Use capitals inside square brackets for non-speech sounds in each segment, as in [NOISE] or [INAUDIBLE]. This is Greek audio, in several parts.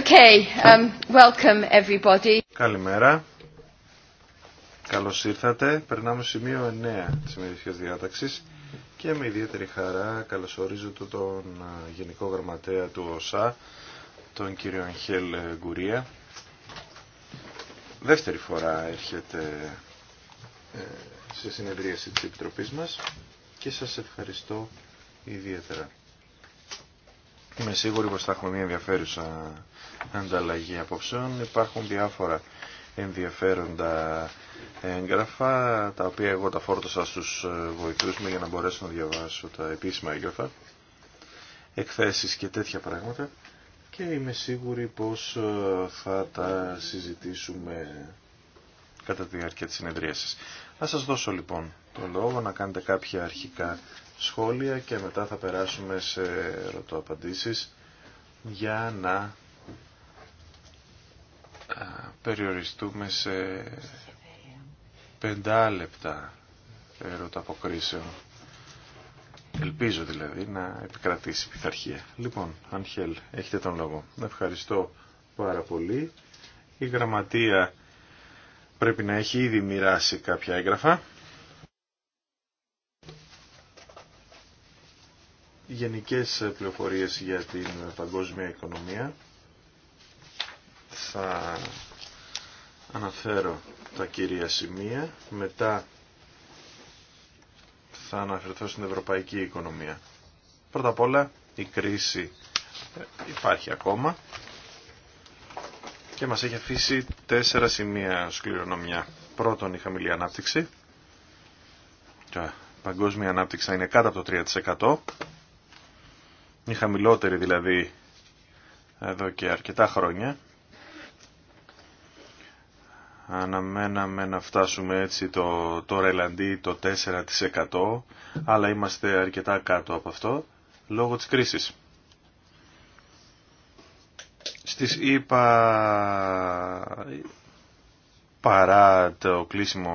Okay, um, Καλημέρα. Καλώς ήρθατε. Περνάμε σημείο 9 της ημερησίας διάταξης και με ιδιαίτερη χαρά καλωσορίζω το τον Γενικό Γραμματέα του ΟΣΑ, τον κύριο Αγχέλ Γκουρία. Δεύτερη φορά έρχεται ε, σε συνεδρίαση της Επιτροπής μας και σας ευχαριστώ ιδιαίτερα. Είμαι σίγουρη πως θα έχουμε μια ενδιαφέρουσα ανταλλαγή απόψεων. Υπάρχουν διάφορα ενδιαφέροντα έγγραφα, τα οποία εγώ τα φόρτωσα στους βοηθούς μου για να μπορέσω να διαβάσω τα επίσημα έγγραφα, εκθέσεις και τέτοια πράγματα και είμαι σίγουροι πως ε, θα τα συζητήσουμε κατά τη διάρκεια της συνεδρίασης. Να σας δώσω λοιπόν το λόγο να κάνετε κάποια αρχικά σχόλια και μετά θα περάσουμε σε ερωτοαπαντήσεις για να περιοριστούμε σε πεντάλεπτα ερωταποκρίσεων. Ελπίζω δηλαδή να επικρατήσει η πειθαρχία. Λοιπόν, Ανχέλ, έχετε τον λόγο. Ευχαριστώ πάρα πολύ. Η γραμματεία πρέπει να έχει ήδη μοιράσει κάποια έγγραφα. γενικές πληροφορίες για την παγκόσμια οικονομία. Θα αναφέρω τα κυρία σημεία, μετά θα αναφερθώ στην ευρωπαϊκή οικονομία. Πρώτα απ' όλα η κρίση ε, υπάρχει ακόμα και μας έχει αφήσει τέσσερα σημεία σκληρονομιά. Πρώτον η χαμηλή ανάπτυξη. Η παγκόσμια ανάπτυξη είναι κάτω από το 3% η χαμηλότερη δηλαδή εδώ και αρκετά χρόνια. Αναμέναμε να φτάσουμε έτσι το, το ρελαντί το 4% αλλά είμαστε αρκετά κάτω από αυτό λόγω της κρίσης. Στις είπα παρά το κλείσιμο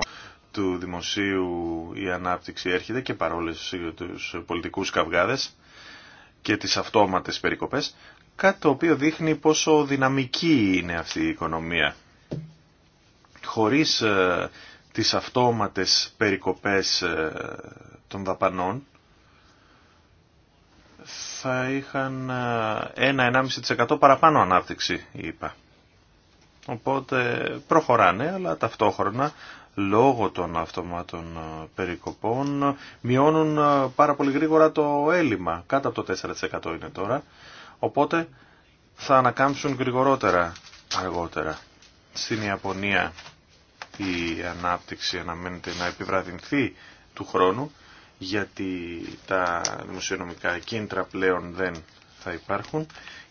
του δημοσίου η ανάπτυξη έρχεται και παρόλες τους πολιτικούς καυγάδες και τις αυτόματες περικοπές, κάτι το οποίο δείχνει πόσο δυναμική είναι αυτή η οικονομία. Χωρίς ε, τις αυτόματες περικοπές ε, των δαπανών, θα είχαν 1-1,5% ε, παραπάνω ανάπτυξη, είπα. Οπότε προχωράνε, αλλά ταυτόχρονα λόγω των αυτομάτων ε, περικοπών μειώνουν ε, πάρα πολύ γρήγορα το έλλειμμα. Κάτω από το 4% είναι τώρα. Οπότε θα ανακάμψουν γρηγορότερα αργότερα. Στην Ιαπωνία η ανάπτυξη αναμένεται να επιβραδυνθεί του χρόνου γιατί τα δημοσιονομικά κίνητρα πλέον δεν θα υπάρχουν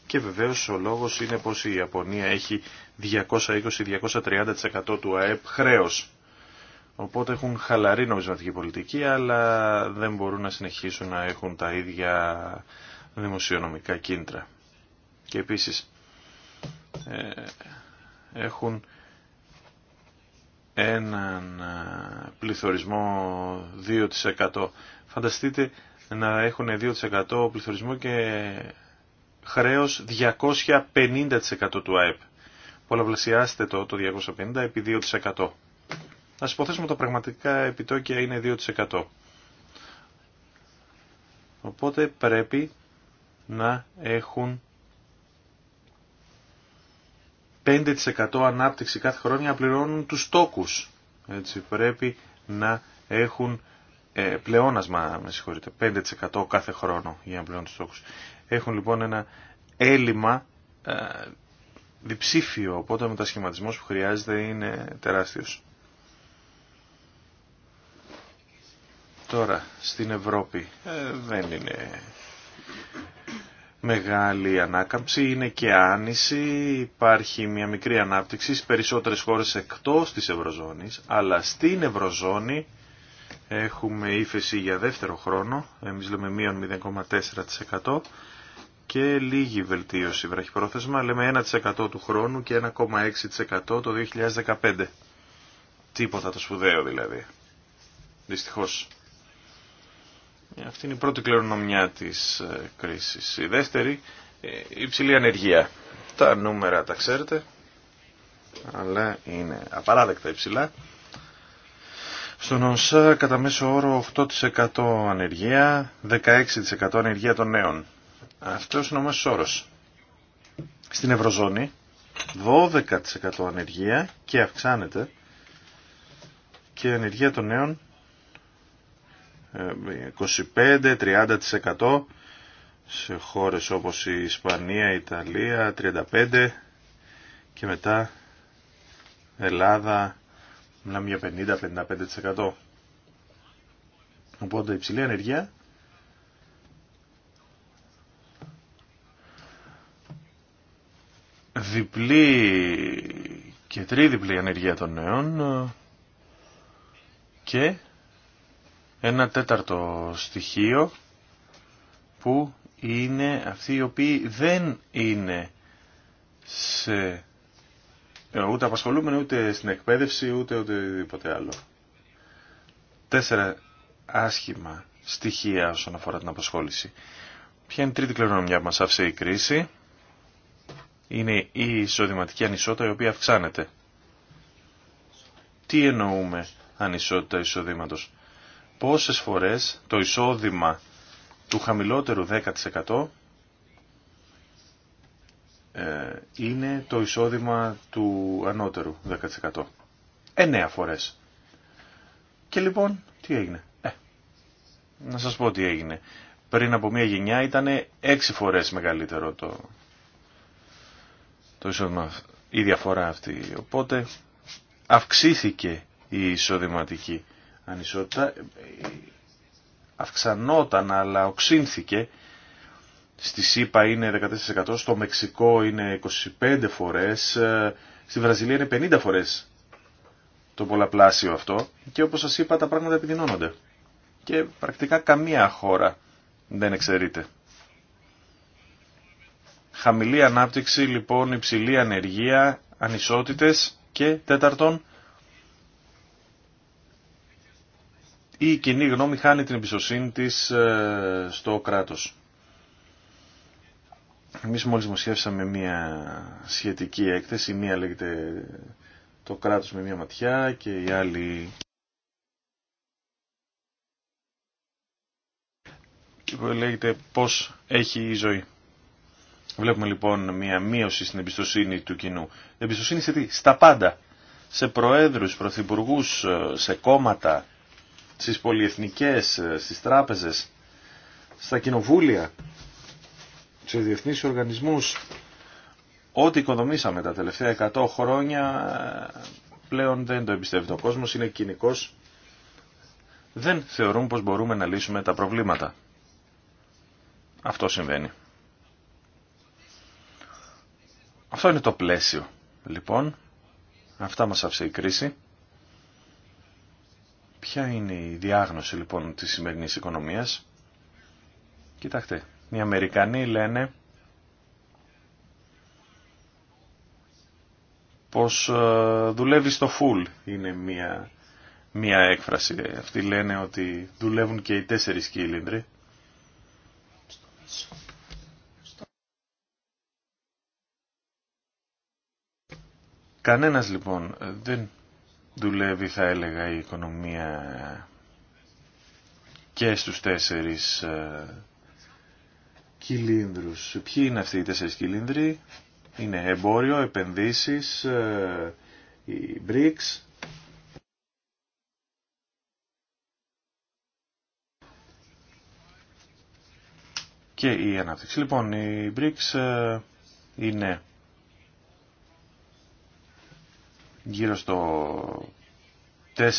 και βεβαίως ο λόγος είναι πως η Ιαπωνία έχει 220-230% του ΑΕΠ χρέος. Οπότε έχουν χαλαρή νομισματική πολιτική, αλλά δεν μπορούν να συνεχίσουν να έχουν τα ίδια δημοσιονομικά κίντρα. Και επίσης ε, έχουν έναν ε, πληθωρισμό 2%. Φανταστείτε να έχουν 2% πληθωρισμό και χρέος 250% του ΑΕΠ. Πολλαπλασιάστε το, το 250 επί 2%. Ας υποθέσουμε τα πραγματικά επιτόκια είναι 2%. Οπότε πρέπει να έχουν 5% ανάπτυξη κάθε χρόνια να πληρώνουν τους τόκους. Έτσι, πρέπει να έχουν ε, πλεόνασμα, με συγχωρείτε, 5% κάθε χρόνο για να πληρώνουν τους τόκους. Έχουν λοιπόν ένα έλλειμμα ε, διψήφιο, οπότε ο μετασχηματισμός που χρειάζεται είναι τεράστιος. Τώρα, στην Ευρώπη ε, δεν είναι μεγάλη ανάκαμψη, είναι και άνηση, υπάρχει μια μικρή ανάπτυξη στις περισσότερες χώρες εκτός της Ευρωζώνης, αλλά στην Ευρωζώνη έχουμε ύφεση για δεύτερο χρόνο, εμείς λέμε μείον 0,4% και λίγη βελτίωση βραχυπρόθεσμα, λέμε 1% του χρόνου και 1,6% το 2015. Τίποτα το σπουδαίο δηλαδή. Δυστυχώς. Αυτή είναι η πρώτη κληρονομιά της ε, κρίσης. Η δεύτερη, η ε, υψηλή ανεργία. Τα νούμερα τα ξέρετε, αλλά είναι απαράδεκτα υψηλά. Στον ΩΣΑ κατά μέσο όρο 8% ανεργία, 16% ανεργία των νέων. Αυτός είναι ο μέσος όρος. Στην Ευρωζώνη 12% ανεργία και αυξάνεται και η ανεργία των νέων 25-30% σε χώρες όπως η Ισπανία, η Ιταλία, 35% και μετά Ελλάδα, μιλάμε για 50-55%. Οπότε υψηλή ανεργία διπλή και τρίδιπλή ανεργία των νέων και ένα τέταρτο στοιχείο που είναι αυτοί οι οποίοι δεν είναι σε, ε, ούτε απασχολούμενοι ούτε στην εκπαίδευση ούτε οτιδήποτε άλλο. Τέσσερα άσχημα στοιχεία όσον αφορά την απασχόληση. Ποια είναι η τρίτη κληρονομιά που μας άφησε η κρίση. Είναι η εισοδηματική ανισότητα η οποία αυξάνεται. Τι εννοούμε ανισότητα εισοδήματος πόσες φορές το εισόδημα του χαμηλότερου 10% ε, είναι το εισόδημα του ανώτερου 10%. Εννέα φορές. Και λοιπόν, τι έγινε. Ε, να σας πω τι έγινε. Πριν από μία γενιά ήταν 6 φορές μεγαλύτερο το, το εισόδημα, η διαφορά αυτή. Οπότε αυξήθηκε η εισοδηματική ανισότητα αυξανόταν αλλά οξύνθηκε. Στη ΣΥΠΑ είναι 14%, στο Μεξικό είναι 25 φορές, ε, στη Βραζιλία είναι 50 φορές το πολλαπλάσιο αυτό και όπως σας είπα τα πράγματα επιδεινώνονται. Και πρακτικά καμία χώρα δεν εξαιρείται. Χαμηλή ανάπτυξη λοιπόν, υψηλή ανεργία, ανισότητες και τέταρτον η κοινή γνώμη χάνει την εμπιστοσύνη της ε, στο κράτος. Εμείς μόλις δημοσιεύσαμε μία σχετική έκθεση, μία λέγεται το κράτος με μία ματιά και η άλλη... λέγεται πώς έχει η ζωή. Βλέπουμε λοιπόν μία μείωση στην εμπιστοσύνη του κοινού. Εμπιστοσύνη σε τι, στα πάντα. Σε προέδρους, πρωθυπουργούς, ε, σε κόμματα, στις πολυεθνικές, ε, στις τράπεζες, στα κοινοβούλια, σε διεθνείς οργανισμούς. Ό,τι οικοδομήσαμε τα τελευταία 100 χρόνια ε, πλέον δεν το εμπιστεύεται ο κόσμος, είναι κοινικός. Δεν θεωρούν πως μπορούμε να λύσουμε τα προβλήματα. Αυτό συμβαίνει. Αυτό είναι το πλαίσιο. Λοιπόν, αυτά μας άφησε η κρίση. Ποια είναι η διάγνωση λοιπόν της σημερινής οικονομίας. Κοιτάξτε, οι Αμερικανοί λένε πως ε, δουλεύει στο full είναι μία, μία έκφραση. Αυτοί λένε ότι δουλεύουν και οι τέσσερις κύλινδροι. Κανένας λοιπόν δεν δουλεύει θα έλεγα η οικονομία και στους τέσσερις ε, κυλίνδρους. Ποιοι είναι αυτοί οι τέσσερις κυλίνδροι? Είναι εμπόριο, επενδύσεις, οι ε, BRICS, και η ανάπτυξη. Λοιπόν, οι BRICS ε, είναι γύρω στο 4-5%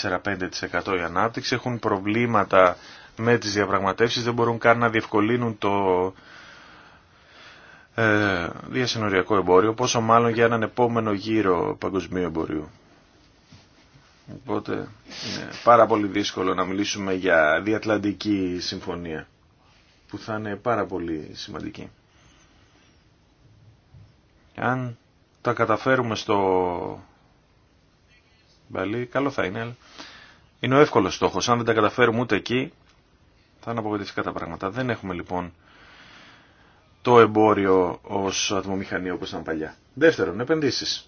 η ανάπτυξη, έχουν προβλήματα με τις διαπραγματεύσεις, δεν μπορούν καν να διευκολύνουν το ε, διασυνοριακό εμπόριο, πόσο μάλλον για έναν επόμενο γύρο παγκοσμίου εμπορίου. Οπότε είναι πάρα πολύ δύσκολο να μιλήσουμε για διατλαντική συμφωνία που θα είναι πάρα πολύ σημαντική. Αν τα καταφέρουμε στο καλό θα είναι, αλλά είναι ο εύκολο στόχο. Αν δεν τα καταφέρουμε ούτε εκεί, θα είναι απογοητευτικά τα πράγματα. Δεν έχουμε λοιπόν το εμπόριο ω ατμομηχανή όπως ήταν παλιά. Δεύτερον, επενδύσει.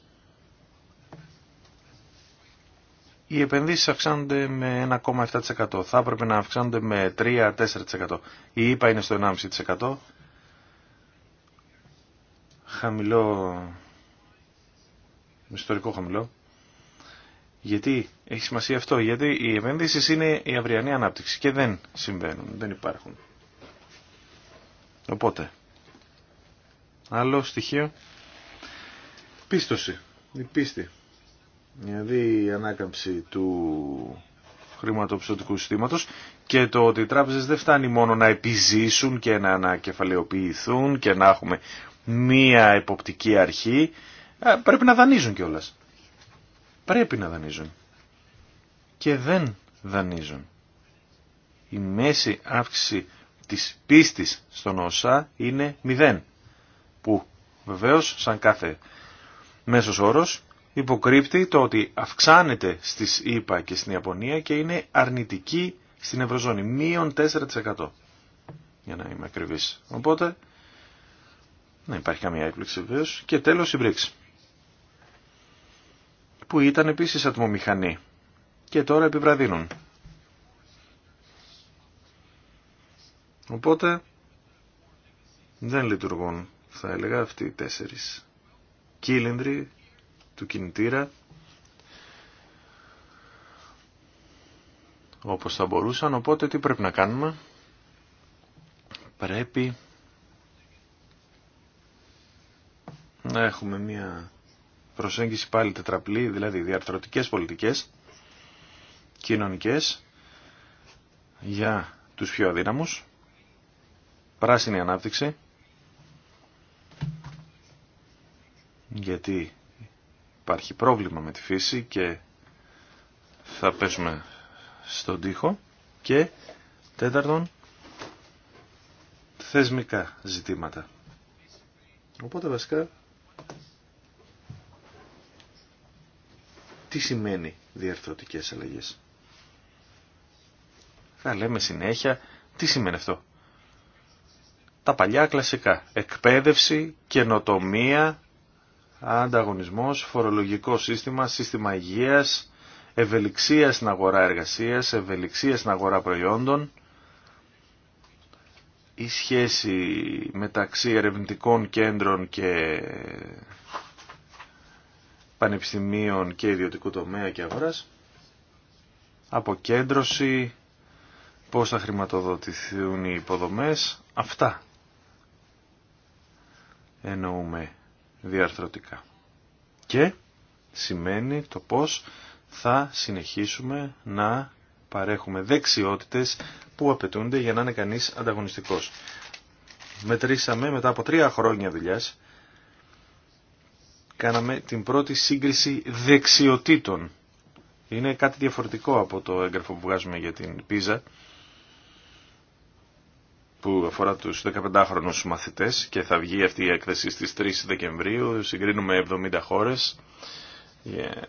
Οι επενδύσει αυξάνονται με 1,7%. Θα έπρεπε να αυξάνονται με 3-4%. Η ΕΠΑ είναι στο 1,5%. Χαμηλό, ιστορικό χαμηλό. Γιατί έχει σημασία αυτό, γιατί οι επενδύσει είναι η αυριανή ανάπτυξη και δεν συμβαίνουν, δεν υπάρχουν. Οπότε, άλλο στοιχείο, πίστοση, η πίστη. Δηλαδή η ανάκαμψη του χρηματοπιστωτικού συστήματος και το ότι οι τράπεζες δεν φτάνει μόνο να επιζήσουν και να ανακεφαλαιοποιηθούν και να έχουμε μία εποπτική αρχή, ε, πρέπει να δανείζουν κιόλας πρέπει να δανείζουν και δεν δανείζουν. Η μέση αύξηση της πίστης στον ΩΣΑ είναι 0, που βεβαίως σαν κάθε μέσος όρος υποκρύπτει το ότι αυξάνεται στις ΗΠΑ και στην Ιαπωνία και είναι αρνητική στην Ευρωζώνη, μείον 4% για να είμαι ακριβής. Οπότε, δεν υπάρχει καμία έκπληξη βεβαίως. Και τέλος η BRICS που ήταν επίσης ατμομηχανή και τώρα επιβραδύνουν. Οπότε δεν λειτουργούν, θα έλεγα, αυτοί οι τέσσερις κύλινδροι του κινητήρα όπως θα μπορούσαν, οπότε τι πρέπει να κάνουμε. Πρέπει να έχουμε μια προσέγγιση πάλι τετραπλή, δηλαδή διαρθρωτικές πολιτικές, κοινωνικές, για τους πιο αδύναμους, πράσινη ανάπτυξη, γιατί υπάρχει πρόβλημα με τη φύση και θα πέσουμε στον τοίχο και τέταρτον θεσμικά ζητήματα. Οπότε βασικά Τι σημαίνει διαρθρωτικές αλλαγές. Θα λέμε συνέχεια τι σημαίνει αυτό. Τα παλιά κλασικά. Εκπαίδευση, καινοτομία, ανταγωνισμός, φορολογικό σύστημα, σύστημα υγείας, ευελιξία στην αγορά εργασίας, ευελιξία στην αγορά προϊόντων, η σχέση μεταξύ ερευνητικών κέντρων και πανεπιστημίων και ιδιωτικού τομέα και αγοράς, αποκέντρωση, πώς θα χρηματοδοτηθούν οι υποδομές, αυτά εννοούμε διαρθρωτικά. Και σημαίνει το πώς θα συνεχίσουμε να παρέχουμε δεξιότητες που απαιτούνται για να είναι κανείς ανταγωνιστικός. Μετρήσαμε μετά από τρία χρόνια δουλειάς κάναμε την πρώτη σύγκριση δεξιοτήτων. Είναι κάτι διαφορετικό από το έγγραφο που βγάζουμε για την πίζα που αφορά τους 15χρονους μαθητές και θα βγει αυτή η έκθεση στις 3 Δεκεμβρίου. Συγκρίνουμε 70 χώρες για,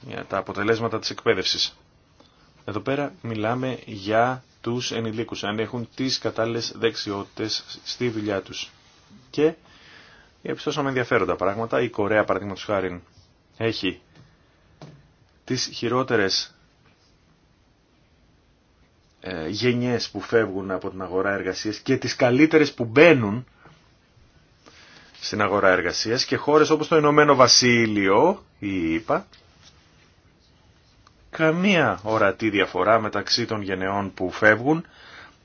για τα αποτελέσματα της εκπαίδευσης. Εδώ πέρα μιλάμε για τους ενηλίκους, αν έχουν τις κατάλληλες δεξιότητες στη δουλειά τους. Και επιστώσαμε ενδιαφέροντα πράγματα. Η Κορέα, παραδείγματος χάρη, έχει τις χειρότερες ε, γενιές που φεύγουν από την αγορά εργασία και τις καλύτερες που μπαίνουν στην αγορά εργασία και χώρε όπως το Ηνωμένο Βασίλειο ή ΙΠΑ καμία ορατή διαφορά μεταξύ των γενεών που φεύγουν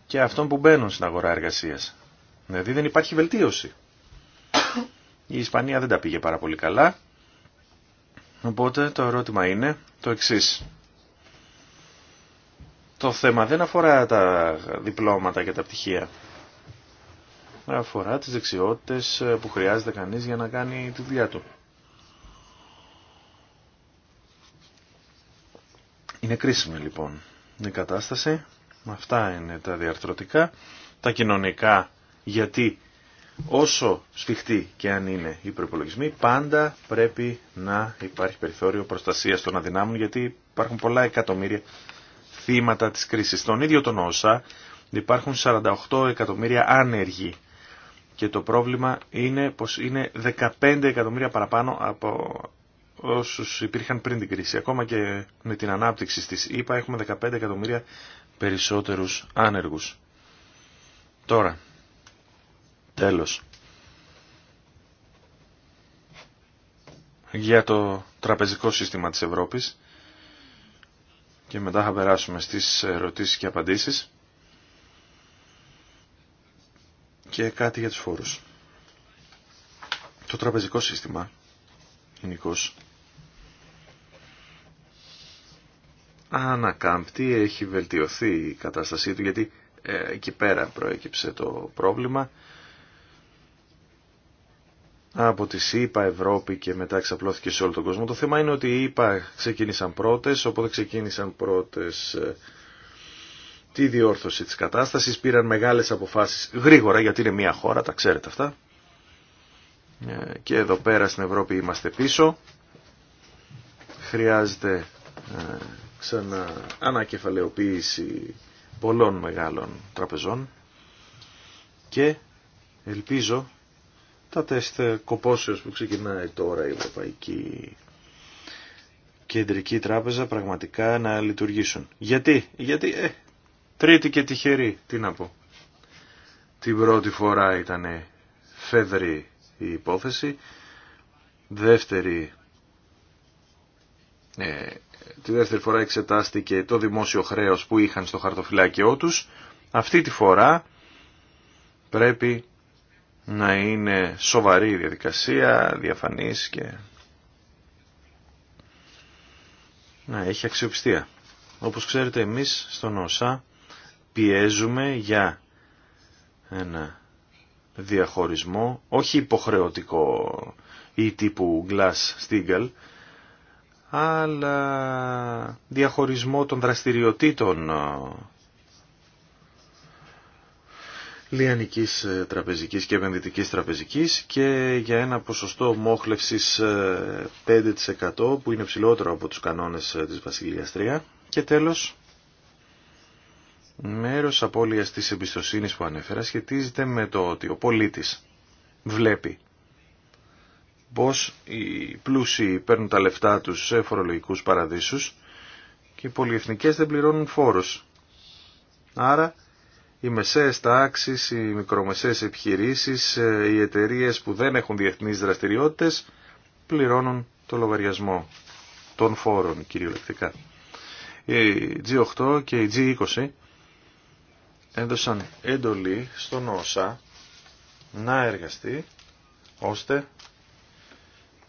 και αυτών που μπαίνουν στην αγορά εργασίας. Δηλαδή δεν υπάρχει βελτίωση. Η Ισπανία δεν τα πήγε πάρα πολύ καλά. Οπότε το ερώτημα είναι το εξής. Το θέμα δεν αφορά τα διπλώματα και τα πτυχία. Αφορά τις δεξιότητες που χρειάζεται κανείς για να κάνει τη δουλειά του. Είναι κρίσιμη λοιπόν η κατάσταση. Αυτά είναι τα διαρθρωτικά. Τα κοινωνικά γιατί όσο σφιχτή και αν είναι οι προπολογισμοί, πάντα πρέπει να υπάρχει περιθώριο προστασίας των αδυνάμων, γιατί υπάρχουν πολλά εκατομμύρια θύματα της κρίσης. Στον ίδιο τον όσα υπάρχουν 48 εκατομμύρια άνεργοι και το πρόβλημα είναι πως είναι 15 εκατομμύρια παραπάνω από όσους υπήρχαν πριν την κρίση. Ακόμα και με την ανάπτυξη της ΕΠΑ έχουμε 15 εκατομμύρια περισσότερους άνεργους. Τώρα, Τέλος. Για το τραπεζικό σύστημα της Ευρώπης και μετά θα περάσουμε στις ερωτήσεις και απαντήσεις και κάτι για τους φόρους. Το τραπεζικό σύστημα γενικώ ανακάμπτει, έχει βελτιωθεί η κατάστασή του γιατί ε, εκεί πέρα προέκυψε το πρόβλημα από τη ΣΥΠΑ, Ευρώπη και μετά εξαπλώθηκε σε όλο τον κόσμο. Το θέμα είναι ότι οι ΗΠΑ ξεκίνησαν πρώτες, οπότε ξεκίνησαν πρώτες ε, τη διόρθωση της κατάστασης, πήραν μεγάλες αποφάσεις γρήγορα γιατί είναι μια χώρα, τα ξέρετε αυτά. Ε, και εδώ πέρα στην Ευρώπη είμαστε πίσω. Χρειάζεται ε, ξανά ανακεφαλαιοποίηση πολλών μεγάλων τραπεζών και ελπίζω τα τεστ κοπόσεως που ξεκινάει τώρα η Ευρωπαϊκή Κεντρική Τράπεζα πραγματικά να λειτουργήσουν. Γιατί, γιατί, ε, τρίτη και τυχερή, τι να πω. Την πρώτη φορά ήταν φεδρή η υπόθεση, δεύτερη, ε, τη δεύτερη φορά εξετάστηκε το δημόσιο χρέος που είχαν στο χαρτοφυλάκιό τους, αυτή τη φορά πρέπει να είναι σοβαρή η διαδικασία, διαφανής και να έχει αξιοπιστία. Όπως ξέρετε εμείς στον ΩΣΑ πιέζουμε για ένα διαχωρισμό, όχι υποχρεωτικό ή τύπου Glass-Steagall, αλλά διαχωρισμό των δραστηριοτήτων Λιανικής ε, Τραπεζικής και Επενδυτικής Τραπεζικής και για ένα ποσοστό μόχλευσης 5% ε, που είναι ψηλότερο από τους κανόνες ε, της Βασιλείας 3. Και τέλος, μέρος απώλειας της εμπιστοσύνης που ανέφερα σχετίζεται με το ότι ο πολίτης βλέπει πως οι πλούσιοι παίρνουν τα λεφτά τους σε φορολογικούς παραδείσους και οι πολυεθνικές δεν πληρώνουν φόρους. Άρα οι μεσαίες τάξεις, οι μικρομεσαίες επιχειρήσεις, ε, οι εταιρείες που δεν έχουν διεθνείς δραστηριότητες πληρώνουν το λογαριασμό των φόρων κυριολεκτικά. Οι G8 και η G20 έδωσαν έντολη στον ΩΣΑ να εργαστεί ώστε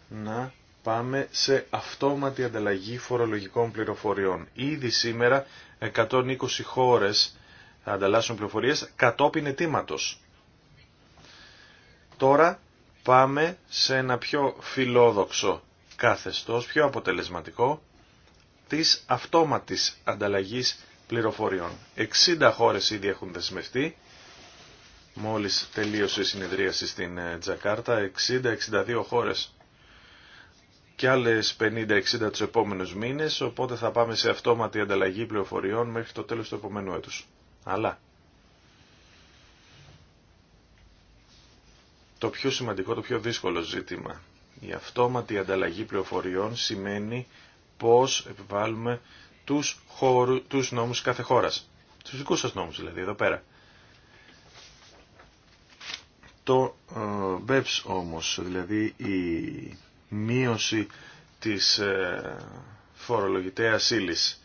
να πάμε σε αυτόματη ανταλλαγή φορολογικών πληροφοριών. Ήδη σήμερα 120 χώρες θα ανταλλάσσουν πληροφορίες κατόπιν αιτήματος. Τώρα πάμε σε ένα πιο φιλόδοξο καθεστώς, πιο αποτελεσματικό, της αυτόματης ανταλλαγής πληροφοριών. 60 χώρες ήδη έχουν δεσμευτεί, μόλις τελείωσε η συνεδρίαση στην ε, Τζακάρτα, 60-62 χώρες και άλλες 50-60 τους επόμενους μήνες, οπότε θα πάμε σε αυτόματη ανταλλαγή πληροφοριών μέχρι το τέλος του επόμενου έτους. Αλλά το πιο σημαντικό, το πιο δύσκολο ζήτημα, η αυτόματη ανταλλαγή πληροφοριών σημαίνει πώς επιβάλλουμε τους, χώρου, τους νόμους κάθε χώρας. Τους δικούς σας νόμους δηλαδή, εδώ πέρα. Το ε, BEPS όμως, δηλαδή η μείωση της ε, φορολογητέας ύλης,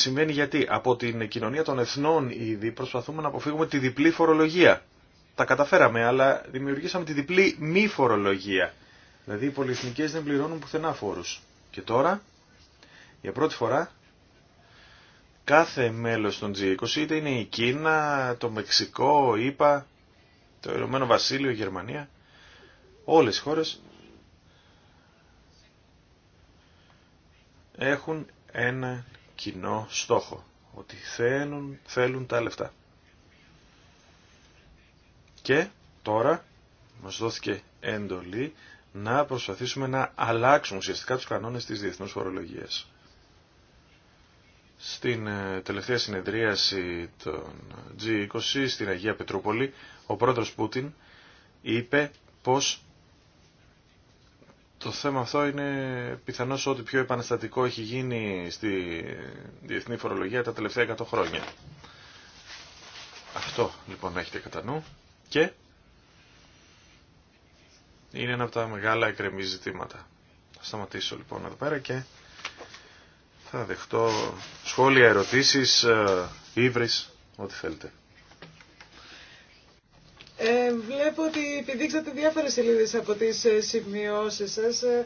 Σημαίνει γιατί από την κοινωνία των εθνών ήδη προσπαθούμε να αποφύγουμε τη διπλή φορολογία. Τα καταφέραμε, αλλά δημιουργήσαμε τη διπλή μη φορολογία. Δηλαδή οι πολυεθνικές δεν πληρώνουν πουθενά φόρους. Και τώρα, για πρώτη φορά, κάθε μέλος των G20, είτε είναι η Κίνα, το Μεξικό, η το Ηνωμένο Βασίλειο, η Γερμανία, όλες οι χώρες έχουν ένα κοινό στόχο. Ότι θέλουν, θέλουν τα λεφτά. Και τώρα μας δόθηκε εντολή να προσπαθήσουμε να αλλάξουμε ουσιαστικά τους κανόνες της διεθνούς φορολογίας. Στην ε, τελευταία συνεδρίαση των G20 στην Αγία Πετρούπολη, ο πρόεδρος Πούτιν είπε πως το θέμα αυτό είναι πιθανώς ότι πιο επαναστατικό έχει γίνει στη διεθνή φορολογία τα τελευταία 100 χρόνια. Αυτό λοιπόν έχετε κατά νου και είναι ένα από τα μεγάλα εκκρεμή ζητήματα. Θα σταματήσω λοιπόν εδώ πέρα και θα δεχτώ σχόλια, ερωτήσεις, ε, ύβρις, ό,τι θέλετε. Ε, βλέπω ότι επιδείξατε διάφορες σελίδες από τις ε, σημειώσεις σας, ε,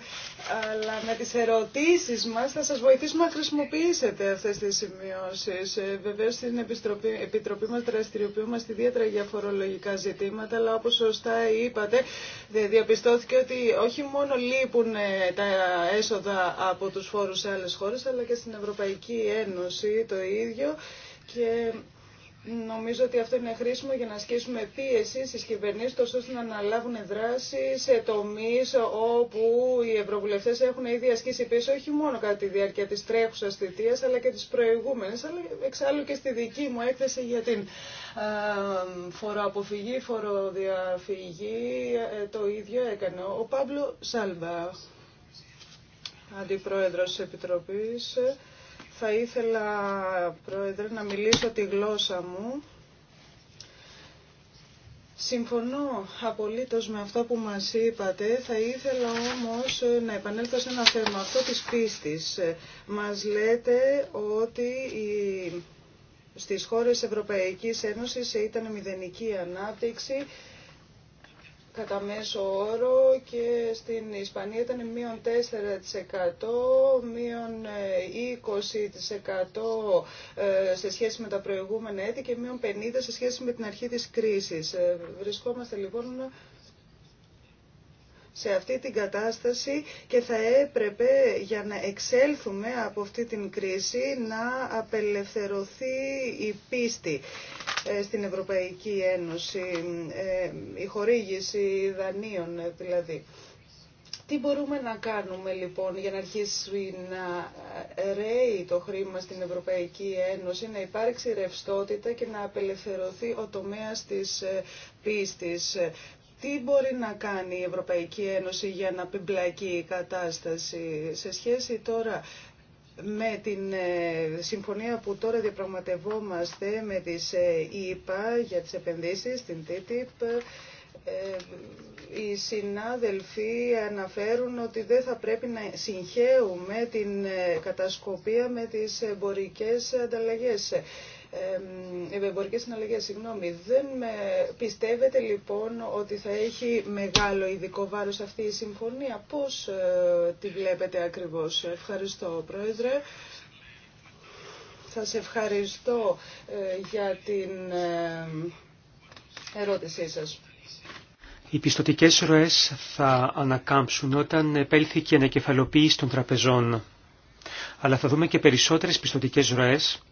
αλλά με τις ερωτήσεις μας θα σας βοηθήσουμε να χρησιμοποιήσετε αυτές τις σημειώσεις. Ε, βεβαίως στην Επιτροπή, Επιτροπή μας στη ιδιαίτερα για φορολογικά ζητήματα, αλλά όπως σωστά είπατε, διαπιστώθηκε ότι όχι μόνο λείπουν ε, τα έσοδα από τους φόρους σε άλλες χώρες, αλλά και στην Ευρωπαϊκή Ένωση το ίδιο. Και Νομίζω ότι αυτό είναι χρήσιμο για να ασκήσουμε πίεση στις κυβερνήσεις ώστε να αναλάβουν δράση σε τομείς όπου οι ευρωβουλευτέ έχουν ήδη ασκήσει πίεση όχι μόνο κατά τη διάρκεια της τρέχουσας θητεία, αλλά και της προηγούμενε. αλλά εξάλλου και στη δική μου έκθεση για την φοροαποφυγή, φοροδιαφυγή ε, το ίδιο έκανε ο Παύλο Σάλβα, αντιπρόεδρος τη Επιτροπής. Θα ήθελα, Πρόεδρε, να μιλήσω τη γλώσσα μου. Συμφωνώ απολύτως με αυτό που μας είπατε. Θα ήθελα όμως να επανέλθω σε ένα θέμα, αυτό της πίστης. Μας λέτε ότι η στις χώρες Ευρωπαϊκής Ένωσης ήταν μηδενική ανάπτυξη κατά μέσο όρο και στην Ισπανία ήταν μείον 4%, μείον 20% ε, ε, σε σχέση με τα προηγούμενα έτη και μείον 50% σε σχέση με την αρχή της κρίσης. Ε, βρισκόμαστε λοιπόν σε αυτή την κατάσταση και θα έπρεπε για να εξέλθουμε από αυτή την κρίση να απελευθερωθεί η πίστη ε, στην Ευρωπαϊκή Ένωση, ε, η χορήγηση δανείων ε, δηλαδή. Τι μπορούμε να κάνουμε λοιπόν για να αρχίσει να ρέει το χρήμα στην Ευρωπαϊκή Ένωση, να υπάρξει ρευστότητα και να απελευθερωθεί ο τομέας της πίστης. Τι μπορεί να κάνει η Ευρωπαϊκή Ένωση για να πιμπλακεί η κατάσταση σε σχέση τώρα με την ε, συμφωνία που τώρα διαπραγματευόμαστε με τις ΕΙΠΑ για τις επενδύσεις, την TTIP, ε, οι συνάδελφοι αναφέρουν ότι δεν θα πρέπει να συγχέουμε την ε, κατασκοπία με τις εμπορικές ανταλλαγές. Εμπορικέ συναλλαγέ. συγγνώμη. Δεν με... Πιστεύετε λοιπόν ότι θα έχει μεγάλο ειδικό βάρος αυτή η συμφωνία. Πώ ε, τη βλέπετε ακριβώς. Ευχαριστώ Πρόεδρε. Σας ευχαριστώ ε, για την ε, ερώτησή σας. Οι πιστοτικές ροές θα ανακάμψουν όταν επέλθει και η ανακεφαλοποίηση των τραπεζών. Αλλά θα δούμε και περισσότερες πιστοτικές ροές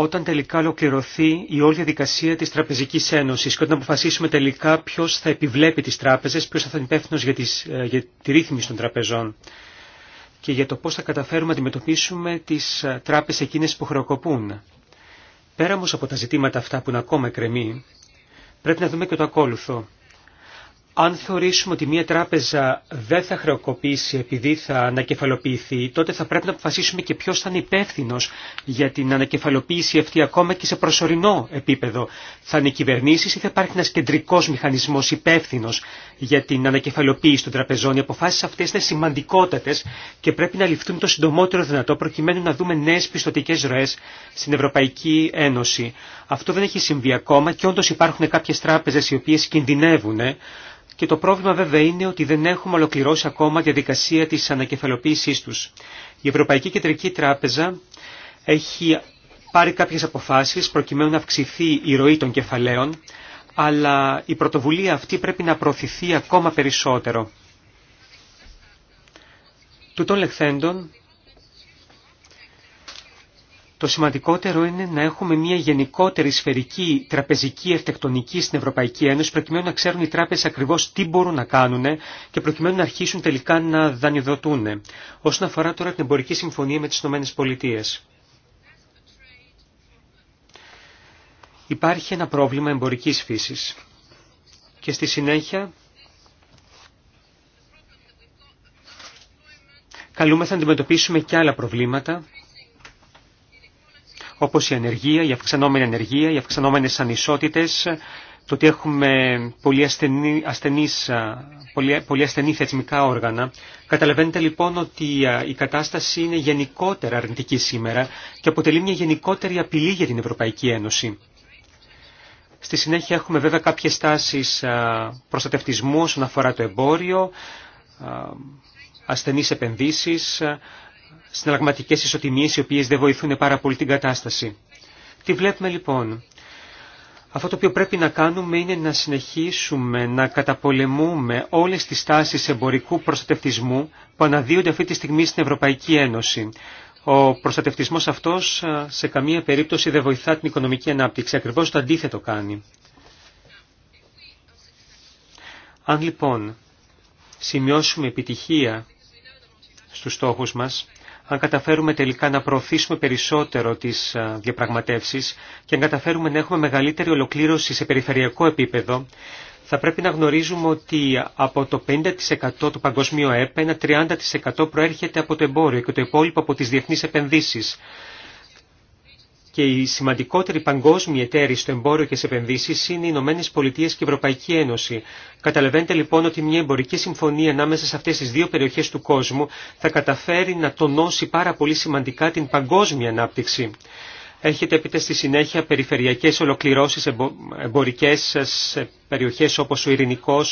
όταν τελικά ολοκληρωθεί η όλη διαδικασία της Τραπεζικής Ένωσης και όταν αποφασίσουμε τελικά ποιος θα επιβλέπει τις τράπεζες, ποιος θα είναι υπεύθυνο ε, για, τη ρύθμιση των τραπεζών και για το πώς θα καταφέρουμε να αντιμετωπίσουμε τις ε, τράπεζες εκείνες που χρεοκοπούν. Πέρα όμως από τα ζητήματα αυτά που είναι ακόμα εκκρεμή, πρέπει να δούμε και το ακόλουθο. Αν θεωρήσουμε ότι μια τράπεζα δεν θα χρεοκοπήσει επειδή θα ανακεφαλοποιηθεί, τότε θα πρέπει να αποφασίσουμε και ποιο θα είναι υπεύθυνο για την ανακεφαλοποίηση αυτή ακόμα και σε προσωρινό επίπεδο. Θα είναι οι κυβερνήσει ή θα υπάρχει ένα κεντρικό μηχανισμό υπεύθυνο για την ανακεφαλοποίηση των τραπεζών. Οι αποφάσει αυτέ είναι σημαντικότατε και πρέπει να ληφθούν το συντομότερο δυνατό προκειμένου να δούμε νέε πιστοτικέ ροέ στην Ευρωπαϊκή Ένωση. Αυτό δεν έχει συμβεί ακόμα και όντω υπάρχουν κάποιε τράπεζε οι οποίε κινδυνεύουν και το πρόβλημα βέβαια είναι ότι δεν έχουμε ολοκληρώσει ακόμα τη διαδικασία της ανακεφαλοποίησής τους. Η Ευρωπαϊκή Κεντρική Τράπεζα έχει πάρει κάποιες αποφάσεις προκειμένου να αυξηθεί η ροή των κεφαλαίων, αλλά η πρωτοβουλία αυτή πρέπει να προωθηθεί ακόμα περισσότερο. Του των λεχθέντων, το σημαντικότερο είναι να έχουμε μια γενικότερη σφαιρική τραπεζική ευτεκτονική στην Ευρωπαϊκή Ένωση, προκειμένου να ξέρουν οι τράπεζε ακριβώ τι μπορούν να κάνουν και προκειμένου να αρχίσουν τελικά να δανειοδοτούν. Όσον αφορά τώρα την εμπορική συμφωνία με τι ΗΠΑ. Υπάρχει ένα πρόβλημα εμπορικής φύσης και στη συνέχεια καλούμε να αντιμετωπίσουμε και άλλα προβλήματα όπως η ανεργία, η αυξανόμενη ανεργία, οι αυξανόμενες ανισότητες, το ότι έχουμε πολύ, ασθενή, πολλές πολύ, θεσμικά όργανα. Καταλαβαίνετε λοιπόν ότι η κατάσταση είναι γενικότερα αρνητική σήμερα και αποτελεί μια γενικότερη απειλή για την Ευρωπαϊκή Ένωση. Στη συνέχεια έχουμε βέβαια κάποιες τάσεις προστατευτισμού όσον αφορά το εμπόριο, ασθενείς επενδύσεις, συναλλαγματικές ισοτιμίες οι οποίες δεν βοηθούν πάρα πολύ την κατάσταση. Τι βλέπουμε λοιπόν. Αυτό το οποίο πρέπει να κάνουμε είναι να συνεχίσουμε να καταπολεμούμε όλες τις τάσεις εμπορικού προστατευτισμού που αναδύονται αυτή τη στιγμή στην Ευρωπαϊκή Ένωση. Ο προστατευτισμός αυτός σε καμία περίπτωση δεν βοηθά την οικονομική ανάπτυξη, ακριβώς το αντίθετο κάνει. Αν λοιπόν σημειώσουμε επιτυχία στους στόχους μας, αν καταφέρουμε τελικά να προωθήσουμε περισσότερο τις διαπραγματεύσεις και αν καταφέρουμε να έχουμε μεγαλύτερη ολοκλήρωση σε περιφερειακό επίπεδο, θα πρέπει να γνωρίζουμε ότι από το 50% του παγκοσμίου ΕΠ ένα 30% προέρχεται από το εμπόριο και το υπόλοιπο από τις διεθνείς επενδύσεις και η σημαντικότερη παγκόσμια εταίροι στο εμπόριο και σε επενδύσει είναι οι Ηνωμένε Πολιτείε και η Ευρωπαϊκή Ένωση. Καταλαβαίνετε λοιπόν ότι μια εμπορική συμφωνία ανάμεσα σε αυτέ τι δύο περιοχέ του κόσμου θα καταφέρει να τονώσει πάρα πολύ σημαντικά την παγκόσμια ανάπτυξη. Έχετε έπειτα στη συνέχεια περιφερειακές ολοκληρώσεις εμπορικές σε περιοχές όπως ο Ειρηνικό,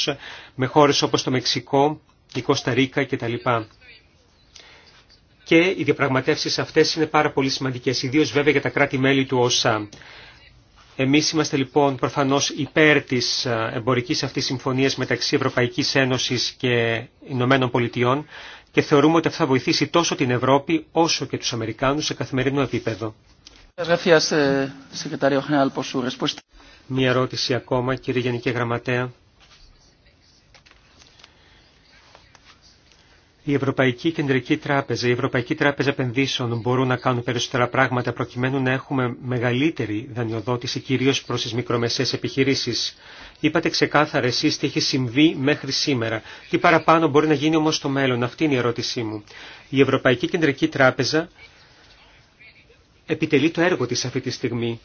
με χώρες όπως το Μεξικό, η Κωνσταντίνα κτλ και οι διαπραγματεύσει αυτέ είναι πάρα πολύ σημαντικέ, ιδίω βέβαια για τα κράτη-μέλη του ΩΣΑ. Εμεί είμαστε λοιπόν προφανώ υπέρ τη ε, εμπορική αυτή συμφωνία μεταξύ Ευρωπαϊκή Ένωση και Ηνωμένων Πολιτειών και θεωρούμε ότι αυτό θα βοηθήσει τόσο την Ευρώπη όσο και του Αμερικάνου σε καθημερινό επίπεδο. Ε, Μια ερώτηση ακόμα κύριε Γενική Γραμματέα. η Ευρωπαϊκή Κεντρική Τράπεζα, η Ευρωπαϊκή Τράπεζα Επενδύσεων μπορούν να κάνουν περισσότερα πράγματα προκειμένου να έχουμε μεγαλύτερη δανειοδότηση κυρίως προς τις μικρομεσαίες επιχειρήσεις. Είπατε ξεκάθαρα εσεί τι έχει συμβεί μέχρι σήμερα. Τι παραπάνω μπορεί να γίνει όμως στο μέλλον. Αυτή είναι η ερώτησή μου. Η Ευρωπαϊκή Κεντρική Τράπεζα επιτελεί το έργο της αυτή τη στιγμή.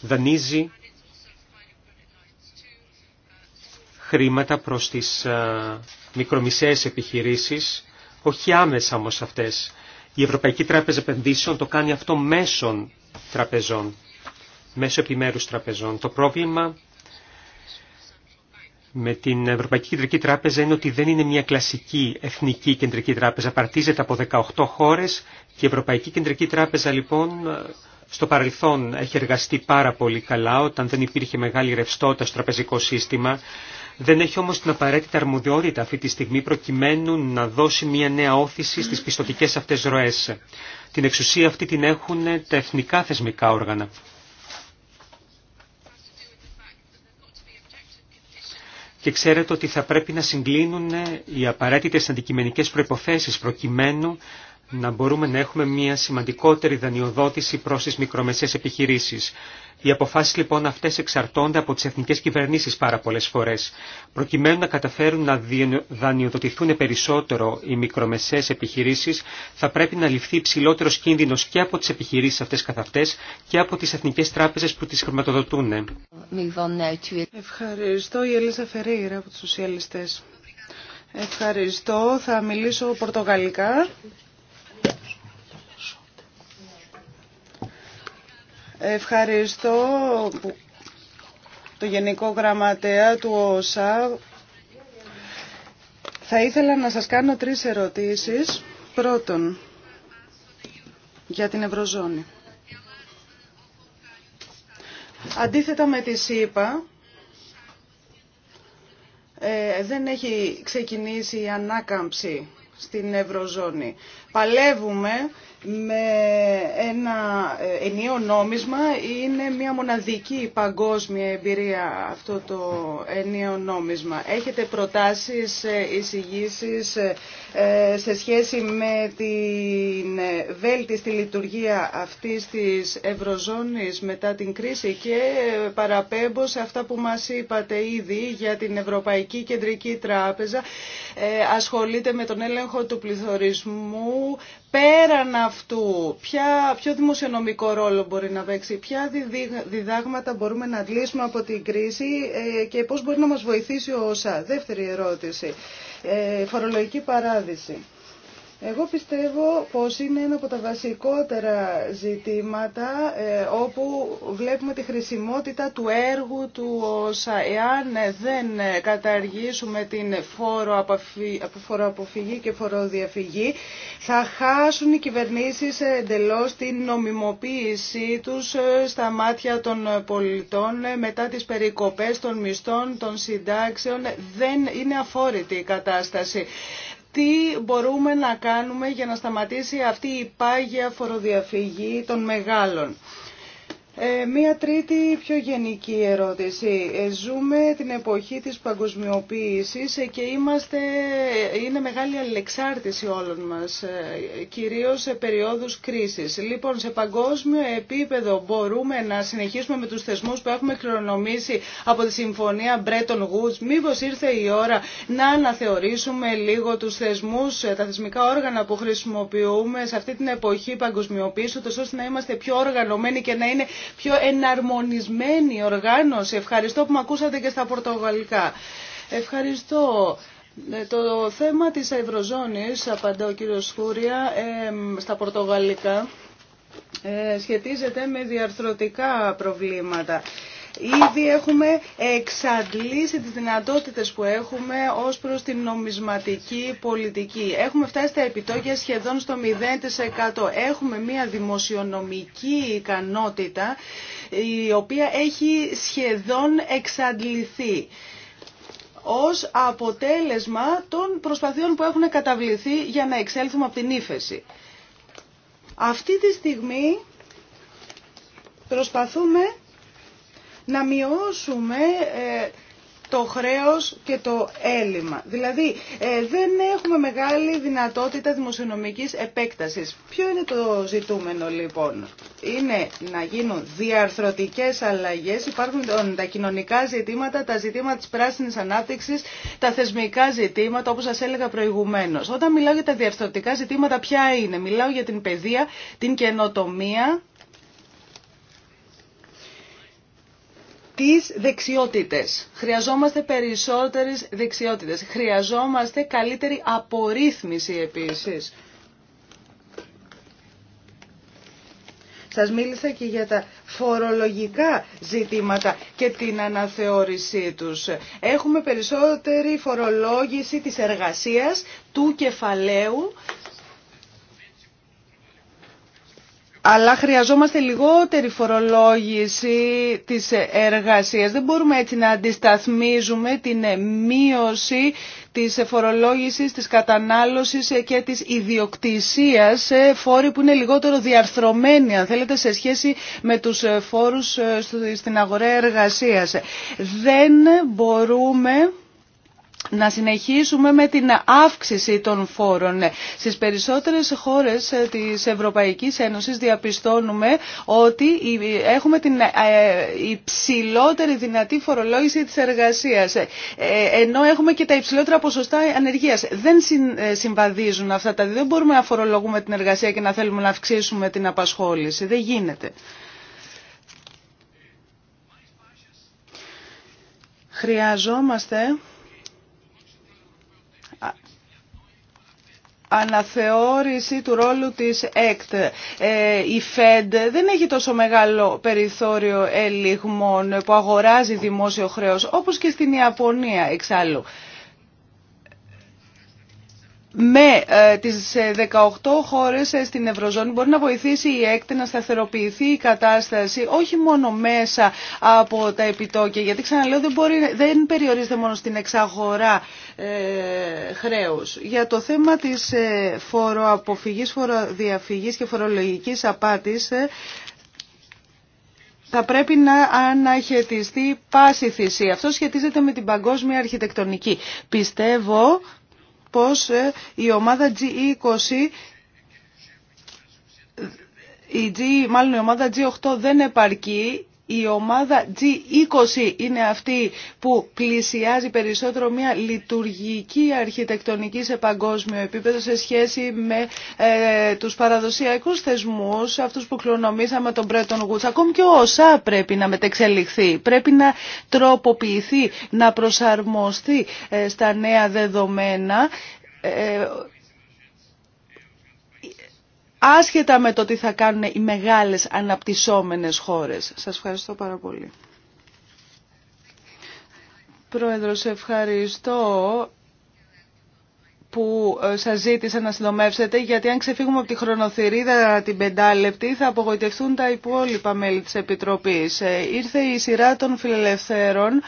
Δανείζει χρήματα προς τις ε, μικρομισές επιχειρήσεις, όχι άμεσα όμως αυτές. Η Ευρωπαϊκή Τράπεζα Επενδύσεων το κάνει αυτό μέσω τραπεζών, μέσω επιμέρους τραπεζών. Το πρόβλημα με την Ευρωπαϊκή Κεντρική Τράπεζα είναι ότι δεν είναι μια κλασική εθνική κεντρική τράπεζα. Παρτίζεται από 18 χώρες και η Ευρωπαϊκή Κεντρική Τράπεζα λοιπόν στο παρελθόν έχει εργαστεί πάρα πολύ καλά όταν δεν υπήρχε μεγάλη ρευστότητα στο τραπεζικό σύστημα. Δεν έχει όμως την απαραίτητη αρμοδιότητα αυτή τη στιγμή προκειμένου να δώσει μια νέα όθηση στις πιστοτικές αυτές ροές. Την εξουσία αυτή την έχουν τα εθνικά θεσμικά όργανα. και ξέρετε ότι θα πρέπει να συγκλίνουν οι απαραίτητες αντικειμενικές προϋποθέσεις προκειμένου να μπορούμε να έχουμε μια σημαντικότερη δανειοδότηση προς τις μικρομεσαίες επιχειρήσεις. Οι αποφάσει λοιπόν αυτέ εξαρτώνται από τι εθνικέ κυβερνήσει πάρα πολλέ φορέ. Προκειμένου να καταφέρουν να δανειοδοτηθούν περισσότερο οι μικρομεσαίε επιχειρήσει, θα πρέπει να ληφθεί υψηλότερο κίνδυνο και από τι επιχειρήσει αυτέ καθ' αυτέ και από τι εθνικέ τράπεζε που τι χρηματοδοτούν. Ευχαριστώ. Η Ελίζα Φερέιρα από του Σοσιαλιστέ. Ευχαριστώ. Θα μιλήσω πορτογαλικά. Ευχαριστώ το Γενικό Γραμματέα του ΟΣΑ. Θα ήθελα να σας κάνω τρεις ερωτήσεις. Πρώτον, για την Ευρωζώνη. Αντίθετα με τη ΣΥΠΑ, ε, δεν έχει ξεκινήσει η ανάκαμψη στην Ευρωζώνη. Παλεύουμε με ένα ε, ενίο νόμισμα είναι μια μοναδική παγκόσμια εμπειρία αυτό το ενίο νόμισμα. Έχετε προτάσεις, ε, εισηγήσεις ε, σε σχέση με την βέλτιστη λειτουργία αυτής της Ευρωζώνης μετά την κρίση και παραπέμπω σε αυτά που μας είπατε ήδη για την Ευρωπαϊκή Κεντρική Τράπεζα ασχολείται με τον έλεγχο του πληθωρισμού πέραν αυτού, ποια, ποιο δημοσιονομικό ρόλο μπορεί να παίξει, ποια διδάγματα μπορούμε να αντλήσουμε από την κρίση ε, και πώς μπορεί να μας βοηθήσει ο ΩΣΑ. Δεύτερη ερώτηση, ε, φορολογική παράδειση. Εγώ πιστεύω πως είναι ένα από τα βασικότερα ζητήματα ε, όπου βλέπουμε τη χρησιμότητα του έργου του ΩΣΑ. Εάν ε, δεν ε, καταργήσουμε την φοροαποφυγή και φοροδιαφυγή θα χάσουν οι κυβερνήσεις εντελώς την νομιμοποίησή τους στα μάτια των πολιτών μετά τις περικοπές των μισθών, των συντάξεων. Δεν είναι αφόρητη η κατάσταση τι μπορούμε να κάνουμε για να σταματήσει αυτή η πάγια φοροδιαφυγή των μεγάλων. Ε, μία τρίτη πιο γενική ερώτηση. Ε, ζούμε την εποχή της παγκοσμιοποίησης ε, και είμαστε, είναι μεγάλη αλληλεξάρτηση όλων μας, ε, κυρίως σε περιόδους κρίσης. Λοιπόν, σε παγκόσμιο επίπεδο μπορούμε να συνεχίσουμε με τους θεσμούς που έχουμε κληρονομήσει από τη Συμφωνία Bretton Woods. Μήπως ήρθε η ώρα να αναθεωρήσουμε λίγο τους θεσμούς, τα θεσμικά όργανα που χρησιμοποιούμε σε αυτή την εποχή παγκοσμιοποίησης ώστε να είμαστε πιο οργανωμένοι και να είναι πιο εναρμονισμένη οργάνωση. Ευχαριστώ που με ακούσατε και στα πορτογαλικά. Ευχαριστώ. Ε, το θέμα της Ευρωζώνης, απαντά ο κύριος Σχούρια, ε, στα πορτογαλικά, ε, σχετίζεται με διαρθρωτικά προβλήματα. Ήδη έχουμε εξαντλήσει τις δυνατότητες που έχουμε ως προς την νομισματική πολιτική. Έχουμε φτάσει στα επιτόκια σχεδόν στο 0%. Έχουμε μια δημοσιονομική ικανότητα η οποία έχει σχεδόν εξαντληθεί ως αποτέλεσμα των προσπαθειών που έχουν καταβληθεί για να εξέλθουμε από την ύφεση. Αυτή τη στιγμή προσπαθούμε να μειώσουμε ε, το χρέος και το έλλειμμα. Δηλαδή ε, δεν έχουμε μεγάλη δυνατότητα δημοσιονομικής επέκτασης. Ποιο είναι το ζητούμενο λοιπόν. Είναι να γίνουν διαρθρωτικές αλλαγές, υπάρχουν τα κοινωνικά ζητήματα, τα ζητήματα της πράσινης ανάπτυξης, τα θεσμικά ζητήματα όπως σας έλεγα προηγουμένως. Όταν μιλάω για τα διαρθρωτικά ζητήματα ποια είναι. Μιλάω για την παιδεία, την καινοτομία, τις δεξιότητες. Χρειαζόμαστε περισσότερες δεξιότητες. Χρειαζόμαστε καλύτερη απορρίθμιση επίσης. Σας μίλησα και για τα φορολογικά ζητήματα και την αναθεώρησή τους. Έχουμε περισσότερη φορολόγηση της εργασίας, του κεφαλαίου Αλλά χρειαζόμαστε λιγότερη φορολόγηση της εργασίας. Δεν μπορούμε έτσι να αντισταθμίζουμε την μείωση της φορολόγησης, της κατανάλωσης και της ιδιοκτησίας φόροι που είναι λιγότερο διαρθρωμένοι, αν θέλετε, σε σχέση με τους φόρους ε, στην αγορά εργασίας. Δεν μπορούμε να συνεχίσουμε με την αύξηση των φόρων. Στις περισσότερες χώρες της Ευρωπαϊκής Ένωσης διαπιστώνουμε ότι έχουμε την ε, υψηλότερη δυνατή φορολόγηση της εργασίας. Ε, ενώ έχουμε και τα υψηλότερα ποσοστά ανεργίας. Δεν ε, συμβαδίζουν αυτά τα δύο. Δεν μπορούμε να φορολογούμε την εργασία και να θέλουμε να αυξήσουμε την απασχόληση. Δεν γίνεται. Χρειαζόμαστε αναθεώρηση του ρόλου της ΕΚΤ. Ε, η ΦΕΔ δεν έχει τόσο μεγάλο περιθώριο ελιγμών που αγοράζει δημόσιο χρέος, όπως και στην Ιαπωνία εξάλλου με ε, τις 18 ε, χώρες ε, στην Ευρωζώνη μπορεί να βοηθήσει η έκτη να σταθεροποιηθεί η κατάσταση όχι μόνο μέσα από τα επιτόκια γιατί ξαναλέω δεν, μπορεί, δεν περιορίζεται μόνο στην εξαγορά ε, χρέους. Για το θέμα της ε, φοροαποφυγής, φοροδιαφυγής και φορολογικής απάτης θα πρέπει να αναχαιτιστεί πάση θυσία. Αυτό σχετίζεται με την παγκόσμια αρχιτεκτονική. Πιστεύω πως ε, η ομάδα G20 η G, μάλλον η ομάδα G8 δεν επαρκεί η ομάδα G20 είναι αυτή που πλησιάζει περισσότερο μια λειτουργική αρχιτεκτονική σε παγκόσμιο επίπεδο σε σχέση με ε, τους παραδοσιακούς θεσμούς, αυτούς που κληρονομήσαμε τον Bretton Woods. Ακόμη και ο ΩΣΑ πρέπει να μετεξελιχθεί, πρέπει να τροποποιηθεί, να προσαρμοστεί ε, στα νέα δεδομένα ε, άσχετα με το τι θα κάνουν οι μεγάλες αναπτυσσόμενες χώρες. Σας ευχαριστώ πάρα πολύ. Πρόεδρος, ευχαριστώ που ε, σας ζήτησα να συντομεύσετε, γιατί αν ξεφύγουμε από τη χρονοθυρίδα την πεντάλεπτη θα απογοητευτούν τα υπόλοιπα μέλη της Επιτροπής. Ε, ήρθε η σειρά των φιλελευθέρων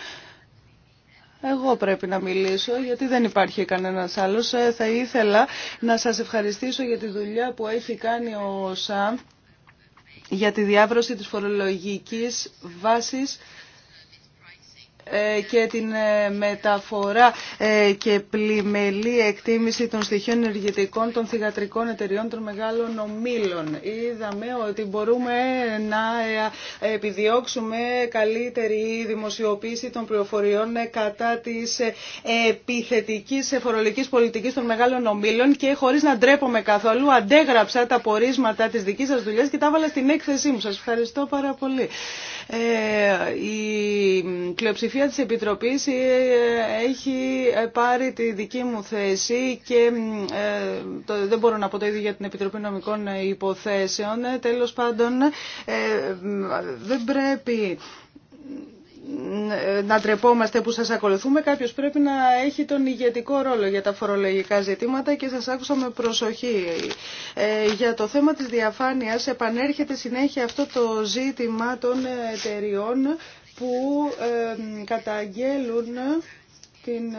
εγώ πρέπει να μιλήσω γιατί δεν υπάρχει κανένας άλλος. Ε, θα ήθελα να σας ευχαριστήσω για τη δουλειά που έχει κάνει ο ΣΑΜ για τη διάβρωση της φορολογικής βάσης ε, και την ε, μεταφορά ε, και πλημελή εκτίμηση των στοιχείων ενεργητικών των θηγατρικών εταιριών των μεγάλων ομίλων. Είδαμε ότι μπορούμε να επιδιώξουμε καλύτερη δημοσιοποίηση των πληροφοριών κατά της επιθετικής φορολογικής πολιτικής των μεγάλων ομίλων και χωρίς να ντρέπομαι καθόλου αντέγραψα τα πορίσματα της δικής σας δουλειάς και τα έβαλα στην έκθεσή μου. Σας ευχαριστώ πάρα πολύ. η πλειοψηφία της Επιτροπής ε, έχει ε, πάρει τη δική μου θέση και ε, δεν μπορώ να πω το ίδιο για την Επιτροπή Νομικών Υποθέσεων. Τέλος πάντων, δεν πρέπει να τρεπόμαστε που σας ακολουθούμε. Κάποιος πρέπει να έχει τον ηγετικό ρόλο για τα φορολογικά ζητήματα και σας άκουσα με προσοχή. για το θέμα της διαφάνειας επανέρχεται συνέχεια αυτό το ζήτημα των εταιριών που καταγγέλουν την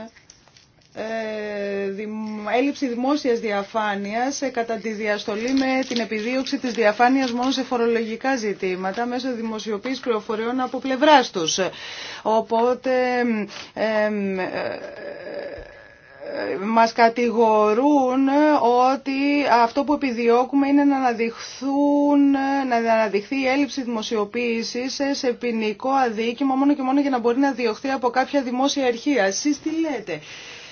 ε, έλλειψη δημόσιας διαφάνειας ε, κατά τη διαστολή με την επιδίωξη της διαφάνειας μόνο σε φορολογικά ζητήματα μέσω δημοσιοποίησης πληροφοριών από πλευράς τους. Οπότε... Ε, μας κατηγορούν ότι αυτό που επιδιώκουμε είναι να, αναδειχθούν, να αναδειχθεί η έλλειψη δημοσιοποίησης σε ποινικό αδίκημα μόνο και μόνο για να μπορεί να διωχθεί από κάποια δημόσια αρχεία. Εσείς τι λέτε.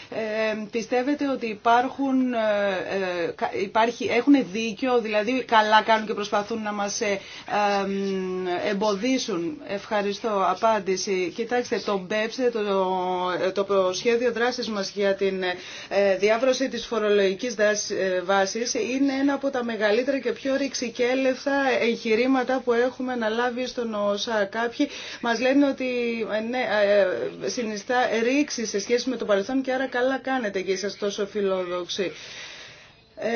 Ε, πιστεύετε ότι υπάρχουν, ε, ε, υπάρχει, έχουν δίκιο, δηλαδή καλά κάνουν και προσπαθούν να μας εμποδίσουν. Ευχαριστώ. Απάντηση. Κοιτάξτε, το μπέψτε το, το σχέδιο δράσης μας για την διάβρωση της φορολογικής βάσης είναι ένα από τα μεγαλύτερα και πιο ρηξικέλευτα εγχειρήματα που έχουμε να λάβει στον ΟΣΑ. Κάποιοι μας λένε ότι ναι, συνιστά ρήξη σε σχέση με το παρελθόν και άρα καλά κάνετε και είσαστε τόσο φιλόδοξοι. Ε,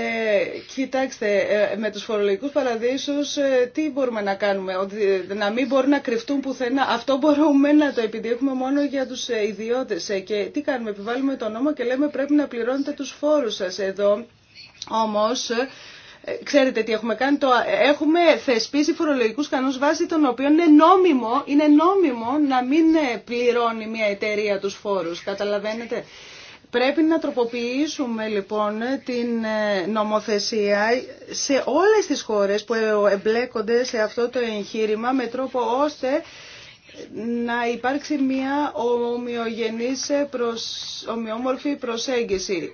κοιτάξτε, ε, με τους φορολογικούς παραδείσους ε, τι μπορούμε να κάνουμε, ότι ε, να μην μπορούν να κρυφτούν πουθενά. Αυτό μπορούμε να το επιδιώκουμε μόνο για τους ιδιώτες. Και τι κάνουμε, επιβάλλουμε το νόμο και λέμε πρέπει να πληρώνετε τους φόρους σας εδώ. Όμως, Ξέρετε τι έχουμε κάνει, το, έχουμε θεσπίσει φορολογικούς κανόνες βάσει των οποίων είναι νόμιμο, είναι νόμιμο να μην πληρώνει μια εταιρεία τους φόρους, καταλαβαίνετε. Πρέπει να τροποποιήσουμε λοιπόν την ε, νομοθεσία σε όλες τις χώρες που εμπλέκονται σε αυτό το εγχείρημα με τρόπο ώστε να υπάρξει μια ομοιογενής ομοιόμορφη προσέγγιση.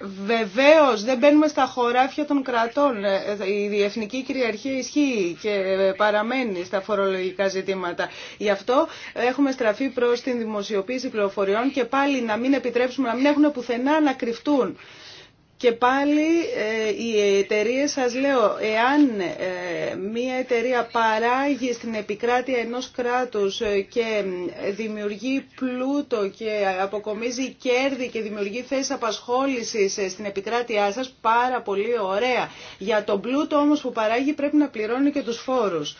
Βεβαίω, δεν μπαίνουμε στα χωράφια των κρατών. Ε, ε, η διεθνική κυριαρχία ισχύει και παραμένει στα φορολογικά ζητήματα. Γι' αυτό έχουμε στραφεί προ την δημοσιοποίηση πληροφοριών και πάλι να μην επιτρέψουμε να μην έχουν πουθενά να κρυφτούν. Και πάλι ε, οι εταιρείε σας λέω, εάν ε, μία εταιρεία παράγει στην επικράτεια ενός κράτους ε, και δημιουργεί πλούτο και αποκομίζει κέρδη και δημιουργεί θέσεις απασχόλησης στην επικράτειά σας, πάρα πολύ ωραία. Για τον πλούτο όμως που παράγει πρέπει να πληρώνει και τους φόρους.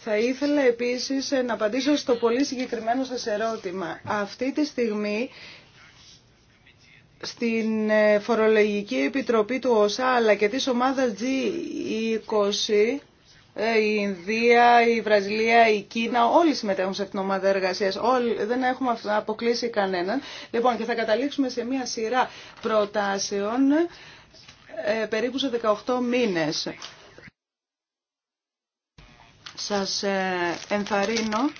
Θα ήθελα επίσης να απαντήσω στο πολύ συγκεκριμένο σας ερώτημα. Αυτή τη στιγμή στην ε, Φορολογική Επιτροπή του ΟΣΑ αλλά και της ομάδας G20 ε, η Ινδία, η Βραζιλία, η Κίνα, όλοι συμμετέχουν σε αυτήν την ομάδα εργασία. Δεν έχουμε αποκλείσει κανέναν. Λοιπόν, και θα καταλήξουμε σε μία σειρά προτάσεων ε, περίπου σε 18 μήνες. Σας ενθαρρύνω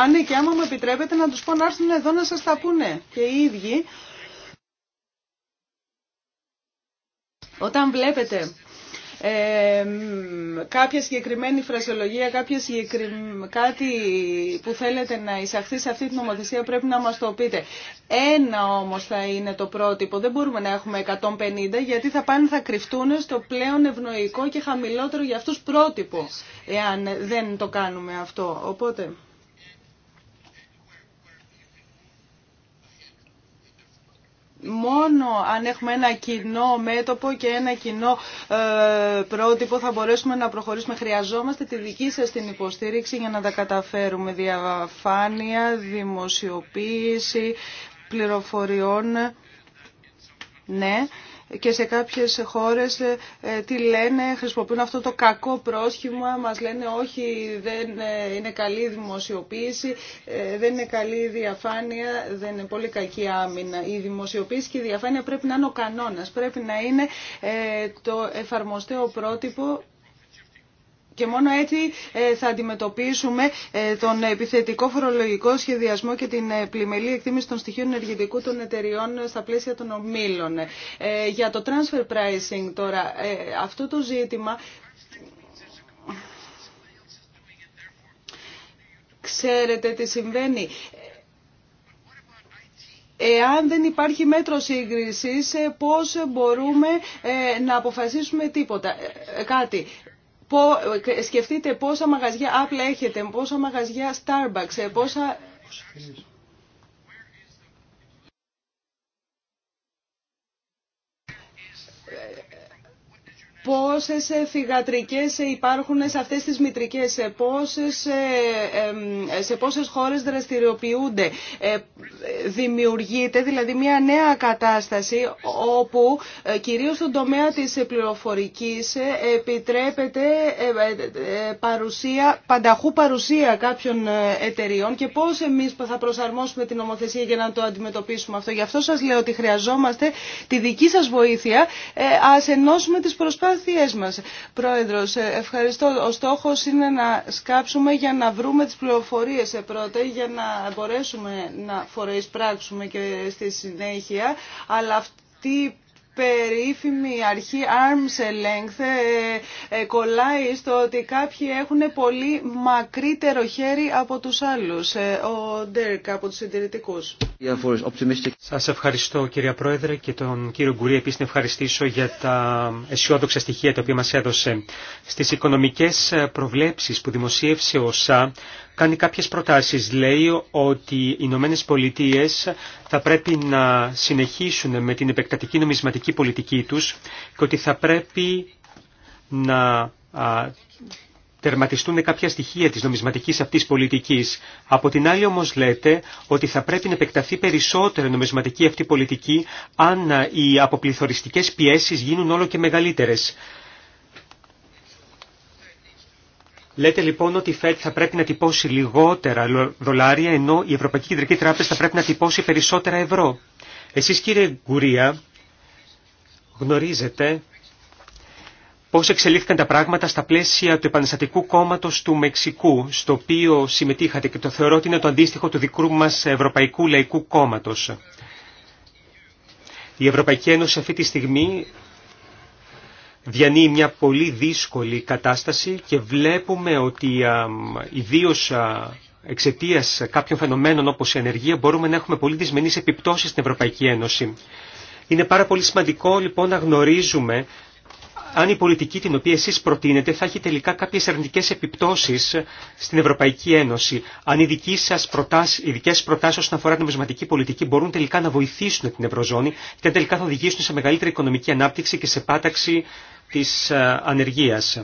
αν ναι, και άμα μου επιτρέπετε να τους πω να έρθουν εδώ να σας τα πούνε και οι ίδιοι. Όταν βλέπετε κάποια συγκεκριμένη φρασιολογία, κάποια συγκεκρι... κάτι που θέλετε να εισαχθεί σε αυτή την νομοθεσία πρέπει να μας το πείτε. Ένα όμως θα είναι το πρότυπο, δεν μπορούμε να έχουμε 150 γιατί θα πάνε θα κρυφτούν στο πλέον ευνοϊκό και χαμηλότερο για αυτούς πρότυπο εάν δεν το κάνουμε αυτό. Οπότε... μόνο αν έχουμε ένα κοινό μέτωπο και ένα κοινό ε, πρότυπο θα μπορέσουμε να προχωρήσουμε. Χρειαζόμαστε τη δική σας την υποστήριξη για να τα καταφέρουμε. Διαφάνεια, δημοσιοποίηση πληροφοριών, ναι και σε κάποιες χώρες ε, τι λένε, χρησιμοποιούν αυτό το κακό πρόσχημα, μας λένε όχι δεν ε, είναι καλή η δημοσιοποίηση, ε, δεν είναι καλή η διαφάνεια, δεν είναι πολύ κακή άμυνα. Η δημοσιοποίηση και η διαφάνεια πρέπει να είναι ο κανόνας, πρέπει να είναι το εφαρμοστέο πρότυπο και μόνο έτσι ε, θα αντιμετωπίσουμε ε, τον επιθετικό φορολογικό σχεδιασμό και την ε, πλημελή εκτίμηση των στοιχείων ενεργητικού των εταιριών στα πλαίσια των ομίλων. Για το transfer pricing τώρα, αυτό το ζήτημα ξέρετε τι συμβαίνει. Εάν δεν υπάρχει μέτρο σύγκρισης, πώς μπορούμε να αποφασίσουμε τίποτα, κάτι σκεφτείτε πόσα μαγαζιά Apple έχετε, πόσα μαγαζιά Starbucks, ε, πόσα πόσες θυγατρικές ε, ε, υπάρχουν σε αυτές τις μητρικές, σε πόσες, ε, σε πόσες χώρες δραστηριοποιούνται. Δημιουργείται δηλαδή μια νέα κατάσταση όπου κυρίως στον τομέα της πληροφορικής επιτρέπεται παρουσία, πανταχού παρουσία κάποιων εταιριών και πώς εμείς θα προσαρμόσουμε την νομοθεσία για να το αντιμετωπίσουμε αυτό. Γι' αυτό σας λέω ότι χρειαζόμαστε τη δική σας βοήθεια. Ας ενώσουμε τις προσπάθειες Πρόεδρος, ε, ευχαριστώ. Ο στόχος είναι να σκάψουμε για να βρούμε τις πληροφορίες ε, πρώτα για να μπορέσουμε να πράξουμε και στη συνέχεια. Αλλά αυτή περίφημη αρχή arm's length ε, ε, κολλάει στο ότι κάποιοι έχουν πολύ μακρύτερο χέρι από τους άλλους. Ε, ο Ντέρκ από τους συντηρητικούς. Σας ευχαριστώ κυρία Πρόεδρε και τον κύριο Γκουρί επίσης να ευχαριστήσω για τα αισιόδοξα στοιχεία τα οποία μας έδωσε. Στις οικονομικές προβλέψεις που δημοσίευσε ο ΣΑ κάνει κάποιες προτάσεις. Λέει ότι οι Ηνωμένε Πολιτείε θα πρέπει να συνεχίσουν με την επεκτατική νομισματική πολιτική τους και ότι θα πρέπει να τερματιστούν κάποια στοιχεία της νομισματικής αυτής πολιτικής. Από την άλλη όμως λέτε ότι θα πρέπει να επεκταθεί περισσότερο η νομισματική αυτή πολιτική αν οι αποπληθωριστικές πιέσεις γίνουν όλο και μεγαλύτερες. Λέτε λοιπόν ότι η ΦΕΤ θα πρέπει να τυπώσει λιγότερα δολάρια, ενώ η Ευρωπαϊκή Κεντρική Τράπεζα θα πρέπει να τυπώσει περισσότερα ευρώ. Εσείς κύριε Γκουρία γνωρίζετε πώς εξελίχθηκαν τα πράγματα στα πλαίσια του Επαναστατικού Κόμματος του Μεξικού, στο οποίο συμμετείχατε και το θεωρώ ότι είναι το αντίστοιχο του δικού μας Ευρωπαϊκού Λαϊκού Κόμματος. Η Ευρωπαϊκή Ένωση αυτή τη στιγμή διανύει μια πολύ δύσκολη κατάσταση και βλέπουμε ότι ιδίω εξαιτία κάποιων φαινομένων όπως η ανεργία μπορούμε να έχουμε πολύ δυσμενείς επιπτώσεις στην Ευρωπαϊκή Ένωση. Είναι πάρα πολύ σημαντικό λοιπόν να γνωρίζουμε αν η πολιτική την οποία εσείς προτείνετε θα έχει τελικά κάποιες αρνητικές επιπτώσεις στην Ευρωπαϊκή Ένωση, αν οι δικές σας προτάσεις, οι δικές προτάσεις όσον αφορά την νομισματική πολιτική μπορούν τελικά να βοηθήσουν την Ευρωζώνη και αν τελικά θα οδηγήσουν σε μεγαλύτερη οικονομική ανάπτυξη και σε πάταξη της ε, ανεργίας.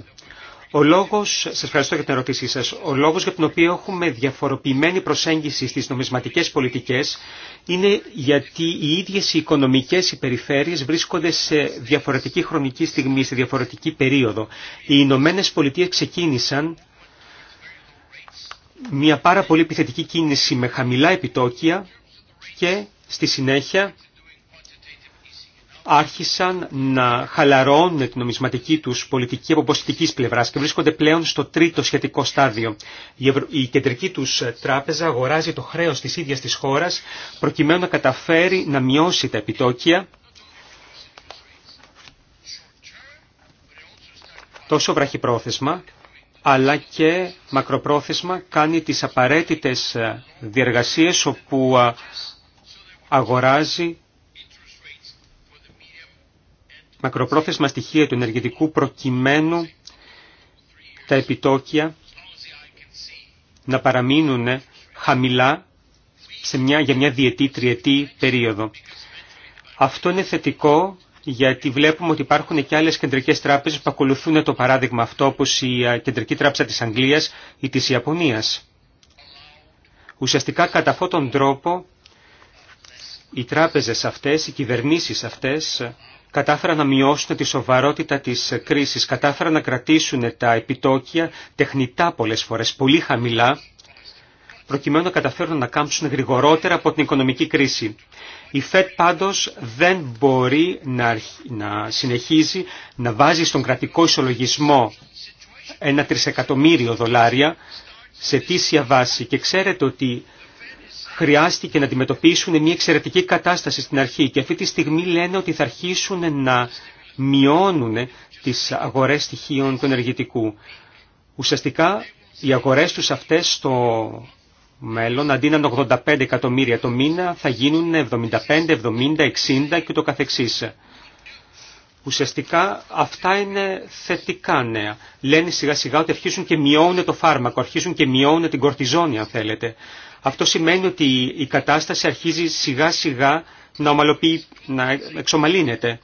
Ο λόγος, σας ευχαριστώ για την ερώτησή σας, ο λόγος για τον οποίο έχουμε διαφοροποιημένη προσέγγιση στις νομισματικές πολιτικές είναι γιατί οι ίδιες οι οικονομικές υπεριφέρειες βρίσκονται σε διαφορετική χρονική στιγμή, σε διαφορετική περίοδο. Οι Ηνωμένε Πολιτείες ξεκίνησαν μια πάρα πολύ επιθετική κίνηση με χαμηλά επιτόκια και στη συνέχεια άρχισαν να χαλαρώνουν την νομισματική τους πολιτική από ποσοτικής πλευράς και βρίσκονται πλέον στο τρίτο σχετικό στάδιο. Η κεντρική τους τράπεζα αγοράζει το χρέος της ίδιας της χώρας προκειμένου να καταφέρει να μειώσει τα επιτόκια τόσο βραχυπρόθεσμα αλλά και μακροπρόθεσμα κάνει τις απαραίτητες διεργασίες όπου αγοράζει μακροπρόθεσμα στοιχεία του ενεργητικού προκειμένου τα επιτόκια να παραμείνουν χαμηλά σε μια, για μια διετή, τριετή περίοδο. Αυτό είναι θετικό γιατί βλέπουμε ότι υπάρχουν και άλλες κεντρικές τράπεζες που ακολουθούν το παράδειγμα αυτό όπως η Κεντρική Τράπεζα της Αγγλίας ή της Ιαπωνίας. Ουσιαστικά κατά αυτόν τον τρόπο οι τράπεζες αυτές, οι κυβερνήσεις αυτές κατάφεραν να μειώσουν τη σοβαρότητα της κρίσης, κατάφεραν να κρατήσουν τα επιτόκια τεχνητά πολλές φορές, πολύ χαμηλά, προκειμένου να καταφέρουν να κάμψουν γρηγορότερα από την οικονομική κρίση. Η ΦΕΤ πάντως δεν μπορεί να, να συνεχίζει να βάζει στον κρατικό ισολογισμό ένα τρισεκατομμύριο δολάρια σε τήσια βάση και ξέρετε ότι χρειάστηκε να αντιμετωπίσουν μια εξαιρετική κατάσταση στην αρχή και αυτή τη στιγμή λένε ότι θα αρχίσουν να μειώνουν τις αγορές στοιχείων του ενεργητικού. Ουσιαστικά οι αγορές τους αυτές στο μέλλον, αντί να είναι 85 εκατομμύρια το μήνα, θα γίνουν 75, 70, 60 και το καθεξής. Ουσιαστικά αυτά είναι θετικά νέα. Λένε σιγά σιγά ότι αρχίσουν και μειώνουν το φάρμακο, αρχίζουν και μειώνουν την κορτιζόνη αν θέλετε. Αυτό σημαίνει ότι η κατάσταση αρχίζει σιγά σιγά να, ομαλοποιεί, να εξομαλύνεται.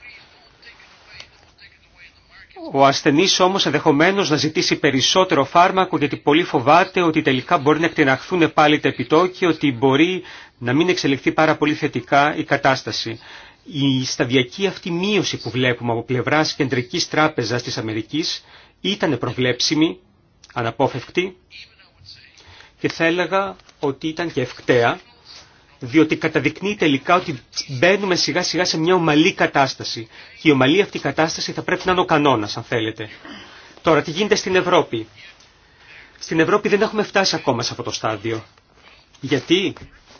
Ο ασθενής όμως ενδεχομένω να ζητήσει περισσότερο φάρμακο γιατί πολύ φοβάται ότι τελικά μπορεί να εκτεναχθούν πάλι τα επιτόκια, ότι μπορεί να μην εξελιχθεί πάρα πολύ θετικά η κατάσταση. Η σταδιακή αυτή μείωση που βλέπουμε από πλευρά κεντρική τράπεζα τη Αμερική ήταν προβλέψιμη, αναπόφευκτη και θα έλεγα ότι ήταν και ευκταία, διότι καταδεικνύει τελικά ότι μπαίνουμε σιγά σιγά σε μια ομαλή κατάσταση. Και η ομαλή αυτή κατάσταση θα πρέπει να είναι ο κανόνα, αν θέλετε. Τώρα, τι γίνεται στην Ευρώπη. Στην Ευρώπη δεν έχουμε φτάσει ακόμα σε αυτό το στάδιο. Γιατί,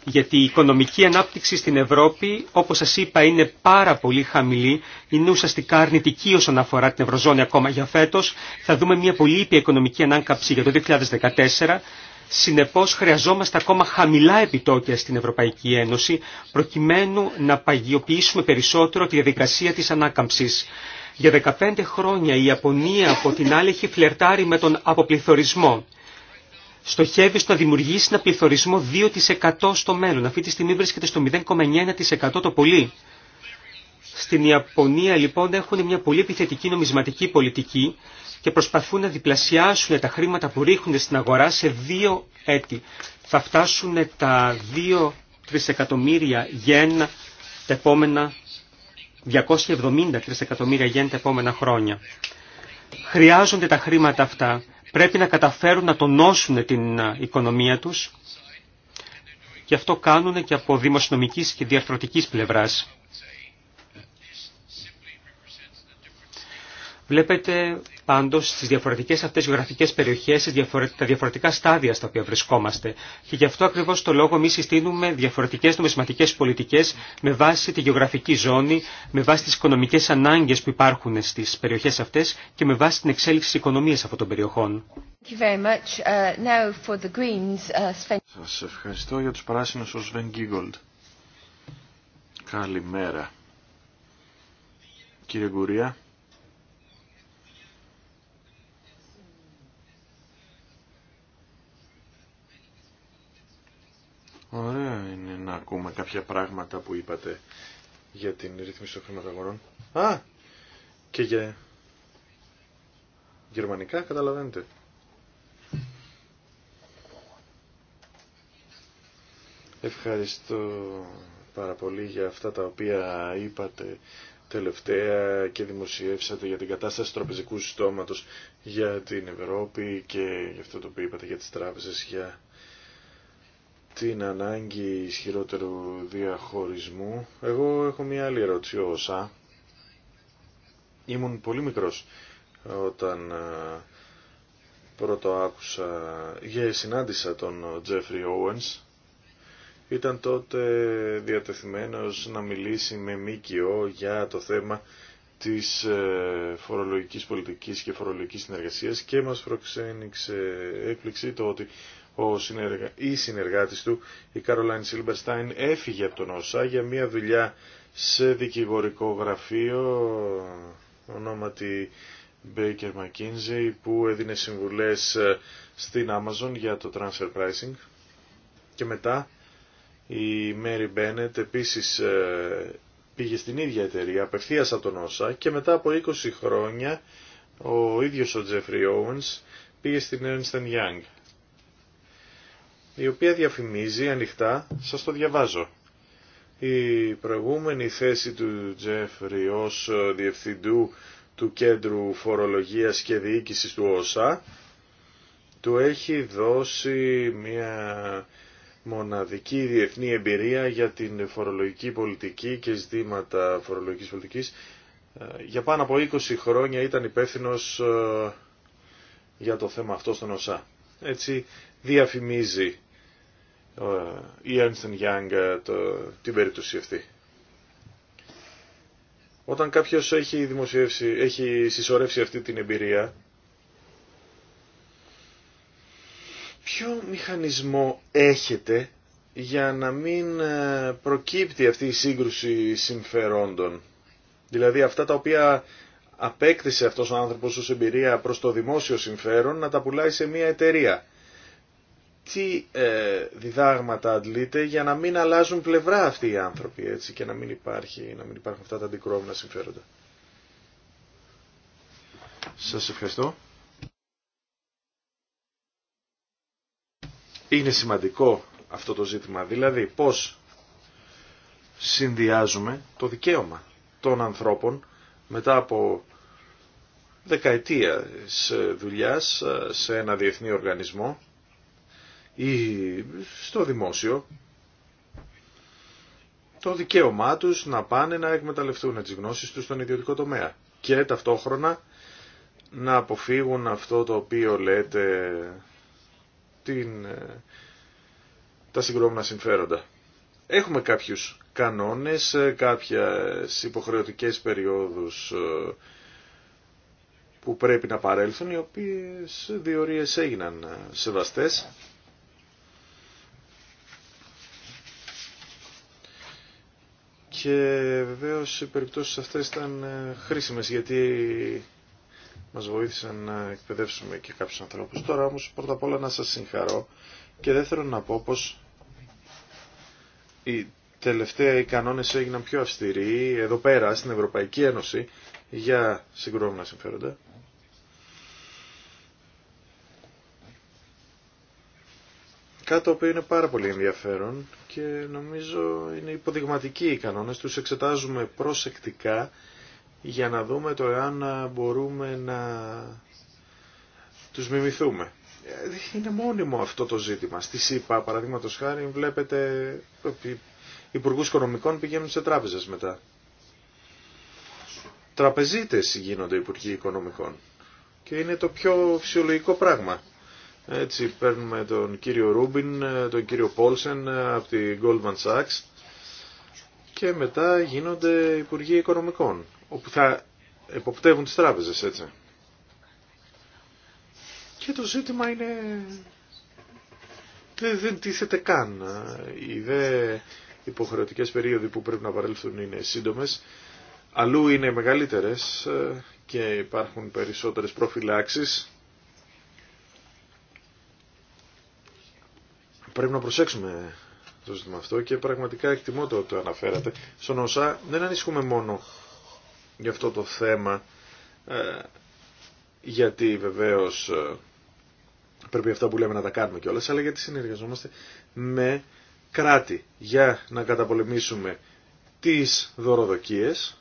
γιατί η οικονομική ανάπτυξη στην Ευρώπη, όπως σας είπα, είναι πάρα πολύ χαμηλή, είναι ουσιαστικά αρνητική όσον αφορά την Ευρωζώνη ακόμα για φέτος. Θα δούμε μια πολύ ήπια οικονομική ανάκαμψη για το 2014 Συνεπώς χρειαζόμαστε ακόμα χαμηλά επιτόκια στην Ευρωπαϊκή Ένωση προκειμένου να παγιοποιήσουμε περισσότερο τη διαδικασία της ανάκαμψης. Για 15 χρόνια η Ιαπωνία από την άλλη έχει φλερτάρει με τον αποπληθωρισμό. Στοχεύει στο να δημιουργήσει ένα πληθωρισμό 2% στο μέλλον. Αυτή τη στιγμή βρίσκεται στο 0,9% το πολύ. Στην Ιαπωνία λοιπόν έχουν μια πολύ επιθετική νομισματική πολιτική και προσπαθούν να διπλασιάσουν τα χρήματα που ρίχνουν στην αγορά σε δύο έτη. Θα φτάσουν τα 2 τρισεκατομμύρια γεν τα 270 τρισεκατομμύρια γεν τα επόμενα χρόνια. Χρειάζονται τα χρήματα αυτά. Πρέπει να καταφέρουν να τονώσουν την οικονομία τους. Γι' αυτό κάνουν και από δημοσιονομικής και διαρθρωτικής πλευράς. Βλέπετε πάντως στις διαφορετικές αυτές γεωγραφικές περιοχές, τα διαφορετικά στάδια στα οποία βρισκόμαστε. Και γι' αυτό ακριβώς το λόγο εμεί συστήνουμε διαφορετικές νομισματικές πολιτικές με βάση τη γεωγραφική ζώνη, με βάση τις οικονομικές ανάγκες που υπάρχουν στις περιοχές αυτές και με βάση την εξέλιξη της οικονομίας αυτών των περιοχών. Σας ευχαριστώ για τους πράσινους ο Σβεν Γίγκολτ. Καλημέρα. Κύριε Γκουρία. Ωραία είναι να ακούμε κάποια πράγματα που είπατε για την ρύθμιση των χρηματαγορών. Α! Και για γερμανικά καταλαβαίνετε. Ευχαριστώ πάρα πολύ για αυτά τα οποία είπατε τελευταία και δημοσιεύσατε για την κατάσταση του τραπεζικού συστόματος για την Ευρώπη και για αυτό το οποίο είπατε για τις τράπεζες, για την ανάγκη ισχυρότερου διαχωρισμού, εγώ έχω μια άλλη ερώτηση όσα. Ήμουν πολύ μικρός όταν ε, πρώτο άκουσα, για συνάντησα τον Τζέφρι Owens. ήταν τότε διατεθειμένος να μιλήσει με ΜΚΟ για το θέμα της ε, φορολογικής πολιτικής και φορολογικής συνεργασίας και μας προξένηξε έκπληξη το ότι ο συνεργα... η συνεργάτης του, η Καρολάιν Σίλμπερστάιν, έφυγε από τον ΩΣΑ για μια δουλειά σε δικηγορικό γραφείο ονόματι Baker McKinsey που έδινε συμβουλές ε, στην Amazon για το transfer pricing και μετά η Mary Bennett επίσης ε, πήγε στην ίδια εταιρεία απευθείας από τον ΩΣΑ και μετά από 20 χρόνια ο ίδιος ο Jeffrey Owens πήγε στην Ernst Young η οποία διαφημίζει ανοιχτά, σας το διαβάζω. Η προηγούμενη θέση του Τζέφρι ως ε, διευθυντού του Κέντρου Φορολογίας και Διοίκησης του ΩΣΑ του έχει δώσει μια μοναδική διεθνή εμπειρία για την φορολογική πολιτική και ζητήματα φορολογικής πολιτικής. Ε, για πάνω από 20 χρόνια ήταν υπεύθυνο ε, για το θέμα αυτό στον ΩΣΑ. Έτσι διαφημίζει ε, η Ernst Young ε, την περίπτωση αυτή. Όταν κάποιος έχει, δημοσιεύσει, έχει συσσωρεύσει αυτή την εμπειρία, ποιο μηχανισμό έχετε για να μην ε, προκύπτει αυτή η σύγκρουση συμφερόντων. Δηλαδή αυτά τα οποία απέκτησε αυτός ο άνθρωπος ως εμπειρία προς το δημόσιο συμφέρον να τα πουλάει σε μια εταιρεία τι ε, διδάγματα αντλείται για να μην αλλάζουν πλευρά αυτοί οι άνθρωποι έτσι, και να μην, υπάρχει, να μην υπάρχουν αυτά τα αντικρώμενα συμφέροντα. Σας ευχαριστώ. Είναι σημαντικό αυτό το ζήτημα, δηλαδή πώς συνδυάζουμε το δικαίωμα των ανθρώπων μετά από δεκαετία ε, δουλειάς ε, σε ένα διεθνή οργανισμό ή στο δημόσιο το δικαίωμά τους να πάνε να εκμεταλλευτούν τις γνώσεις τους στον ιδιωτικό τομέα και ταυτόχρονα να αποφύγουν αυτό το οποίο λέτε την, ε, τα συγκρόμενα συμφέροντα. Έχουμε κάποιους κανόνες, ε, κάποιες υποχρεωτικές περιόδους ε, που πρέπει να παρέλθουν, οι οποίες διορίες έγιναν σεβαστές Και βεβαίως οι περιπτώσεις αυτές ήταν ε, χρήσιμες γιατί μας βοήθησαν να εκπαιδεύσουμε και κάποιους ανθρώπους. Τώρα όμως πρώτα απ' όλα να σας συγχαρώ και δεύτερον να πω πως οι τελευταία οι κανόνες έγιναν πιο αυστηροί εδώ πέρα στην Ευρωπαϊκή Ένωση για συγκρόμενα συμφέροντα Κάτι το οποίο είναι πάρα πολύ ενδιαφέρον και νομίζω είναι υποδειγματικοί οι κανόνες. Τους εξετάζουμε προσεκτικά για να δούμε το εάν μπορούμε να τους μιμηθούμε. Είναι μόνιμο αυτό το ζήτημα. Στη ΣΥΠΑ, παραδείγματο χάρη, βλέπετε ότι υπουργού οικονομικών πηγαίνουν σε τράπεζε μετά. Τραπεζίτες γίνονται υπουργοί οικονομικών. Και είναι το πιο φυσιολογικό πράγμα. Έτσι παίρνουμε τον κύριο Ρούμπιν, τον κύριο Πόλσεν από τη Goldman Sachs και μετά γίνονται Υπουργοί Οικονομικών, όπου θα εποπτεύουν τις τράπεζες, έτσι. Και το ζήτημα είναι... Δεν, δεν τίθεται καν. Οι δε υποχρεωτικές περίοδοι που πρέπει να παρέλθουν είναι σύντομες. Αλλού είναι μεγαλύτερες και υπάρχουν περισσότερες προφυλάξεις πρέπει να προσέξουμε το ζήτημα αυτό και πραγματικά εκτιμώ το ότι το αναφέρατε. Στον ΩΣΑ δεν ανησυχούμε μόνο για αυτό το θέμα ε, γιατί βεβαίως ε, πρέπει αυτά που λέμε να τα κάνουμε κιόλας αλλά γιατί συνεργαζόμαστε με κράτη για να καταπολεμήσουμε τις δωροδοκίες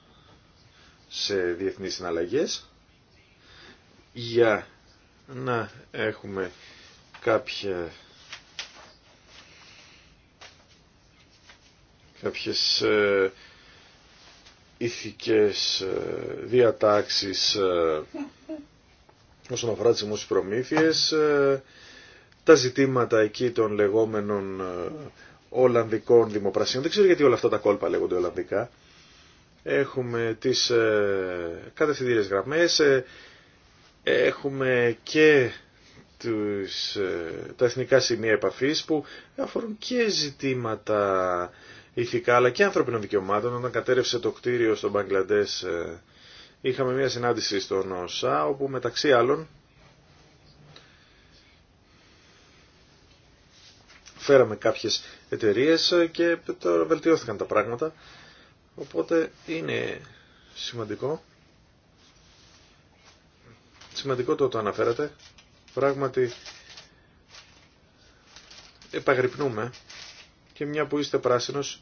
σε διεθνείς συναλλαγές για να έχουμε κάποια κάποιες ε, ηθικές ε, διατάξεις ε, όσον αφορά τις δημόσιες προμήθειες, τα ζητήματα εκεί των λεγόμενων Ολλανδικών δημοπρασίων. Δεν ξέρω γιατί όλα αυτά τα κόλπα λέγονται Ολλανδικά. Έχουμε τις κατευθυντήριες γραμμές, έχουμε και τους, τα εθνικά σημεία επαφής που αφορούν και ζητήματα ηθικά αλλά και ανθρωπινών δικαιωμάτων όταν κατέρευσε το κτίριο στο Μπαγκλαντές ε, είχαμε μια συνάντηση στον ΩΣΑ όπου μεταξύ άλλων φέραμε κάποιες εταιρείες ε, και τώρα βελτιώθηκαν τα πράγματα οπότε είναι σημαντικό σημαντικό το το αναφέρατε πράγματι επαγρυπνούμε και μια που είστε πράσινος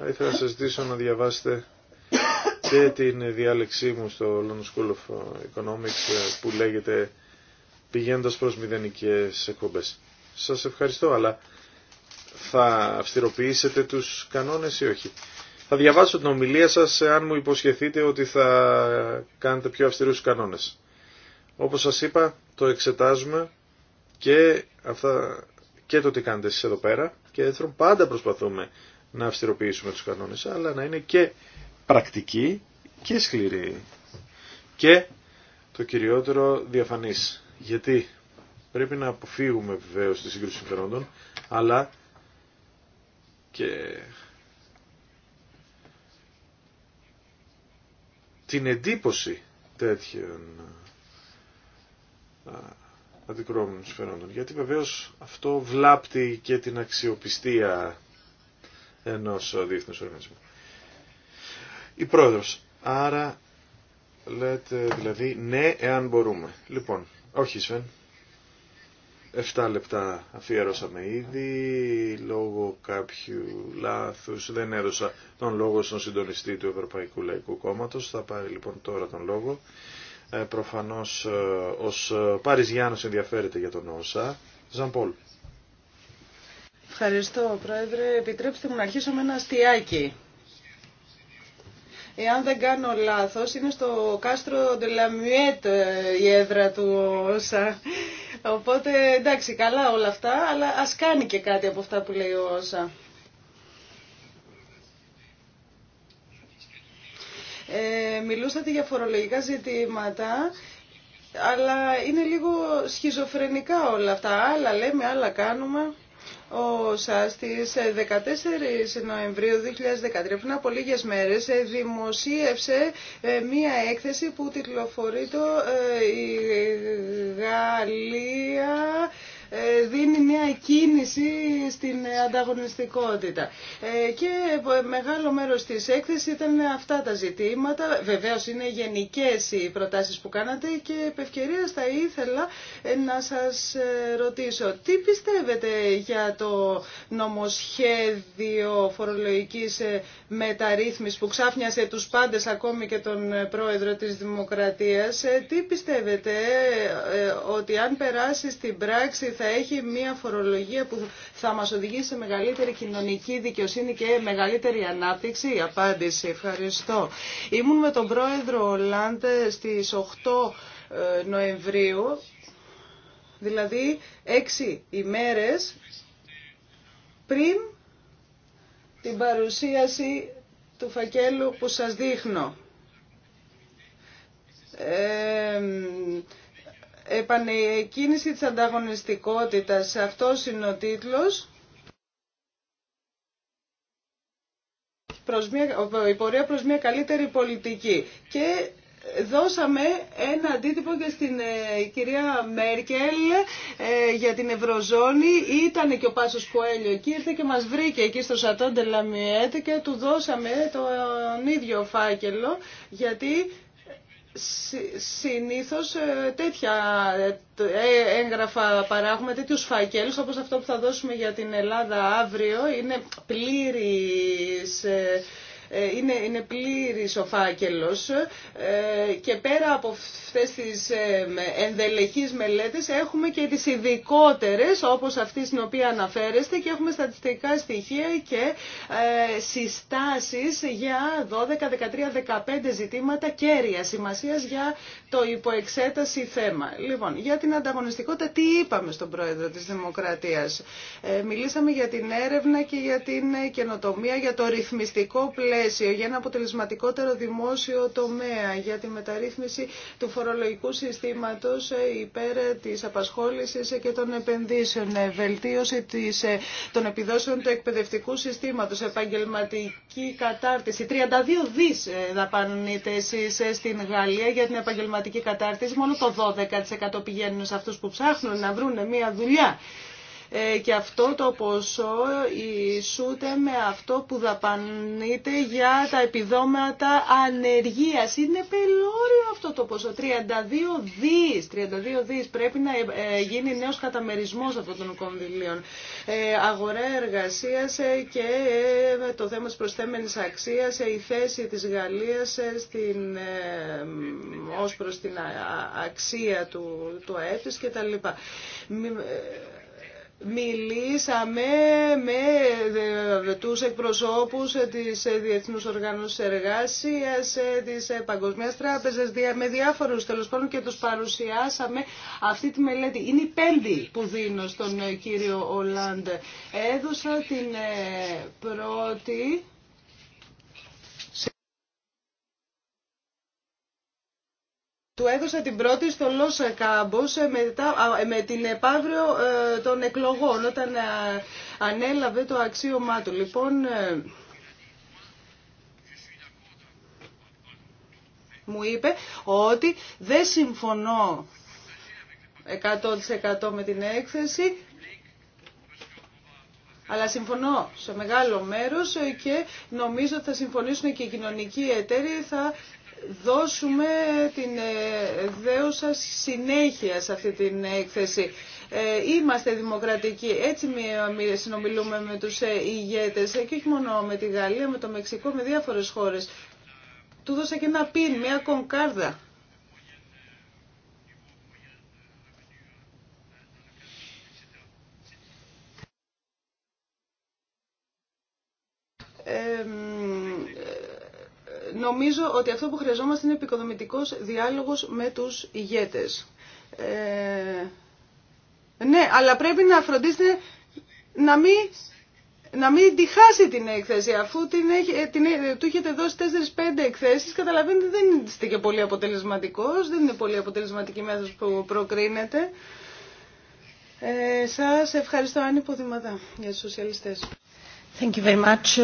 θα ήθελα να σας ζητήσω να διαβάσετε και την διάλεξή μου στο London School of Economics ε, που λέγεται πηγαίνοντας προς μηδενικές εκπομπές. Σας ευχαριστώ, αλλά θα αυστηροποιήσετε τους κανόνες ή όχι. Θα διαβάσω την ομιλία σας αν μου υποσχεθείτε ότι θα κάνετε πιο αυστηρούς κανόνες. Όπως σας είπα, το εξετάζουμε και, αυτά, και το τι κάνετε εσείς εδώ πέρα και πάντα προσπαθούμε να αυστηροποιήσουμε τους κανόνες, αλλά να είναι και πρακτική και σκληρή και το κυριότερο διαφανής. Γιατί πρέπει να αποφύγουμε βεβαίως τη σύγκρουση συμφερόντων, αλλά και την εντύπωση τέτοιων αντικρώμενων συμφερόντων. Γιατί βεβαίως αυτό βλάπτει και την αξιοπιστία Ενό διεθνού οργανισμού. Η πρόεδρος. Άρα λέτε δηλαδή ναι εάν μπορούμε. Λοιπόν, όχι Σφεν. 7 λεπτά αφιέρωσαμε ήδη λόγω κάποιου λάθους δεν έδωσα τον λόγο στον συντονιστή του Ευρωπαϊκού Λαϊκού Κόμματος θα πάρει λοιπόν τώρα τον λόγο ε, προφανώς ε, ως ε, Παριζιάνος ενδιαφέρεται για τον ΩΣΑ Ζαν Ευχαριστώ, Πρόεδρε. Επιτρέψτε μου να αρχίσω με ένα αστιάκι. Εάν δεν κάνω λάθος, είναι στο κάστρο Ντελαμιέτ η έδρα του Όσα. Οπότε, εντάξει, καλά όλα αυτά, αλλά ας κάνει και κάτι από αυτά που λέει ο Όσα. Ε, μιλούσατε για φορολογικά ζητήματα, αλλά είναι λίγο σχιζοφρενικά όλα αυτά. Άλλα λέμε, άλλα κάνουμε ο της 14 ε, Νοεμβρίου 2013, πριν από λίγες μέρες, ε, δημοσίευσε ε, μία έκθεση που τυκλοφορεί το «Η Γαλλία ε, δίνει μια κίνηση στην ανταγωνιστικότητα. Ε, και ε, μεγάλο μέρος της έκθεσης ήταν αυτά τα ζητήματα. Βεβαίως είναι γενικές οι προτάσεις που κάνατε και επευκαιρία θα ήθελα να σας ρωτήσω τι πιστεύετε για το νομοσχέδιο φορολογικής μεταρρύθμισης που ξάφνιασε τους πάντες ακόμη και τον πρόεδρο της Δημοκρατίας. Τι πιστεύετε ότι αν περάσει στην πράξη θα έχει μια φορολογία που θα μας οδηγήσει σε μεγαλύτερη κοινωνική δικαιοσύνη και μεγαλύτερη ανάπτυξη. απάντηση. Ευχαριστώ. Ήμουν με τον πρόεδρο Ολάντε στις 8 ε, Νοεμβρίου, δηλαδή έξι ημέρες πριν την παρουσίαση του φακέλου που σας δείχνω. Ε, Επανεκκίνηση της ανταγωνιστικότητας. Αυτός είναι ο τίτλος. η πορεία προς μια καλύτερη πολιτική. Και δώσαμε ένα αντίτυπο και στην ε, κυρία Μέρκελ ε, για την Ευρωζώνη. Ήταν και ο Πάσος Κουέλιο εκεί, ήρθε και μας βρήκε εκεί στο Σατόν Λαμιέτ και του δώσαμε τον ίδιο φάκελο γιατί συνήθως ε, τέτοια ε, ε, έγγραφα παράγουμε, τέτοιου φακέλου όπω αυτό που θα δώσουμε για την Ελλάδα αύριο είναι πλήρης ε, είναι, είναι πλήρης ο φάκελο. Ε, και πέρα από αυτέ τι ε, ενδελεχείς μελέτε έχουμε και τι ειδικότερε, όπω αυτή στην οποία αναφέρεστε και έχουμε στατιστικά στοιχεία και συστάσει για 12, 13, 15 ζητήματα κέρια σημασία για το υποεξέταση θέμα. Λοιπόν, για την ανταγωνιστικότητα τι είπαμε στον Πρόεδρο της Δημοκρατίας. μιλήσαμε για την έρευνα και για την καινοτομία, για το ρυθμιστικό πλαίσιο πλαίσιο για ένα αποτελεσματικότερο δημόσιο τομέα, για τη μεταρρύθμιση του φορολογικού συστήματος ε, υπέρ της απασχόλησης και των επενδύσεων, ε, βελτίωση της, ε, των επιδόσεων του εκπαιδευτικού συστήματος, επαγγελματική κατάρτιση. 32 δις δαπανείτε εσείς στην Γαλλία για την επαγγελματική κατάρτιση. Μόνο το 12% πηγαίνουν σε αυτούς που ψάχνουν να βρουν μια δουλειά. Ε, και αυτό το ποσό ισούται με αυτό που δαπανείται για τα επιδόματα ανεργίας. Είναι πελώριο αυτό το ποσό. 32 δις, 32 δις πρέπει να ε, ε, γίνει νέος καταμερισμός αυτών των κονδυλίων. αγορά εργασίας και το θέμα της προσθέμενης αξίας, η θέση της Γαλλίας στην, ως προς την αξία του, του ΑΕΠ και τα λοιπά. Μιλήσαμε με ε, τους εκπροσώπους της ε, Διεθνούς Οργάνωσης Εργασίας, ε, της Παγκοσμίας Τράπεζας, με διάφορους τέλος πάντων και τους παρουσιάσαμε αυτή τη μελέτη. Είναι η πέμπτη που δίνω στον κύριο Ολάντ. Έδωσα την πρώτη Του έδωσα την πρώτη στο Λόσα Κάμπος ε, ε, με την επαύριο ε, των εκλογών όταν ανέλαβε το αξίωμά του. Λοιπόν, μου είπε ότι δεν συμφωνώ 100% με την έκθεση, αλλά συμφωνώ σε μεγάλο μέρος και νομίζω ότι θα συμφωνήσουν και οι κοινωνικοί εταίροι, θα δώσουμε την ε, δέουσα συνέχεια σε αυτή την έκθεση. Ε, είμαστε δημοκρατικοί, έτσι συνομιλούμε με τους ε, ηγέτες και όχι μόνο με τη Γαλλία, με το Μεξικό, με διάφορες χώρες. Του δώσα και ένα πιν, μια κονκάρδα. Νομίζω ότι αυτό που χρειαζόμαστε είναι επικοδομητικός διάλογος με τους ηγέτες. Ε, ναι, αλλά πρέπει να φροντίσετε να μην, να μην τη χάσει την έκθεση. Αφού την, ε, την, ε, του έχετε δώσει 4-5 εκθέσεις, καταλαβαίνετε δεν είστε και πολύ αποτελεσματικός, δεν είναι πολύ αποτελεσματική μέθοδος που προκρίνετε. Ε, σας ευχαριστώ, Άννη για τους σοσιαλιστές. Thank you very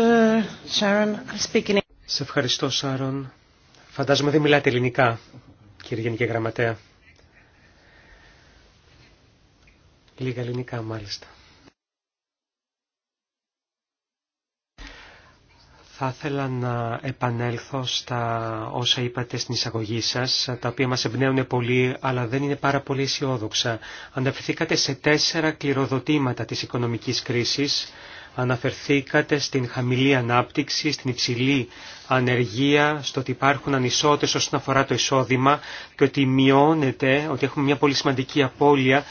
ε, σε ευχαριστώ, Σάρον. Φαντάζομαι δεν μιλάτε ελληνικά, κύριε Γενική Γραμματέα. Λίγα ελληνικά, μάλιστα. Θα ήθελα να επανέλθω στα όσα είπατε στην εισαγωγή σας, τα οποία μας εμπνέουν πολύ, αλλά δεν είναι πάρα πολύ αισιόδοξα. Αναφερθήκατε σε τέσσερα κληροδοτήματα της οικονομικής κρίσης, Αναφερθήκατε στην χαμηλή ανάπτυξη, στην υψηλή ανεργία, στο ότι υπάρχουν ανισότητες όσον αφορά το εισόδημα και ότι μειώνεται, ότι έχουμε μια πολύ σημαντική απώλεια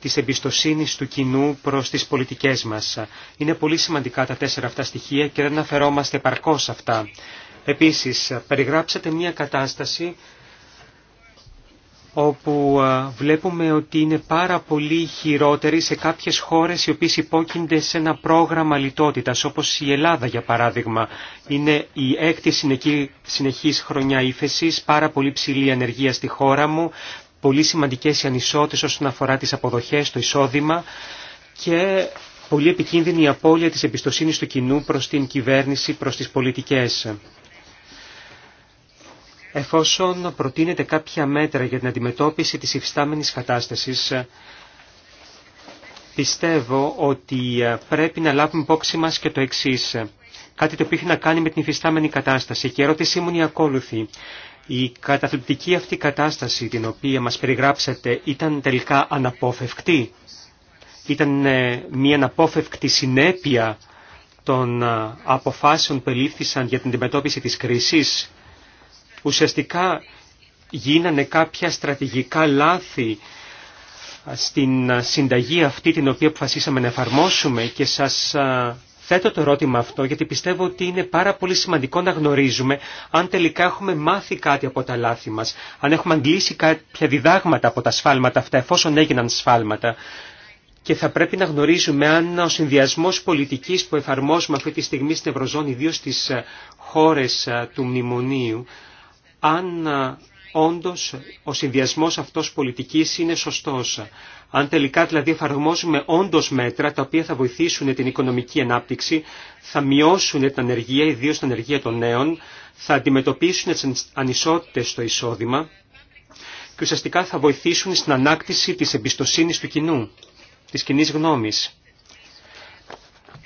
της εμπιστοσύνης του κοινού προς τις πολιτικές μας. Είναι πολύ σημαντικά τα τέσσερα αυτά στοιχεία και δεν αναφερόμαστε παρκώς αυτά. Επίσης, περιγράψατε μια κατάσταση όπου βλέπουμε ότι είναι πάρα πολύ χειρότεροι σε κάποιες χώρες οι οποίες υπόκεινται σε ένα πρόγραμμα λιτότητας, όπως η Ελλάδα για παράδειγμα. Είναι η έκτη συνεχής χρονιά ύφεσης, πάρα πολύ ψηλή ανεργία στη χώρα μου, πολύ σημαντικές οι ανισότητες όσον αφορά τις αποδοχές, το εισόδημα και πολύ επικίνδυνη η απώλεια της εμπιστοσύνης του κοινού προς την κυβέρνηση, προς τις πολιτικές εφόσον προτείνεται κάποια μέτρα για την αντιμετώπιση της υφιστάμενης κατάστασης, πιστεύω ότι ε, πρέπει να λάβουμε υπόψη μας και το εξής. Κάτι το οποίο έχει να κάνει με την υφιστάμενη κατάσταση και η ερώτησή μου είναι η ακόλουθη. Η καταθλιπτική αυτή κατάσταση την οποία μας περιγράψατε ήταν τελικά αναπόφευκτη. Ήταν ε, μια αναπόφευκτη συνέπεια των ε, αποφάσεων που ελήφθησαν για την αντιμετώπιση της κρίσης ουσιαστικά γίνανε κάποια στρατηγικά λάθη στην συνταγή αυτή την οποία αποφασίσαμε να εφαρμόσουμε και σας θέτω το ερώτημα αυτό γιατί πιστεύω ότι είναι πάρα πολύ σημαντικό να γνωρίζουμε αν τελικά έχουμε μάθει κάτι από τα λάθη μας, αν έχουμε αγγλίσει κάποια διδάγματα από τα σφάλματα αυτά εφόσον έγιναν σφάλματα και θα πρέπει να γνωρίζουμε αν ο συνδυασμός πολιτικής που εφαρμόζουμε αυτή τη στιγμή στην Ευρωζώνη, ιδίω στις ε, χώρες ε, του Μνημονίου, αν όντως ο συνδυασμός αυτός πολιτικής είναι σωστός. Αν τελικά δηλαδή εφαρμόζουμε όντως μέτρα τα οποία θα βοηθήσουν την οικονομική ανάπτυξη, θα μειώσουν την ανεργία, ιδίως την ανεργία των νέων, θα αντιμετωπίσουν τις ανισότητες στο εισόδημα και ουσιαστικά θα βοηθήσουν στην ανάκτηση της εμπιστοσύνης του κοινού, της κοινή γνώμης.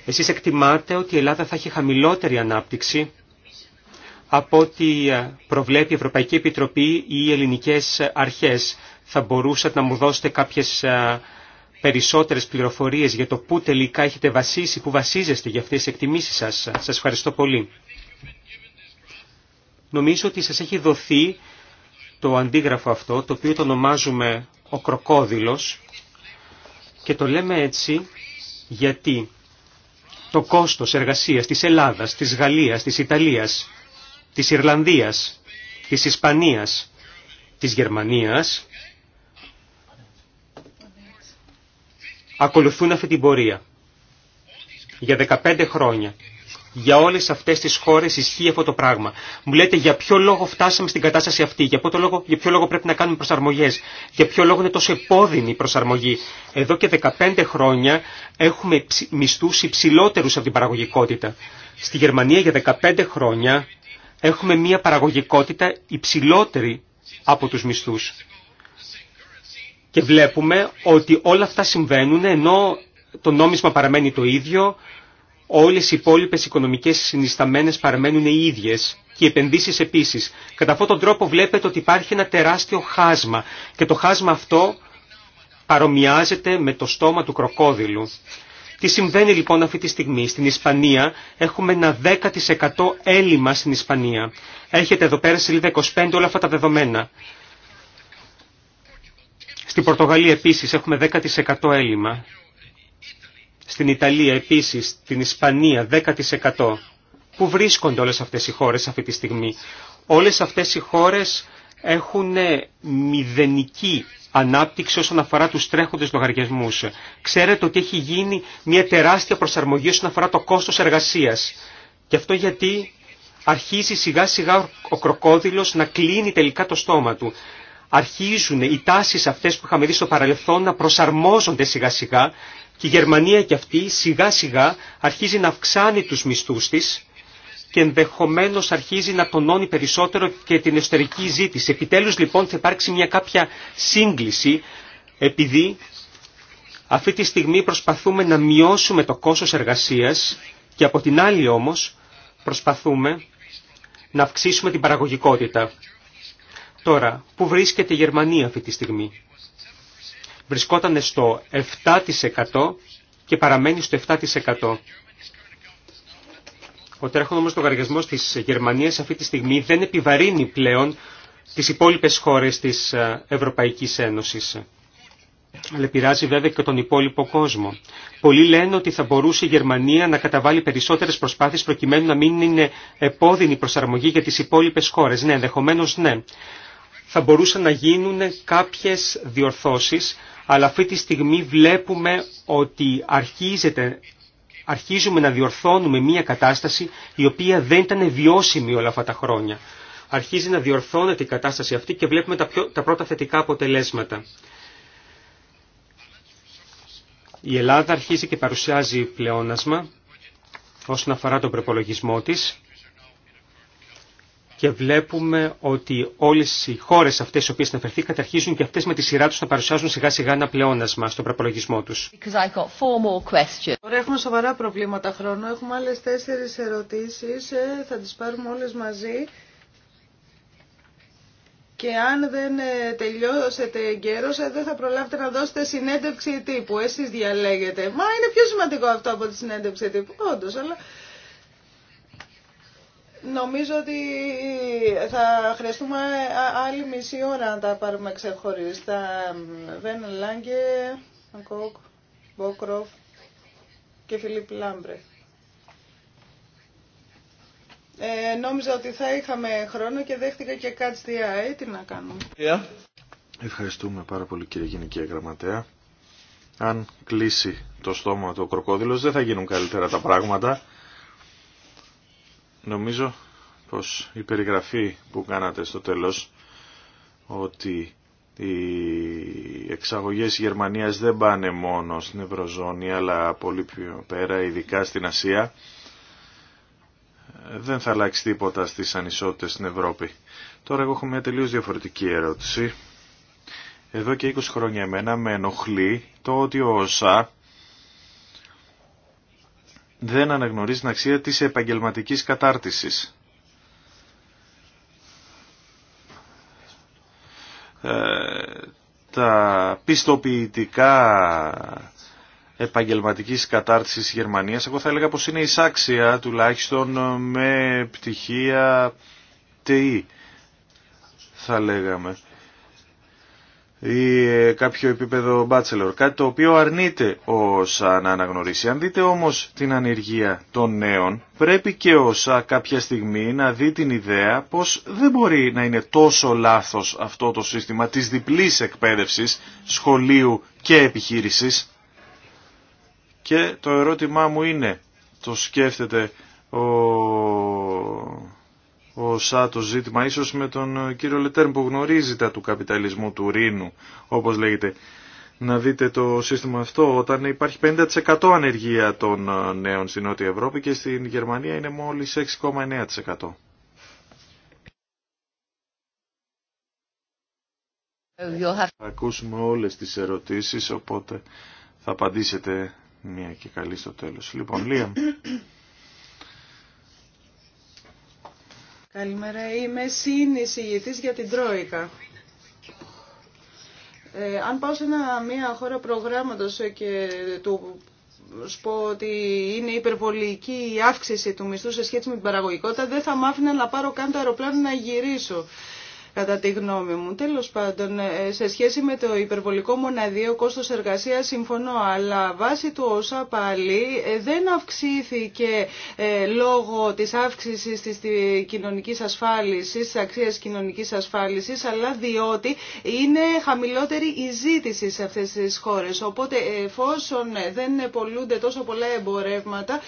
Εσείς εκτιμάτε ότι η Ελλάδα θα έχει χαμηλότερη ανάπτυξη από ό,τι ε, προβλέπει η Ευρωπαϊκή Επιτροπή ή οι ελληνικές αρχές. Θα μπορούσατε να μου δώσετε κάποιες ε, περισσότερες πληροφορίες για το πού τελικά έχετε βασίσει, πού βασίζεστε για αυτές τις εκτιμήσεις σας. Σας ευχαριστώ πολύ. Νομίζω ότι σας έχει δοθεί το αντίγραφο αυτό, το οποίο το ονομάζουμε ο κροκόδιλος και το λέμε έτσι γιατί το κόστος εργασίας της Ελλάδας, της Γαλλίας, της Ιταλίας της Ιρλανδίας, της Ισπανίας, της Γερμανίας ακολουθούν αυτή την πορεία. Για 15 χρόνια. Για όλες αυτές τις χώρες ισχύει αυτό το πράγμα. Μου λέτε για ποιο λόγο φτάσαμε στην κατάσταση αυτή, για, ποιο λόγο, για λόγο πρέπει να κάνουμε προσαρμογές, για ποιο λόγο είναι τόσο επώδυνη η προσαρμογή. Εδώ και 15 χρόνια έχουμε μισθούς υψηλότερους από την παραγωγικότητα. Στη Γερμανία για 15 χρόνια έχουμε μία παραγωγικότητα υψηλότερη από τους μισθούς. Και βλέπουμε ότι όλα αυτά συμβαίνουν ενώ το νόμισμα παραμένει το ίδιο, όλες οι υπόλοιπες οικονομικές συνισταμένες παραμένουν οι ίδιες και οι επενδύσεις επίσης. Κατά αυτόν τον τρόπο βλέπετε ότι υπάρχει ένα τεράστιο χάσμα και το χάσμα αυτό παρομοιάζεται με το στόμα του κροκόδιλου. Τι συμβαίνει λοιπόν αυτή τη στιγμή. Στην Ισπανία έχουμε ένα 10% έλλειμμα στην Ισπανία. Έχετε εδώ πέρα σελίδα 25 όλα αυτά τα δεδομένα. Στην Πορτογαλία επίσης έχουμε 10% έλλειμμα. Στην Ιταλία επίσης, στην Ισπανία 10%. Πού βρίσκονται όλες αυτές οι χώρες αυτή τη στιγμή. Όλες αυτές οι χώρες έχουν μηδενική ανάπτυξη όσον αφορά τους τρέχοντες λογαριασμούς. Ξέρετε ότι έχει γίνει μια τεράστια προσαρμογή όσον αφορά το κόστος εργασίας. Και αυτό γιατί αρχίζει σιγά σιγά ο κροκόδιλος να κλείνει τελικά το στόμα του. Αρχίζουν οι τάσεις αυτές που είχαμε δει στο παρελθόν να προσαρμόζονται σιγά σιγά και η Γερμανία και αυτή σιγά σιγά αρχίζει να αυξάνει τους μισθούς της και ενδεχομένω αρχίζει να τονώνει περισσότερο και την εσωτερική ζήτηση. Επιτέλου λοιπόν θα υπάρξει μια κάποια σύγκληση επειδή αυτή τη στιγμή προσπαθούμε να μειώσουμε το κόστος εργασίας και από την άλλη όμως προσπαθούμε να αυξήσουμε την παραγωγικότητα. Τώρα, πού βρίσκεται η Γερμανία αυτή τη στιγμή. Βρισκόταν στο 7% και παραμένει στο 7%. Ο τρέχον όμως λογαριασμός της Γερμανίας αυτή τη στιγμή δεν επιβαρύνει πλέον τις υπόλοιπες χώρες της ε, Ευρωπαϊκής Ένωσης. Αλλά επηρεάζει βέβαια και τον υπόλοιπο κόσμο. Πολλοί λένε ότι θα μπορούσε η Γερμανία να καταβάλει περισσότερε προσπάθειε προκειμένου να μην είναι επώδυνη προσαρμογή για τι υπόλοιπε χώρε. Ναι, ενδεχομένω ναι. Θα μπορούσαν να γίνουν κάποιε διορθώσει, αλλά αυτή τη στιγμή βλέπουμε ότι αρχίζεται αρχίζουμε να διορθώνουμε μια κατάσταση η οποία δεν ήταν βιώσιμη όλα αυτά τα χρόνια. Αρχίζει να διορθώνεται η κατάσταση αυτή και βλέπουμε τα, πρώτα θετικά αποτελέσματα. Η Ελλάδα αρχίζει και παρουσιάζει πλεόνασμα όσον αφορά τον προπολογισμό της και βλέπουμε ότι όλε οι χώρε αυτέ οι οποίε αναφερθήκατε αρχίζουν και αυτέ με τη σειρά του να παρουσιάζουν σιγά σιγά ένα πλεόνασμα στον προπολογισμό του. Τώρα έχουμε σοβαρά προβλήματα χρόνου. Έχουμε άλλε τέσσερι ερωτήσει. Ε, θα τι πάρουμε όλε μαζί. Και αν δεν ε, τελειώσετε εγκαίρω, ε, δεν θα προλάβετε να δώσετε συνέντευξη τύπου. Εσεί διαλέγετε. Μα είναι πιο σημαντικό αυτό από τη συνέντευξη τύπου, όντω, αλλά. Νομίζω ότι θα χρειαστούμε άλλη μισή ώρα να τα πάρουμε ξεχωριστά. Βέν Λάγκε, Ανκόκ, Μπόκροφ και Φιλίπ Λάμπρε. Ε, νόμιζα ότι θα είχαμε χρόνο και δέχτηκα και κάτι στη Τι να κάνουμε. Yeah. Ευχαριστούμε πάρα πολύ κύριε Γενική Γραμματέα. Αν κλείσει το στόμα του ο δεν θα γίνουν καλύτερα τα πράγματα. Νομίζω πως η περιγραφή που κάνατε στο τέλος ότι οι εξαγωγές Γερμανίας δεν πάνε μόνο στην Ευρωζώνη αλλά πολύ πιο πέρα, ειδικά στην Ασία δεν θα αλλάξει τίποτα στις ανισότητες στην Ευρώπη. Τώρα εγώ έχω μια τελείως διαφορετική ερώτηση. Εδώ και 20 χρόνια εμένα με ενοχλεί το ότι ο ΩΣΑ δεν αναγνωρίζει την αξία της επαγγελματικής κατάρτισης. Ε, τα πιστοποιητικά επαγγελματικής κατάρτισης της Γερμανίας, εγώ θα έλεγα πως είναι εισάξια τουλάχιστον ε, με πτυχία ΤΕΙ, θα λέγαμε ή ε, κάποιο επίπεδο bachelor, κάτι το οποίο αρνείται ο ΣΑ να αναγνωρίσει. Αν δείτε όμως την ανεργία των νέων, πρέπει και ο ΩΣΑ κάποια στιγμή να δει την ιδέα πως δεν μπορεί να είναι τόσο λάθος αυτό το σύστημα της διπλής εκπαίδευσης σχολείου και επιχείρησης. Και το ερώτημά μου είναι, το σκέφτεται ο ο το ζήτημα, ίσως με τον ε, κύριο Λετέρν που γνωρίζει τα του καπιταλισμού του Ρήνου, όπως λέγεται. Να δείτε το σύστημα αυτό όταν υπάρχει 50% ανεργία των ε, νέων στην Νότια Ευρώπη και στην Γερμανία είναι μόλις 6,9%. Θα ακούσουμε όλες τις ερωτήσεις, οπότε θα απαντήσετε μία και καλή στο τέλος. Λοιπόν, Λία. Καλημέρα. Είμαι συνεισηγητής για την Τρόικα. Ε, αν πάω σε ένα, μια χώρα προγράμματος και του πω ότι είναι υπερβολική η αύξηση του μισθού σε σχέση με την παραγωγικότητα, δεν θα μάθει να πάρω καν το αεροπλάνο να γυρίσω κατά τη γνώμη μου. Τέλος πάντων, ε, σε σχέση με το υπερβολικό μοναδίο κόστος εργασίας συμφωνώ, αλλά βάσει του όσα πάλι ε, δεν αυξήθηκε ε, λόγω της αύξησης της κοινωνικής ασφάλισης, της αξίας κοινωνικής ασφάλισης, αλλά διότι είναι χαμηλότερη η ζήτηση σε αυτές τις χώρες. Οπότε εφόσον δεν πολλούνται τόσο πολλά εμπορεύματα,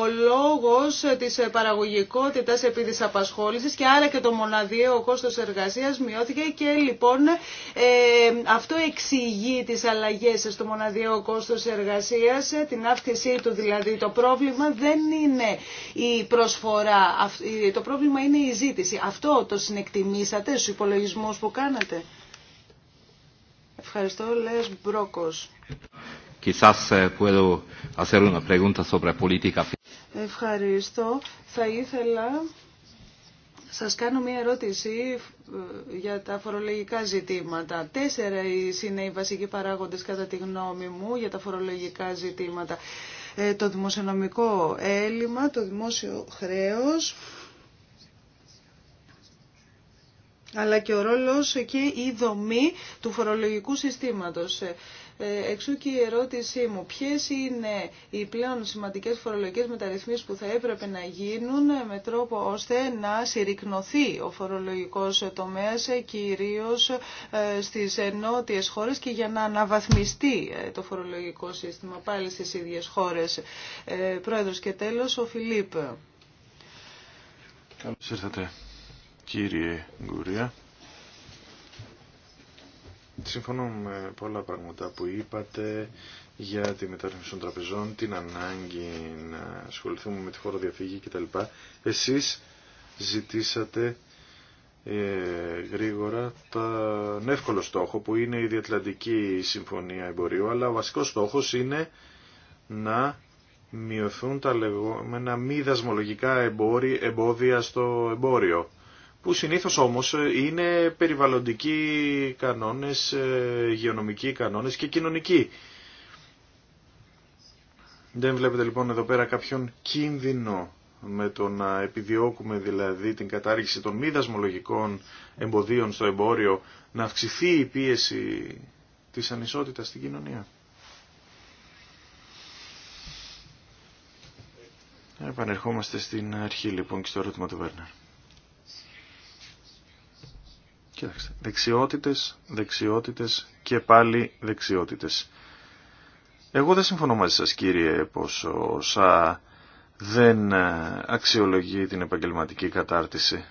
ο λόγος της παραγωγικότητας επί της απασχόλησης και άρα και το μοναδίο κόστος εργασίας εργασίας μειώθηκε και λοιπόν ε, αυτό εξηγεί τις αλλαγές στο μοναδιαίο κόστος εργασίας, ε, την αύξησή του δηλαδή. Το πρόβλημα δεν είναι η προσφορά, το πρόβλημα είναι η ζήτηση. Αυτό το συνεκτιμήσατε στους υπολογισμούς που κάνατε. Ευχαριστώ, Λες Μπρόκος. Ε, Ευχαριστώ. Θα ήθελα σας κάνω μία ερώτηση ε, για τα φορολογικά ζητήματα. Τέσσερα είναι οι βασικοί παράγοντες κατά τη γνώμη μου για τα φορολογικά ζητήματα. Ε, το δημοσιονομικό έλλειμμα, το δημόσιο χρέος, αλλά και ο ρόλος και η δομή του φορολογικού συστήματος. Ε, Εξού και η ερώτησή μου. Ποιες είναι οι πλέον σημαντικές φορολογικές μεταρρυθμίσεις που θα έπρεπε να γίνουν με τρόπο ώστε να συρρυκνωθεί ο φορολογικός τομέας κυρίως ε, στις νότιες χώρες και για να αναβαθμιστεί ε, το φορολογικό σύστημα πάλι στις ίδιες χώρες. Ε, πρόεδρος και τέλος, ο Φιλίπ. Καλώς ήρθατε κύριε Γκουρία. Συμφωνώ με πολλά πράγματα που είπατε για τη μεταρρύθμιση των τραπεζών, την ανάγκη να ασχοληθούμε με τη διαφύγη κτλ. Εσείς ζητήσατε ε, γρήγορα τον εύκολο στόχο που είναι η Διατλαντική Συμφωνία Εμπορίου, αλλά ο βασικός στόχος είναι να μειωθούν τα λεγόμενα μη δασμολογικά εμπόδια στο εμπόριο που συνήθως όμως ε, είναι περιβαλλοντικοί κανόνες, ε, υγειονομικοί κανόνες και κοινωνικοί. Δεν βλέπετε λοιπόν εδώ πέρα κάποιον κίνδυνο με το να επιδιώκουμε δηλαδή την κατάργηση των μη δασμολογικών εμποδίων στο εμπόριο, να αυξηθεί η πίεση της ανισότητας στην κοινωνία. Επανερχόμαστε στην αρχή λοιπόν και στο ερώτημα του Βέρνερ. Κοιτάξτε, δεξιότητες, δεξιότητες και πάλι δεξιότητες. Εγώ δεν συμφωνώ μαζί σας κύριε πως ο ΣΑ δεν ε, αξιολογεί την επαγγελματική κατάρτιση.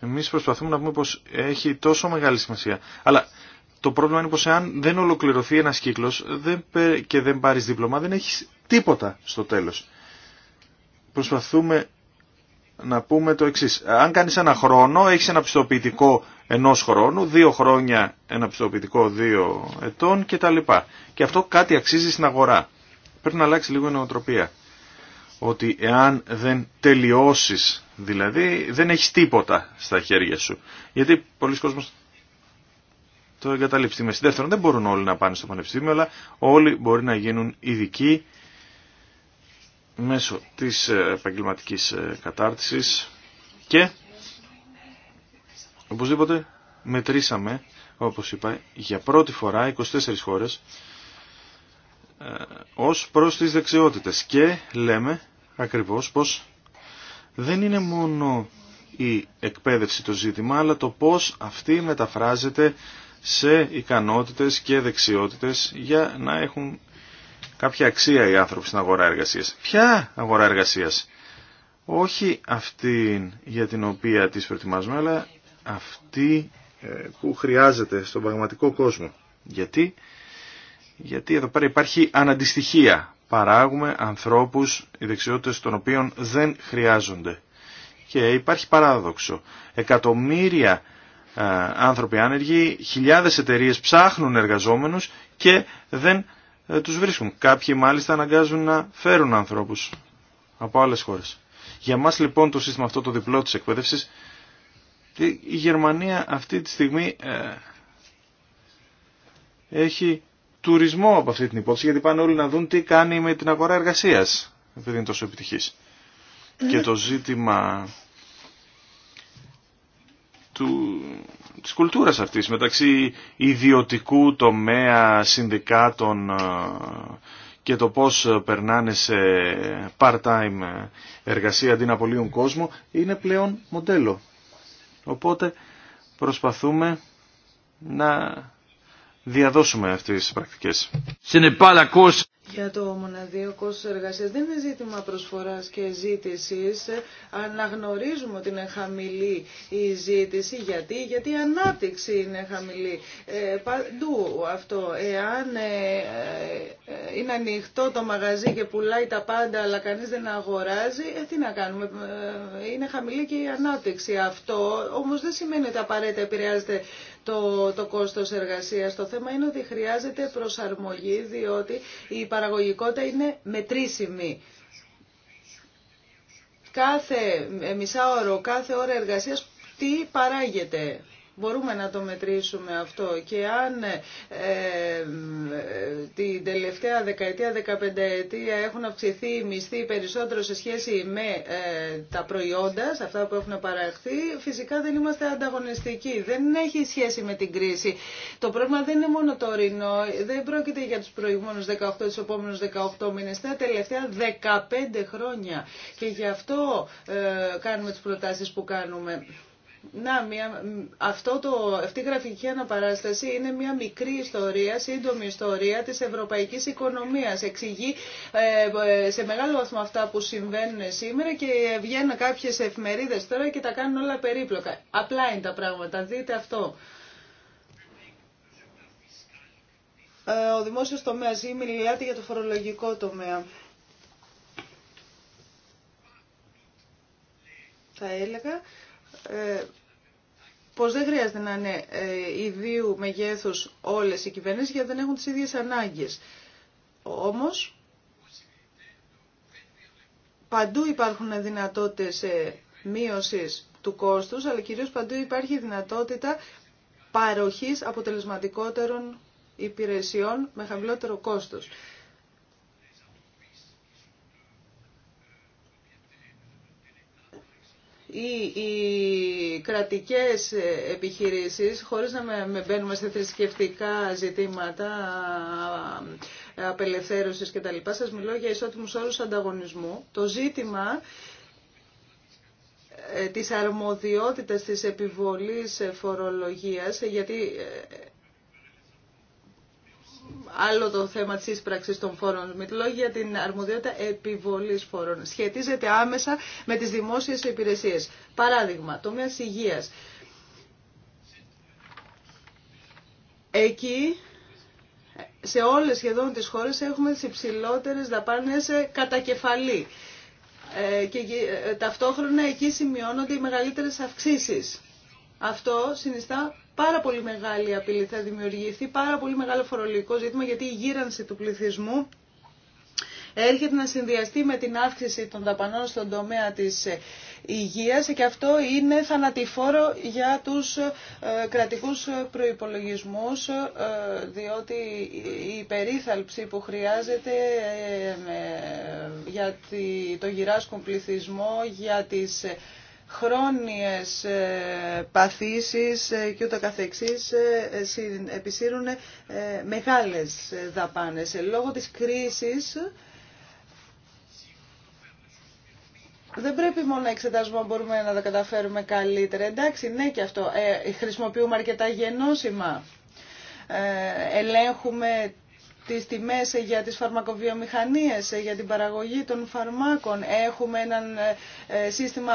Εμείς προσπαθούμε να πούμε πως έχει τόσο μεγάλη σημασία. Αλλά το πρόβλημα είναι πως εάν δεν ολοκληρωθεί ένας κύκλος δεν, και δεν πάρεις δίπλωμα δεν έχεις τίποτα στο τέλος. Προσπαθούμε να πούμε το εξή. Αν κάνεις ένα χρόνο, έχει ένα πιστοποιητικό ενός χρόνου, δύο χρόνια ένα πιστοποιητικό δύο ετών κτλ. Και αυτό κάτι αξίζει στην αγορά. Πρέπει να αλλάξει λίγο η νοοτροπία. Ότι εάν δεν τελειώσεις, δηλαδή, δεν έχει τίποτα στα χέρια σου. Γιατί πολλοί κόσμοι το εγκαταλείψει. Με δεύτερον, δεν μπορούν όλοι να πάνε στο πανεπιστήμιο, αλλά όλοι μπορεί να γίνουν ειδικοί μέσω της ε, επαγγελματική ε, κατάρτισης και οπωσδήποτε μετρήσαμε, όπως είπα, για πρώτη φορά 24 χώρες ε, ως προς τις δεξιότητες και λέμε ακριβώς πως δεν είναι μόνο η εκπαίδευση το ζήτημα, αλλά το πώς αυτή μεταφράζεται σε ικανότητες και δεξιότητες για να έχουν κάποια αξία οι άνθρωποι στην αγορά εργασίας. Ποια αγορά εργασίας. Όχι αυτή για την οποία τις προετοιμάζουμε, αλλά αυτή ε, που χρειάζεται στον πραγματικό κόσμο. Γιατί, Γιατί εδώ πέρα υπάρχει αναντιστοιχία. Παράγουμε ανθρώπους οι δεξιότητες των οποίων δεν χρειάζονται. Και υπάρχει παράδοξο. Εκατομμύρια ε, άνθρωποι άνεργοι, χιλιάδες εταιρείες ψάχνουν εργαζόμενους και δεν ε, τους βρίσκουν. Κάποιοι μάλιστα αναγκάζουν να φέρουν ανθρώπους από άλλες χώρες. Για μας λοιπόν το σύστημα αυτό το διπλό της εκπαίδευσης, η Γερμανία αυτή τη στιγμή ε, έχει τουρισμό από αυτή την υπόθεση, γιατί πάνε όλοι να δουν τι κάνει με την αγορά εργασίας, επειδή είναι τόσο επιτυχής. Και το ζήτημα του, της κουλτούρας αυτής μεταξύ ιδιωτικού τομέα συνδικάτων ε, και το πώς περνάνε σε part-time εργασία αντί να απολύουν κόσμο είναι πλέον μοντέλο. Οπότε προσπαθούμε να διαδώσουμε αυτές τις πρακτικές για το μοναδίο κόστο εργασία. Δεν είναι ζήτημα προσφοράς και ζήτησης. Ε, αναγνωρίζουμε ότι είναι χαμηλή η ζήτηση. Γιατί, γιατί η ανάπτυξη είναι χαμηλή. Ε, παντού αυτό. Εάν ε, ε είναι ανοιχτό το μαγαζί και πουλάει τα πάντα αλλά κανείς δεν αγοράζει, ε, τι να κάνουμε. είναι χαμηλή και η ανάπτυξη αυτό. Όμως δεν σημαίνει ότι απαραίτητα επηρεάζεται το, το κόστος εργασίας. Το θέμα είναι ότι χρειάζεται προσαρμογή διότι η παραγωγικότητα είναι μετρήσιμη. Κάθε μισά όρο, κάθε ώρα εργασίας τι παράγεται. Μπορούμε να το μετρήσουμε αυτό και αν ε, ε, την τελευταία δεκαετία, δεκαπενταετία έχουν αυξηθεί οι μισθοί περισσότερο σε σχέση με ε, τα προϊόντα, σε αυτά που έχουν παραχθεί, φυσικά δεν είμαστε ανταγωνιστικοί. Δεν έχει σχέση με την κρίση. Το πρόβλημα δεν είναι μόνο το ορεινό, δεν πρόκειται για τους προηγούμενους 18, τους επόμενους 18 μήνες, τα τελευταία 15 χρόνια. Και γι' αυτό ε, κάνουμε τις προτάσεις που κάνουμε. Να, μια, αυτό το, αυτή η γραφική αναπαράσταση είναι μια μικρή ιστορία, σύντομη ιστορία της ευρωπαϊκής οικονομίας. Εξηγεί ε, ε, σε μεγάλο βαθμό αυτά που συμβαίνουν σήμερα και βγαίνουν κάποιες εφημερίδες τώρα και τα κάνουν όλα περίπλοκα. Απλά είναι τα πράγματα, δείτε αυτό. Ε, ο δημόσιος τομέας ή μιλάτε για το φορολογικό τομέα. Θα έλεγα ε, πως δεν χρειάζεται να είναι ε, ιδίου μεγέθους όλες οι κυβερνήσεις γιατί δεν έχουν τις ίδιες ανάγκες. Όμως, παντού υπάρχουν δυνατότητες ε, μείωσης του κόστους, αλλά κυρίως παντού υπάρχει δυνατότητα παροχής αποτελεσματικότερων υπηρεσιών με χαμηλότερο κόστος. οι κρατικές επιχειρήσεις, χωρίς να με μπαίνουμε σε θρησκευτικά ζητήματα απελευθέρωσης κτλ. Σας μιλώ για ισότιμους όρους ανταγωνισμού. Το ζήτημα ε, της αρμοδιότητας της επιβολής φορολογίας, ε, γιατί ε, άλλο το θέμα της ίσπραξης των φόρων Με τη για την αρμοδιότητα επιβολής φόρων. Σχετίζεται άμεσα με τις δημόσιες υπηρεσίες. Παράδειγμα, τομέας υγείας. Εκεί σε όλες σχεδόν τις χώρες έχουμε τις υψηλότερες δαπάνες κατά κεφαλή. Ε, και ε, ταυτόχρονα εκεί σημειώνονται οι μεγαλύτερες αυξήσεις. Αυτό συνιστά πάρα πολύ μεγάλη απειλή. Θα δημιουργηθεί πάρα πολύ μεγάλο φορολογικό ζήτημα γιατί η γύρανση του πληθυσμού έρχεται να συνδυαστεί με την αύξηση των δαπανών στον τομέα της ε, υγείας και αυτό είναι θανατηφόρο για τους ε, κρατικούς προϋπολογισμούς ε, διότι η περίθαλψη που χρειάζεται για το γυράσκον πληθυσμό, για τις χρόνιες ε, παθήσεις ε, και ούτω καθεξής ε, επισύρουν μεγάλες δαπάνες. Λόγω της κρίσης δεν πρέπει μόνο να εξετάζουμε αν μπορούμε να τα καταφέρουμε καλύτερα. Εντάξει, ναι και αυτό. Ε, χρησιμοποιούμε αρκετά γενώσιμα. Ε, ελέγχουμε τις τιμές για τις φαρμακοβιομηχανίες, για την παραγωγή των φαρμάκων. Έχουμε ένα ε, ε, σύστημα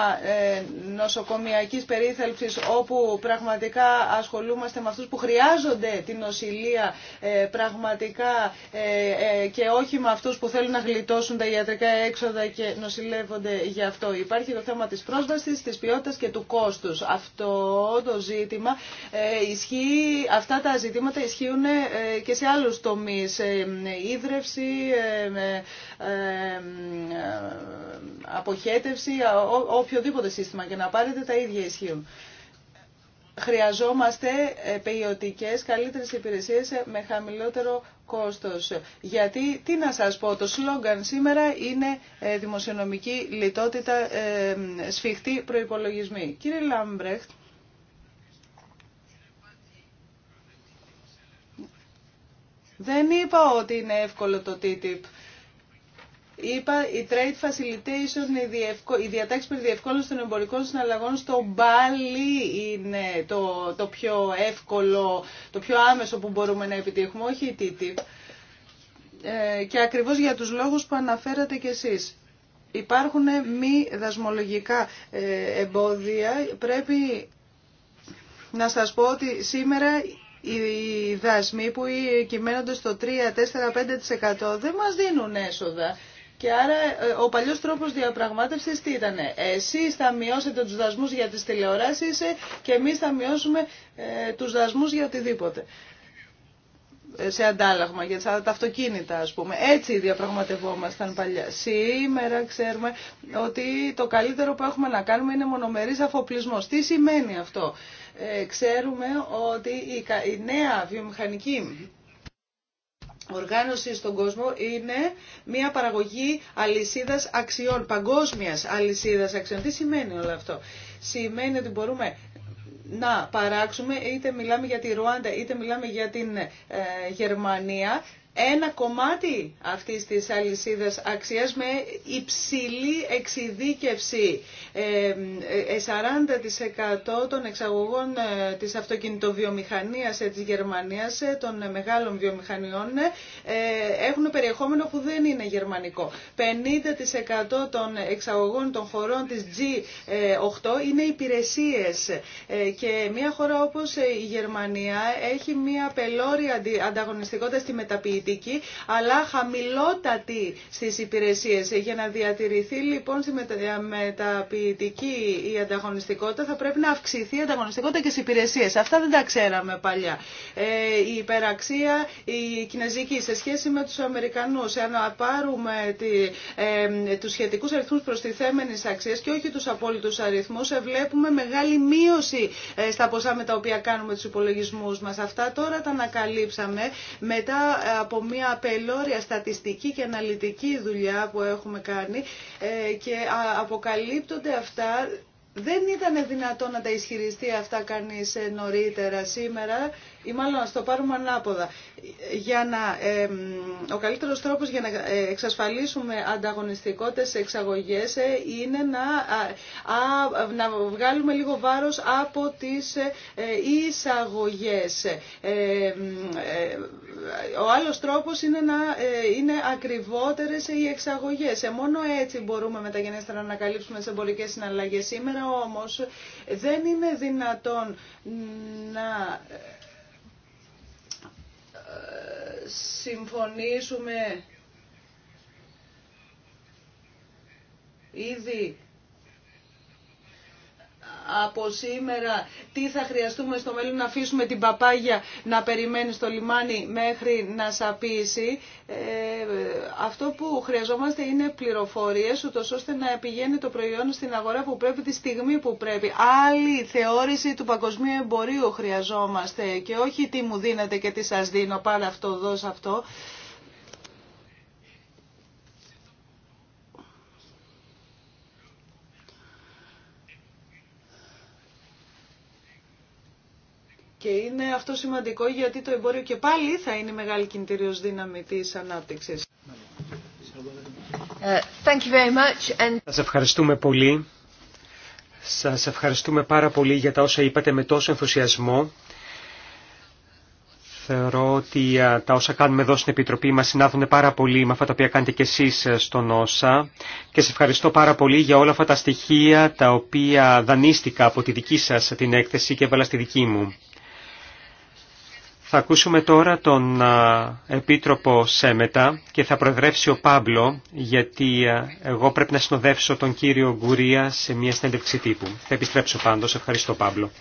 ε, νοσοκομιακής περίθαλψης όπου πραγματικά ασχολούμαστε με αυτούς που χρειάζονται την νοσηλεία πραγματικά και όχι με αυτούς που θέλουν να γλιτώσουν τα ιατρικά έξοδα και νοσηλεύονται γι' αυτό. Υπάρχει το θέμα της πρόσβασης, της ποιότητας και του κόστους. Αυτό το ζήτημα ισχύει, αυτά τα ζητήματα ισχύουν και σε άλλους τομείς ίδρευση, ε, ε, αποχέτευση, οποιοδήποτε σύστημα και να πάρετε τα ίδια ισχύουν. Χρειαζόμαστε ε, ποιοτικέ, καλύτερε υπηρεσίε με χαμηλότερο κόστος. Γιατί, τι να σα πω, το σλόγγαν σήμερα είναι δημοσιονομική λιτότητα, σφιχτή προπολογισμή. Κύριε Λάμπρεχτ, Δεν είπα ότι είναι εύκολο το TTIP. Είπα η trade facilitation, η διατάξη περί διευκόλυνση των εμπορικών συναλλαγών στο Μπάλι είναι το, το πιο εύκολο, το πιο άμεσο που μπορούμε να επιτύχουμε, όχι η TTIP. Ε, και ακριβώς για τους λόγους που αναφέρατε κι εσείς. Υπάρχουν μη δασμολογικά ε, εμπόδια. Πρέπει να σας πω ότι σήμερα οι δασμοί που κυμαίνονται στο 3, 4, 5% δεν μας δίνουν έσοδα. Και άρα ε, ο παλιός τρόπος διαπραγμάτευσης τι ήταν. Εσείς θα μειώσετε τους δασμούς για τις τηλεοράσεις ε, και εμείς θα μειώσουμε ε, τους δασμούς για οτιδήποτε. Σε αντάλλαγμα για τα αυτοκίνητα ας πούμε. Έτσι διαπραγματευόμασταν παλιά. Σήμερα ξέρουμε ότι το καλύτερο που έχουμε να κάνουμε είναι μονομερής αφοπλισμός. Τι σημαίνει αυτό. Ε, ξέρουμε ότι η νέα βιομηχανική οργάνωση στον κόσμο είναι μια παραγωγή αλυσίδας αξιών, παγκόσμιας αλυσίδας αξιών. Τι σημαίνει όλο αυτό. Σημαίνει ότι μπορούμε να παράξουμε, είτε μιλάμε για τη Ρουάντα, είτε μιλάμε για την ε, Γερμανία, ένα κομμάτι αυτής της αλυσίδας αξίας με υψηλή εξειδίκευση. 40% ε, ε, των εξαγωγών ε, της αυτοκινητοβιομηχανίας της Γερμανίας, των μεγάλων βιομηχανιών, έχουν περιεχόμενο που δεν είναι γερμανικό. 50% των εξαγωγών των χωρών της G8 είναι υπηρεσίες. Και μια χώρα όπως η Γερμανία έχει μια πελώρια ανταγωνιστικότητα στη μεταποίηση πολιτική, αλλά χαμηλότατη στις υπηρεσίες. Για να διατηρηθεί λοιπόν στη ε, μεταποιητική η ανταγωνιστικότητα θα πρέπει να αυξηθεί η ανταγωνιστικότητα και στις υπηρεσίες. Αυτά δεν τα ξέραμε παλιά. Ε, η υπεραξία, η κινέζικη σε σχέση με τους Αμερικανούς, αν πάρουμε τη, ε, τους σχετικούς αριθμούς προστιθέμενης αξίας και όχι τους απόλυτους αριθμούς, ε, βλέπουμε μεγάλη μείωση στα ποσά με τα οποία κάνουμε τους υπολογισμούς μας. Αυτά τώρα τα ανακαλύψαμε μετά από μια απελώρια στατιστική και αναλυτική δουλειά που έχουμε κάνει ε, και αποκαλύπτονται αυτά. Δεν ήταν δυνατόν να τα ισχυριστεί αυτά κανείς ε, νωρίτερα σήμερα ή μάλλον το πάρουμε ανάποδα. Για να, ο καλύτερος τρόπος για να ε, εξασφαλίσουμε ανταγωνιστικότες σε εξαγωγές ε, είναι να, να βγάλουμε λίγο βάρος από τις ε, εισαγωγές. Ε, ο άλλος τρόπος είναι να είναι ακριβότερες οι εξαγωγές. μόνο έτσι μπορούμε μεταγενέστερα να καλύψουμε τις εμπορικές συναλλαγές. Σήμερα όμως δεν είναι δυνατόν να συμφωνήσουμε ήδη από σήμερα τι θα χρειαστούμε στο μέλλον να αφήσουμε την παπάγια να περιμένει στο λιμάνι μέχρι να σαπίσει. Ε, αυτό που χρειαζόμαστε είναι πληροφορίες ούτως ώστε να πηγαίνει το προϊόν στην αγορά που πρέπει τη στιγμή που πρέπει. Άλλη θεώρηση του παγκοσμίου εμπορίου χρειαζόμαστε και όχι τι μου δίνετε και τι σας δίνω, πάρε αυτό, δώσε αυτό. Και είναι αυτό σημαντικό γιατί το εμπόριο και πάλι θα είναι μεγάλη κινητήριος δύναμη της ανάπτυξης. Ε, thank and... Σας ευχαριστούμε πολύ. Σας ευχαριστούμε πάρα πολύ για τα όσα είπατε με τόσο ενθουσιασμό. Θεωρώ ότι ε, τα όσα κάνουμε εδώ στην Επιτροπή μας συνάδουν πάρα πολύ με αυτά τα οποία κάνετε και εσείς ε, στον ΩΣΑ και σε ευχαριστώ πάρα πολύ για όλα αυτά τα στοιχεία τα οποία δανείστηκα από τη δική σας την έκθεση και έβαλα στη δική μου. Θα ακούσουμε τώρα τον Επίτροπο Σέμετα και θα προεδρεύσει ο Πάμπλο γιατί εγώ πρέπει να συνοδεύσω τον κύριο Γκουρία σε μια συνέντευξη τύπου. Θα επιστρέψω πάντως. Ευχαριστώ Πάμπλο.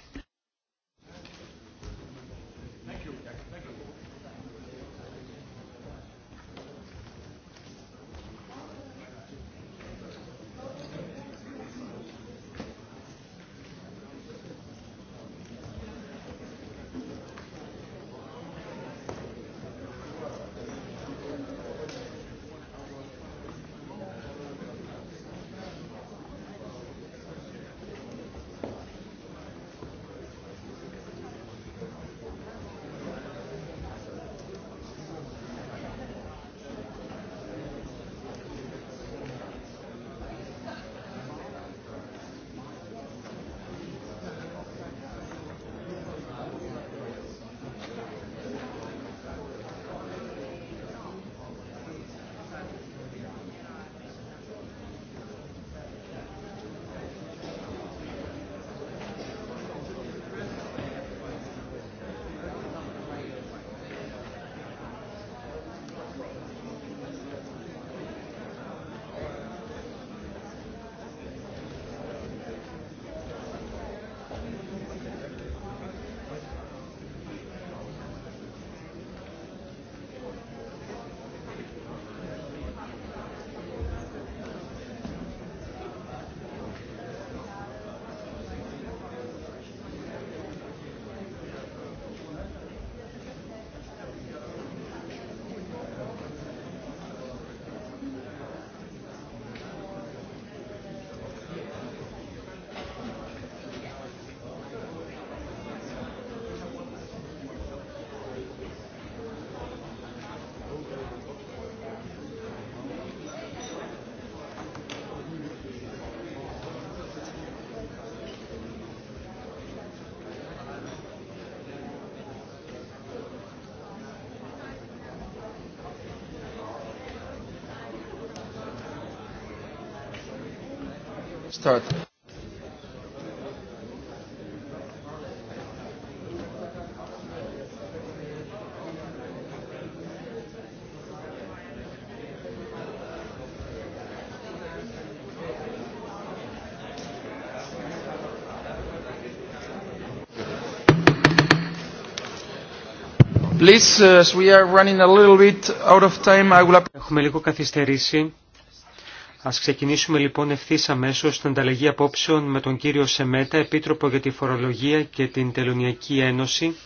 start. Please, as we are running a little bit out of time, I will... Έχουμε λίγο Ας ξεκινήσουμε λοιπόν ευθύς αμέσως την ανταλλαγή απόψεων με τον κύριο Σεμέτα, Επίτροπο για τη Φορολογία και την Τελωνιακή Ένωση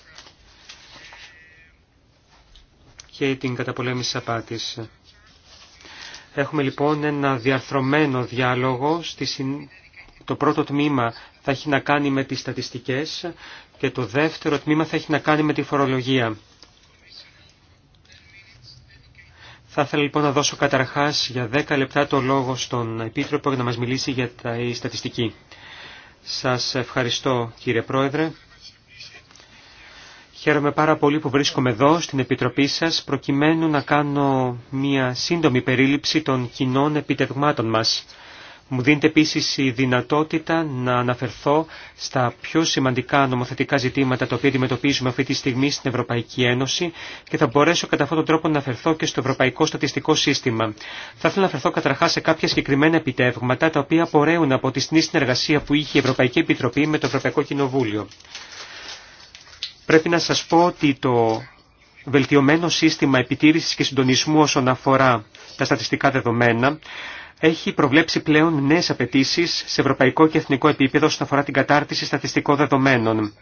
και την καταπολέμηση απάτης. Έχουμε λοιπόν ένα διαρθρωμένο διάλογο. Το πρώτο τμήμα θα έχει να κάνει με τις στατιστικές και το δεύτερο τμήμα θα έχει να κάνει με τη φορολογία. Θα ήθελα λοιπόν να δώσω καταρχάς για 10 λεπτά το λόγο στον Επίτροπο για να μας μιλήσει για τα στατιστική. Σας ευχαριστώ κύριε Πρόεδρε. Χαίρομαι πάρα πολύ που βρίσκομαι εδώ στην Επιτροπή σας προκειμένου να κάνω μια σύντομη περίληψη των κοινών επιτευγμάτων μας. Μου δίνεται επίσης η δυνατότητα να αναφερθώ στα πιο σημαντικά νομοθετικά ζητήματα τα οποία αντιμετωπίζουμε αυτή τη στιγμή στην Ευρωπαϊκή Ένωση και θα μπορέσω κατά αυτόν τον τρόπο να αναφερθώ και στο Ευρωπαϊκό Στατιστικό Σύστημα. Θα ήθελα να αναφερθώ καταρχάς σε κάποια συγκεκριμένα επιτεύγματα τα οποία απορρέουν από τη στενή συνεργασία που είχε η Ευρωπαϊκή Επιτροπή με το Ευρωπαϊκό Κοινοβούλιο. Πρέπει να σας πω ότι το βελτιωμένο σύστημα επιτήρησης και συντονισμού όσον αφορά τα στατιστικά δεδομένα έχει προβλέψει πλέον νέες απαιτήσει σε ευρωπαϊκό και εθνικό επίπεδο όσον αφορά την κατάρτιση στατιστικών δεδομένων.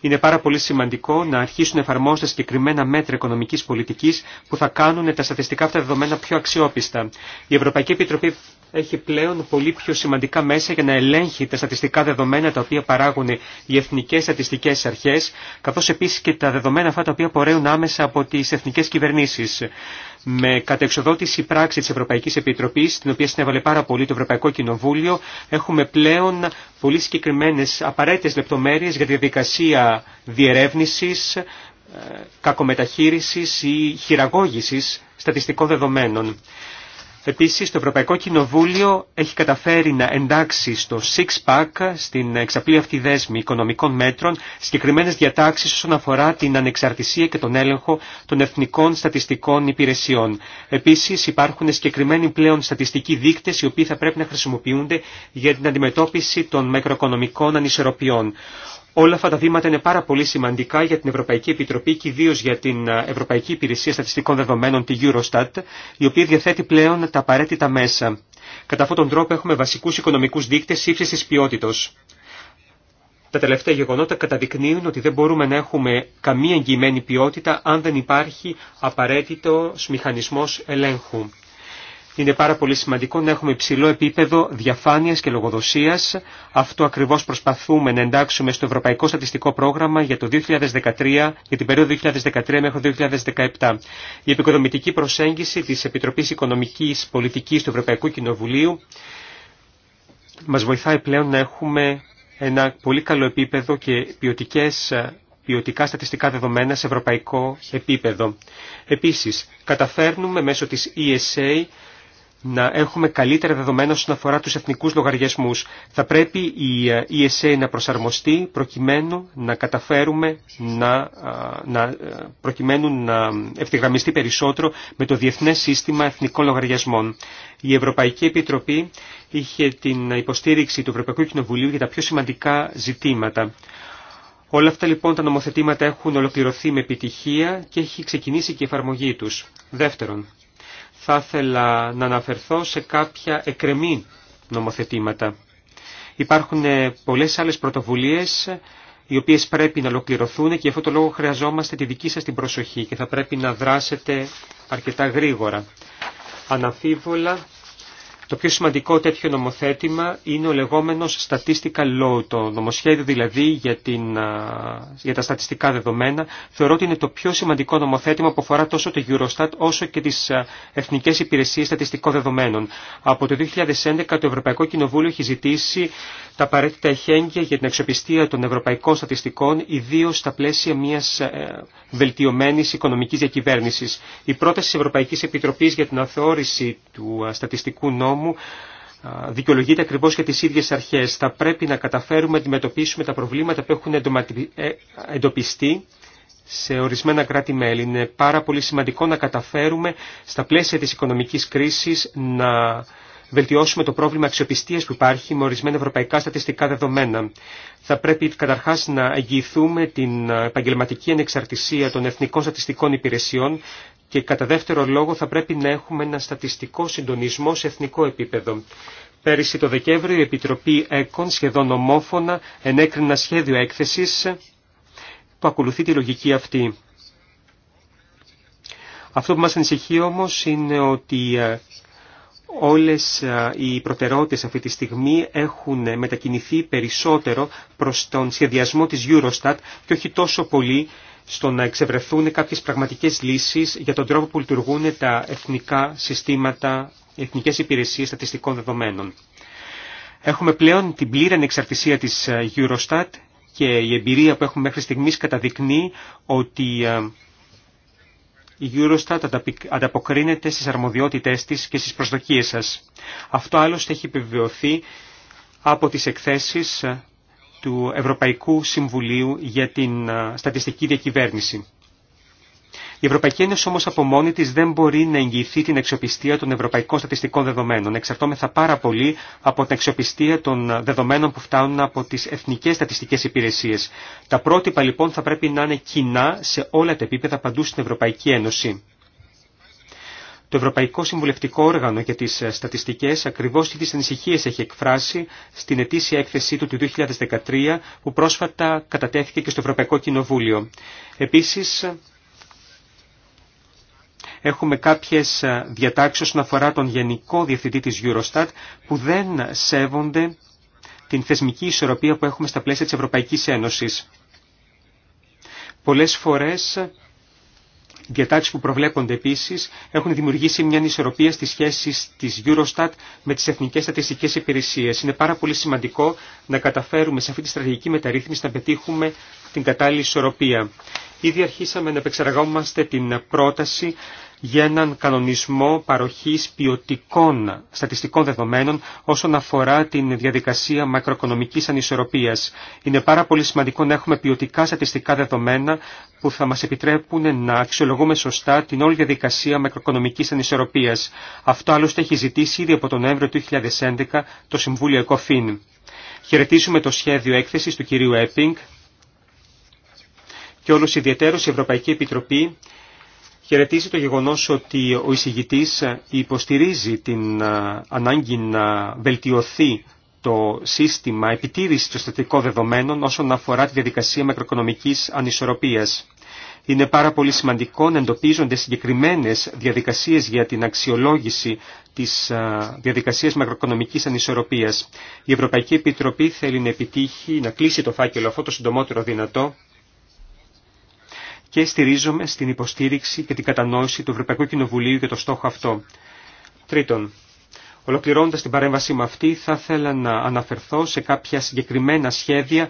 Είναι πάρα πολύ σημαντικό να αρχίσουν να συγκεκριμένα μέτρα οικονομική πολιτική που θα κάνουν τα στατιστικά αυτά δεδομένα πιο αξιόπιστα. Η Ευρωπαϊκή Επιτροπή έχει πλέον πολύ πιο σημαντικά μέσα για να ελέγχει τα στατιστικά δεδομένα τα οποία παράγουν οι εθνικέ στατιστικέ αρχέ, καθώ επίση και τα δεδομένα αυτά τα οποία πορεύουν άμεσα από τι εθνικέ κυβερνήσει. Με κατεξοδότηση πράξη τη Ευρωπαϊκή Επιτροπή, την οποία συνέβαλε πάρα πολύ το Ευρωπαϊκό Κοινοβούλιο, έχουμε πλέον πολύ συγκεκριμένε απαραίτητε λεπτομέρειε για τη διαδικασία διερεύνηση, ε, κακομεταχείρισης ή χειραγώγηση στατιστικών δεδομένων. Επίσης, το Ευρωπαϊκό Κοινοβούλιο έχει καταφέρει να εντάξει στο six-pack, στην εξαπλή αυτή δέσμη οικονομικών μέτρων, συγκεκριμένες διατάξεις όσον αφορά την ανεξαρτησία και τον έλεγχο των εθνικών στατιστικών υπηρεσιών. Επίσης, υπάρχουν συγκεκριμένοι πλέον στατιστικοί δείκτες, οι οποίοι θα πρέπει να χρησιμοποιούνται για την αντιμετώπιση των μακροοικονομικών ανισορροπιών. Όλα αυτά τα βήματα είναι πάρα πολύ σημαντικά για την Ευρωπαϊκή Επιτροπή και ιδίω για την ε, Ευρωπαϊκή Υπηρεσία Στατιστικών Δεδομένων, τη Eurostat, η οποία διαθέτει πλέον τα απαραίτητα μέσα. Κατά αυτόν τον τρόπο έχουμε βασικούς οικονομικούς δείκτες ύψης ποιότητα. Τα τελευταία γεγονότα καταδεικνύουν ότι δεν μπορούμε να έχουμε καμία εγγυημένη ποιότητα αν δεν υπάρχει απαραίτητος μηχανισμό ελέγχου είναι πάρα πολύ σημαντικό να έχουμε υψηλό επίπεδο διαφάνειας και λογοδοσίας. Αυτό ακριβώς προσπαθούμε να εντάξουμε στο Ευρωπαϊκό Στατιστικό Πρόγραμμα για το 2013, για την περίοδο 2013 μέχρι το 2017. Η επικοδομητική προσέγγιση της Επιτροπής Οικονομικής Πολιτικής του Ευρωπαϊκού Κοινοβουλίου μας βοηθάει πλέον να έχουμε ένα πολύ καλό επίπεδο και ποιοτικά στατιστικά δεδομένα σε ευρωπαϊκό επίπεδο. Επίσης, καταφέρνουμε μέσω της ESA να έχουμε καλύτερα δεδομένα όσον αφορά τους εθνικούς λογαριασμούς. Θα πρέπει η ESA ε, να προσαρμοστεί προκειμένου να καταφέρουμε να, ε, να, ε, προκειμένου να ευθυγραμμιστεί περισσότερο με το Διεθνές Σύστημα Εθνικών Λογαριασμών. Η Ευρωπαϊκή Επιτροπή είχε την υποστήριξη του Ευρωπαϊκού Κοινοβουλίου για τα πιο σημαντικά ζητήματα. Όλα αυτά λοιπόν τα νομοθετήματα έχουν ολοκληρωθεί με επιτυχία και έχει ξεκινήσει και η εφαρμογή τους. Δεύτερον, θα ήθελα να αναφερθώ σε κάποια εκρεμή νομοθετήματα. Υπάρχουν ε, πολλές άλλες πρωτοβουλίες οι οποίες πρέπει να ολοκληρωθούν και γι' αυτό το λόγο χρειαζόμαστε τη δική σας την προσοχή και θα πρέπει να δράσετε αρκετά γρήγορα. Αναφίβολα το πιο σημαντικό τέτοιο νομοθέτημα είναι ο λεγόμενος statistical law, το νομοσχέδιο δηλαδή για, την, για τα στατιστικά δεδομένα. Θεωρώ ότι είναι το πιο σημαντικό νομοθέτημα που αφορά τόσο το Eurostat όσο και τις Εθνικές Υπηρεσίες Στατιστικών Δεδομένων. Από το 2011 το Ευρωπαϊκό Κοινοβούλιο έχει ζητήσει τα απαραίτητα εχέγγυα για την αξιοπιστία των ευρωπαϊκών στατιστικών, ιδίω στα πλαίσια μια ε, βελτιωμένη οικονομική διακυβέρνηση. Η πρόταση τη Ευρωπαϊκή Επιτροπή για την αθεώρηση του στατιστικού νόμου μου δικαιολογείται ακριβώ για τι ίδιε αρχέ. Θα πρέπει να καταφέρουμε να αντιμετωπίσουμε τα προβλήματα που έχουν ε, εντοπιστεί σε ορισμένα κράτη-μέλη. Είναι πάρα πολύ σημαντικό να καταφέρουμε στα πλαίσια τη οικονομική κρίση να βελτιώσουμε το πρόβλημα αξιοπιστία που υπάρχει με ορισμένα ευρωπαϊκά στατιστικά δεδομένα. Θα πρέπει καταρχά να εγγυηθούμε την επαγγελματική ανεξαρτησία των εθνικών στατιστικών υπηρεσιών και κατά δεύτερο λόγο θα πρέπει να έχουμε ένα στατιστικό συντονισμό σε εθνικό επίπεδο. Πέρυσι το Δεκέμβριο η Επιτροπή ΕΚΟΝ σχεδόν ομόφωνα ενέκρινε ένα σχέδιο έκθεσης που ακολουθεί τη λογική αυτή. Αυτό που μας ανησυχεί όμως είναι ότι ε, όλες ε, οι προτεραιότητες αυτή τη στιγμή έχουν μετακινηθεί περισσότερο προς τον σχεδιασμό της Eurostat και όχι τόσο πολύ στο να εξευρεθούν κάποιες πραγματικές λύσεις για τον τρόπο που λειτουργούν τα εθνικά συστήματα, οι εθνικές υπηρεσίες στατιστικών δεδομένων. Έχουμε πλέον την πλήρη ανεξαρτησία της ε, Eurostat και η εμπειρία που έχουμε μέχρι στιγμής καταδεικνύει ότι ε, η Eurostat ανταποκρίνεται στις αρμοδιότητές της και στις προσδοκίες σας. Αυτό άλλωστε έχει επιβεβαιωθεί από τις εκθέσεις ε, του Ευρωπαϊκού Συμβουλίου για την Στατιστική Διακυβέρνηση. Η Ευρωπαϊκή Ένωση όμω από μόνη τη δεν μπορεί να εγγυηθεί την αξιοπιστία των ευρωπαϊκών στατιστικών δεδομένων. Εξαρτώμεθα πάρα πολύ από την αξιοπιστία των δεδομένων που φτάνουν από τις Εθνικές Στατιστικές Υπηρεσίες. Τα πρότυπα λοιπόν θα πρέπει να είναι κοινά σε όλα τα επίπεδα παντού στην Ευρωπαϊκή Ένωση. Το Ευρωπαϊκό Συμβουλευτικό Όργανο για τις ε, Στατιστικές ακριβώς τι ανησυχίες έχει εκφράσει στην ετήσια έκθεσή του του 2013 που πρόσφατα κατατέθηκε και στο Ευρωπαϊκό Κοινοβούλιο. Επίσης, έχουμε κάποιες ε, διατάξεις όσον αφορά τον Γενικό Διευθυντή της Eurostat που δεν σέβονται την θεσμική ισορροπία που έχουμε στα πλαίσια της Ευρωπαϊκής Ένωσης. Πολλές φορές διατάξεις που προβλέπονται επίσης έχουν δημιουργήσει μια ανισορροπία στις σχέσεις της Eurostat με τις εθνικές στατιστικές υπηρεσίες. Είναι πάρα πολύ σημαντικό να καταφέρουμε σε αυτή τη στρατηγική μεταρρύθμιση να πετύχουμε την κατάλληλη ισορροπία. Ήδη αρχίσαμε να επεξεργόμαστε την πρόταση για έναν κανονισμό παροχής ποιοτικών στατιστικών δεδομένων όσον αφορά την διαδικασία μακροοικονομικής ανισορροπίας. Είναι πάρα πολύ σημαντικό να έχουμε ποιοτικά στατιστικά δεδομένα που θα μας επιτρέπουν να αξιολογούμε σωστά την όλη διαδικασία μακροοικονομικής ανισορροπίας. Αυτό άλλωστε έχει ζητήσει ήδη από τον Νοέμβριο του 2011 το Συμβούλιο ΕΚΟΦΗΝ. Χαιρετίζουμε το σχέδιο έκθεσης του κυρίου Έπινγκ και όλους ιδιαίτερους η Ευρωπαϊκή Επιτροπή χαιρετίζει το γεγονός ότι ο εισηγητής υποστηρίζει την ε, ανάγκη να βελτιωθεί το σύστημα επιτήρησης των στατικών δεδομένων όσον αφορά τη διαδικασία μακροοικονομικής ανισορροπίας. Είναι πάρα πολύ σημαντικό να εντοπίζονται συγκεκριμένες διαδικασίες για την αξιολόγηση της ε, διαδικασίας μακροοικονομικής ανισορροπίας. Η Ευρωπαϊκή Επιτροπή θέλει να επιτύχει, να κλείσει το φάκελο αυτό το συντομότερο δυνατό και στηρίζομαι στην υποστήριξη και την κατανόηση του Ευρωπαϊκού Κοινοβουλίου για το στόχο αυτό. Τρίτον, ολοκληρώνοντα την παρέμβασή μου αυτή, θα ήθελα να αναφερθώ σε κάποια συγκεκριμένα σχέδια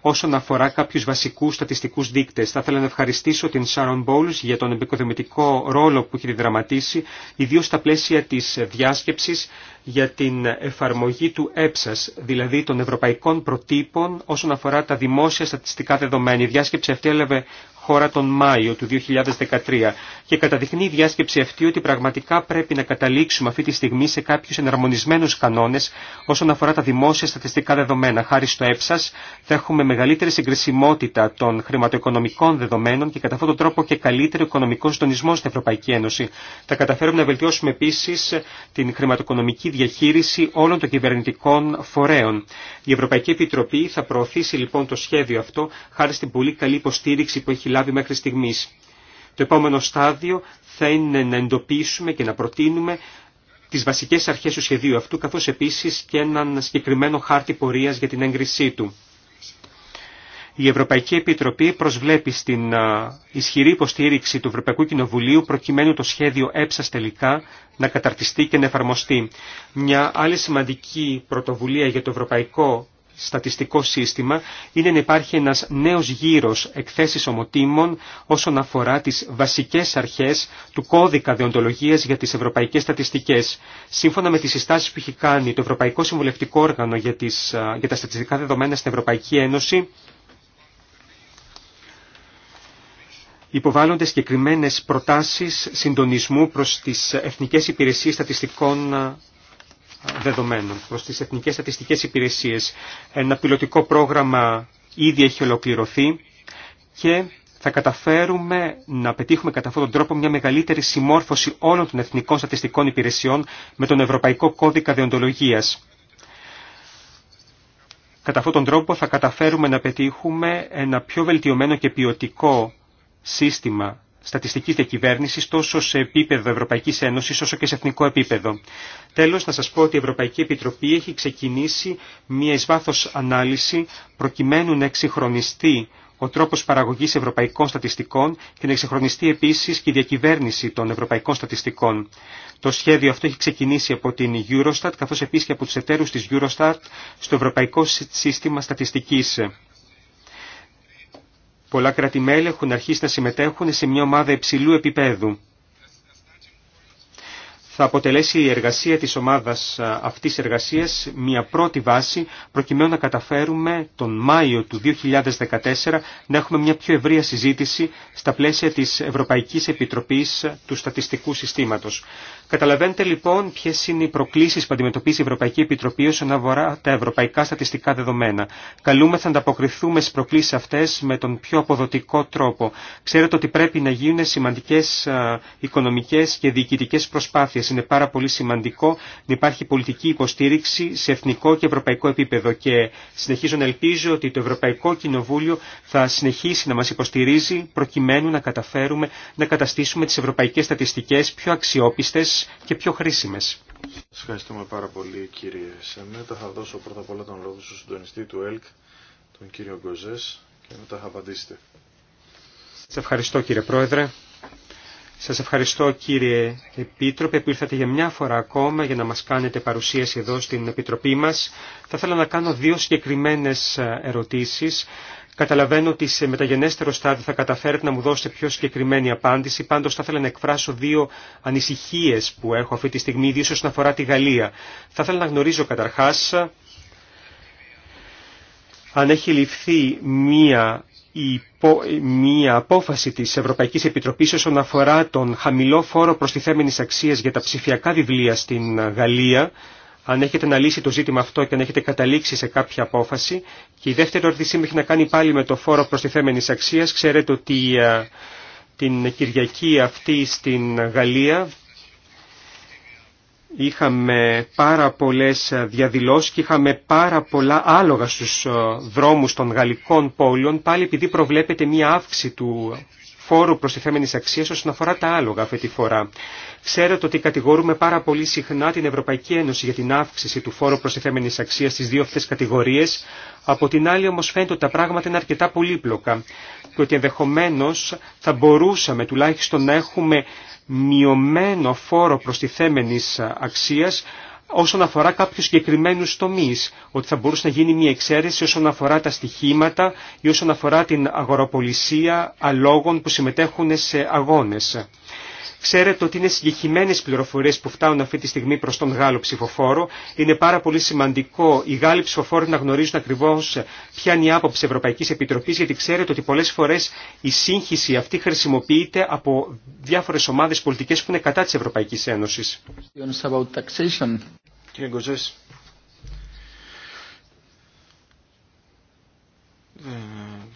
όσον αφορά κάποιου βασικού στατιστικού δείκτε. Θα ήθελα να ευχαριστήσω την Sharon Bowles για τον επικοδομητικό ρόλο που έχει διδραματίσει, ιδίω στα πλαίσια τη διάσκεψη για την εφαρμογή του ΕΨΑΣ, δηλαδή των ευρωπαϊκών προτύπων όσον αφορά τα δημόσια στατιστικά δεδομένα. Η διάσκεψη αυτή έλαβε χώρα τον Μάιο του 2013 και καταδεικνύει η διάσκεψη αυτή ότι πραγματικά πρέπει να καταλήξουμε αυτή τη στιγμή σε κάποιου εναρμονισμένους κανόνες όσον αφορά τα δημόσια στατιστικά δεδομένα. Χάρη στο ΕΨΑΣ θα έχουμε μεγαλύτερη συγκρισιμότητα των χρηματοοικονομικών δεδομένων και κατά αυτόν τον τρόπο και καλύτερο οικονομικό συντονισμό στην Ευρωπαϊκή Ένωση. Θα καταφέρουμε να βελτιώσουμε επίση την χρηματοοικονομική διαχείριση όλων των κυβερνητικών φορέων. Η Ευρωπαϊκή Επιτροπή θα προωθήσει λοιπόν το σχέδιο αυτό χάρη στην πολύ καλή υποστήριξη που έχει μέχρι Το επόμενο στάδιο θα είναι να εντοπίσουμε και να προτείνουμε τις βασικές αρχές του σχεδίου αυτού, καθώς επίσης και έναν συγκεκριμένο χάρτη πορείας για την έγκρισή του. Η Ευρωπαϊκή Επιτροπή προσβλέπει στην ισχυρή υποστήριξη του Ευρωπαϊκού Κοινοβουλίου προκειμένου το σχέδιο έψας τελικά να καταρτιστεί και να εφαρμοστεί. Μια άλλη σημαντική πρωτοβουλία για το Ευρωπαϊκό στατιστικό σύστημα είναι να υπάρχει ένας νέος γύρος εκθέσεις ομοτήμων όσον αφορά τις βασικές αρχές του κώδικα δεοντολογίας για τις ευρωπαϊκές στατιστικές. Σύμφωνα με τις συστάσεις που έχει κάνει το Ευρωπαϊκό Συμβουλευτικό Όργανο για, τις, για τα στατιστικά δεδομένα στην Ευρωπαϊκή Ένωση, υποβάλλονται συγκεκριμένε προτάσεις συντονισμού προς τις Εθνικές Υπηρεσίες Στατιστικών δεδομένων προς τις Εθνικές Στατιστικές Υπηρεσίες. Ένα πιλωτικό πρόγραμμα ήδη έχει ολοκληρωθεί και θα καταφέρουμε να πετύχουμε κατά αυτόν τον τρόπο μια μεγαλύτερη συμμόρφωση όλων των εθνικών στατιστικών υπηρεσιών με τον Ευρωπαϊκό Κώδικα Δεοντολογίας. Κατά αυτόν τον τρόπο θα καταφέρουμε να πετύχουμε ένα πιο βελτιωμένο και ποιοτικό σύστημα Στατιστική διακυβέρνηση, τόσο σε επίπεδο Ευρωπαϊκή Ένωση, όσο και σε εθνικό επίπεδο. Τέλο, να σα πω ότι η Ευρωπαϊκή Επιτροπή έχει ξεκινήσει μία ει ανάλυση προκειμένου να εξυγχρονιστεί ο τρόπος παραγωγής ευρωπαϊκών στατιστικών και να εξυγχρονιστεί επίσης και η διακυβέρνηση των ευρωπαϊκών στατιστικών. Το σχέδιο αυτό έχει ξεκινήσει από την Eurostat καθώς επίσης και από του εταίρους της Eurostat στο Ευρωπαϊκό Σύστημα Στατιστικής. Πολλά κράτη-μέλη έχουν αρχίσει να συμμετέχουν σε μια ομάδα υψηλού επίπεδου θα αποτελέσει η εργασία της ομάδας αυτής εργασίας μια πρώτη βάση προκειμένου να καταφέρουμε τον Μάιο του 2014 να έχουμε μια πιο ευρεία συζήτηση στα πλαίσια της Ευρωπαϊκής Επιτροπής του Στατιστικού Συστήματος. Καταλαβαίνετε λοιπόν ποιε είναι οι προκλήσει που αντιμετωπίζει η Ευρωπαϊκή Επιτροπή όσον αφορά τα ευρωπαϊκά στατιστικά δεδομένα. Καλούμε θα ανταποκριθούμε στι προκλήσει αυτέ με τον πιο αποδοτικό τρόπο. Ξέρετε ότι πρέπει να γίνουν σημαντικέ οικονομικέ και διοικητικέ προσπάθειες είναι πάρα πολύ σημαντικό να υπάρχει πολιτική υποστήριξη σε εθνικό και ευρωπαϊκό επίπεδο και συνεχίζω να ελπίζω ότι το Ευρωπαϊκό Κοινοβούλιο θα συνεχίσει να μας υποστηρίζει προκειμένου να καταφέρουμε να καταστήσουμε τις ευρωπαϊκές στατιστικές πιο αξιόπιστες και πιο χρήσιμες. Σας ευχαριστούμε πάρα πολύ κύριε Σεμέτα. Θα δώσω πρώτα απ' όλα τον λόγο στον συντονιστή του ΕΛΚ, τον κύριο Γκοζές και μετά θα απαντήσετε. Σας ευχαριστώ κύριε Πρόεδρε. Σας ευχαριστώ κύριε Επίτροπε που ήρθατε για μια φορά ακόμα για να μας κάνετε παρουσίαση εδώ στην Επιτροπή μας. Θα ήθελα να κάνω δύο συγκεκριμένες ε, ερωτήσεις. Καταλαβαίνω ότι σε μεταγενέστερο στάδιο θα καταφέρετε να μου δώσετε πιο συγκεκριμένη απάντηση. Πάντως θα ήθελα να εκφράσω δύο ανησυχίες που έχω αυτή τη στιγμή, ιδίως όσον αφορά τη Γαλλία. Θα ήθελα να γνωρίζω καταρχάς αν έχει ληφθεί μία μια απόφαση της Ευρωπαϊκής Επιτροπής όσον αφορά τον χαμηλό φόρο προστιθέμενης αξίας για τα ψηφιακά βιβλία στην Γαλλία, αν έχετε αναλύσει το ζήτημα αυτό και αν έχετε καταλήξει σε κάποια απόφαση. Και η δεύτερη ερώτησή μου έχει να κάνει πάλι με το φόρο προστιθέμενης αξίας. Ξέρετε ότι ε, την Κυριακή αυτή στην Γαλλία είχαμε πάρα πολλές διαδηλώσεις και είχαμε πάρα πολλά άλογα στους ε, δρόμους των γαλλικών πόλεων, πάλι επειδή προβλέπεται μία αύξηση του φόρου προστιθέμενης αξίας όσον αφορά τα άλογα αυτή τη φορά. Ξέρετε ότι κατηγορούμε πάρα πολύ συχνά την Ευρωπαϊκή Ένωση για την αύξηση του φόρου προστιθέμενης αξίας στις δύο αυτές κατηγορίες, από την άλλη όμως φαίνεται ότι τα πράγματα είναι αρκετά πολύπλοκα και ότι ενδεχομένως θα μπορούσαμε τουλάχιστον να έχουμε μειωμένο φόρο τη θέμενη αξίας όσον αφορά κάποιους συγκεκριμένου τομεί. Ότι θα μπορούσε να γίνει μια εξαίρεση όσον αφορά τα στοιχήματα ή όσον αφορά την αγοροπολισία αλόγων που συμμετέχουν σε αγώνες. Ξέρετε ότι είναι συγκεκριμένε πληροφορίε που φτάνουν αυτή τη στιγμή προ τον Γάλλο ψηφοφόρο. Είναι πάρα πολύ σημαντικό οι Γάλλοι ψηφοφόροι να γνωρίζουν ακριβώ ποια είναι η άποψη Ευρωπαϊκή Επιτροπή, γιατί ξέρετε ότι πολλέ φορέ η σύγχυση αυτή χρησιμοποιείται από διάφορε ομάδε πολιτικέ που είναι κατά τη Ευρωπαϊκή Ένωση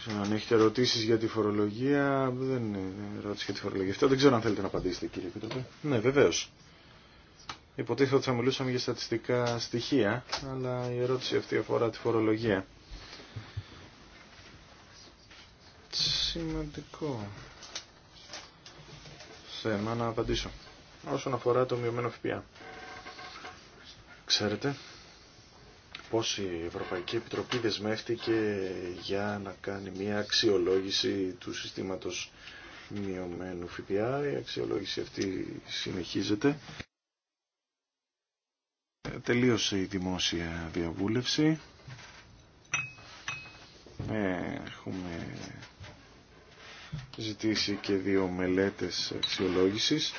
ξέρω αν έχετε ερωτήσει για τη φορολογία, δεν είναι ερώτηση για τη φορολογία. Αυτό δεν ξέρω αν θέλετε να απαντήσετε κύριε Επιτροπέ. Ναι βεβαίω. Υποτίθεται ότι θα μιλούσαμε για στατιστικά στοιχεία, αλλά η ερώτηση αυτή αφορά τη φορολογία. Σημαντικό θέμα να απαντήσω. Όσον αφορά το μειωμένο ΦΠΑ. Ξέρετε πως η Ευρωπαϊκή Επιτροπή δεσμεύτηκε για να κάνει μια αξιολόγηση του συστήματος μειωμένου ΦΠΑ. Η αξιολόγηση αυτή συνεχίζεται. Τελείωσε η δημόσια διαβούλευση. Έχουμε ζητήσει και δύο μελέτες αξιολόγησης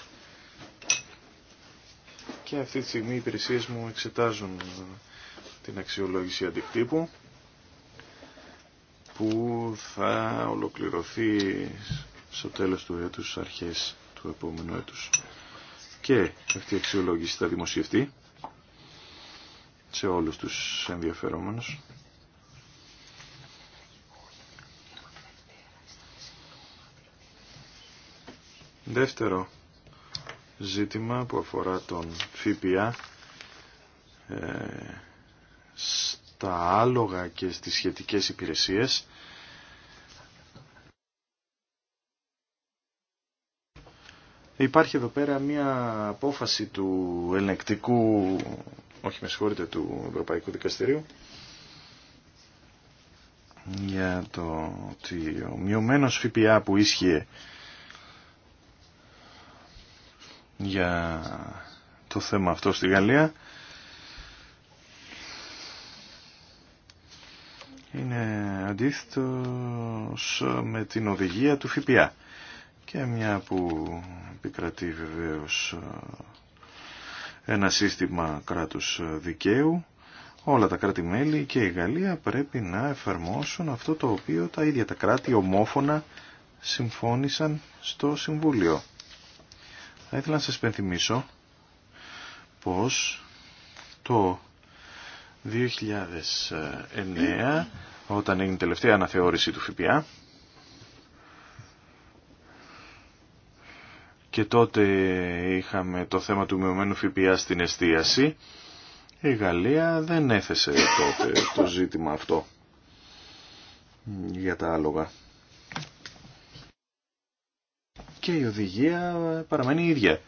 και αυτή τη στιγμή οι υπηρεσίες μου εξετάζουν την αξιολόγηση αντικτύπου που θα ολοκληρωθεί στο τέλος του έτους, αρχές του επόμενου έτους. Και αυτή η αξιολόγηση θα δημοσιευτεί σε όλους τους ενδιαφερόμενους. Δεύτερο ζήτημα που αφορά τον ΦΠΑ ε, στα άλογα και στις σχετικές υπηρεσίες. Υπάρχει εδώ πέρα μία απόφαση του ελεκτικού, όχι με συγχωρείτε, του Ευρωπαϊκού Δικαστηρίου, για το ότι ο μειωμένος ΦΠΑ που ίσχυε για το θέμα αυτό στη Γαλλία αντίθετος ε, με την οδηγία του ΦΠΑ. Και μια που επικρατεί βεβαίως ε, ένα σύστημα κράτους δικαίου, όλα τα κράτη-μέλη και η Γαλλία πρέπει να εφαρμόσουν αυτό το οποίο τα ίδια τα κράτη ομόφωνα συμφώνησαν στο Συμβούλιο. Θα ήθελα να σας πενθυμίσω πως το 2009 όταν έγινε η τελευταία αναθεώρηση του ΦΠΑ και τότε είχαμε το θέμα του μειωμένου ΦΠΑ στην εστίαση η Γαλλία δεν έθεσε τότε το ζήτημα αυτό για τα άλογα. Και η οδηγία παραμένει ίδια.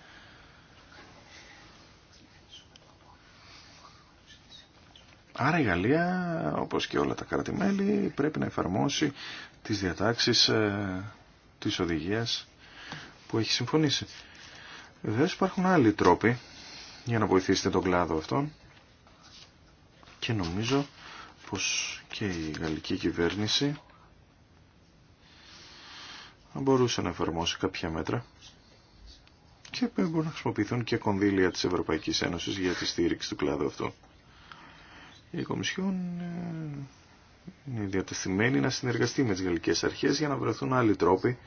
Άρα η Γαλλία, όπως και όλα τα κράτη-μέλη, πρέπει να εφαρμόσει τις διατάξεις ε, της οδηγίας που έχει συμφωνήσει. Δεν υπάρχουν άλλοι τρόποι για να βοηθήσετε τον κλάδο αυτόν και νομίζω πως και η γαλλική κυβέρνηση θα μπορούσε να εφαρμόσει κάποια μέτρα και μπορούν να χρησιμοποιηθούν και κονδύλια της Ευρωπαϊκής Ένωσης για τη στήριξη του κλάδου αυτού. Η Κομισιόν ε, είναι διατεθειμένη να συνεργαστεί με τις γαλλικές αρχές για να βρεθούν άλλοι τρόποι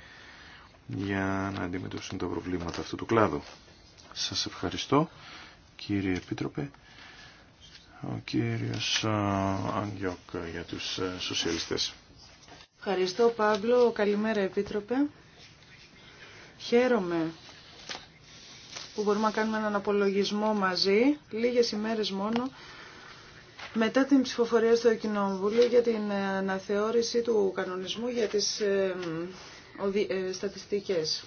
για να αντιμετωπίσουν τα προβλήματα αυτού του κλάδου. Σας ευχαριστώ κύριε Επίτροπε. Ο κύριος ε, Αγγιόκ για τους ε, σοσιαλιστές. Ευχαριστώ Παύλο. Καλημέρα Επίτροπε. Χαίρομαι που μπορούμε να κάνουμε έναν απολογισμό μαζί, λίγες ημέρες μόνο, μετά την ψηφοφορία στο Κοινοβούλιο για την αναθεώρηση του κανονισμού για τις ε, ε, στατιστικές.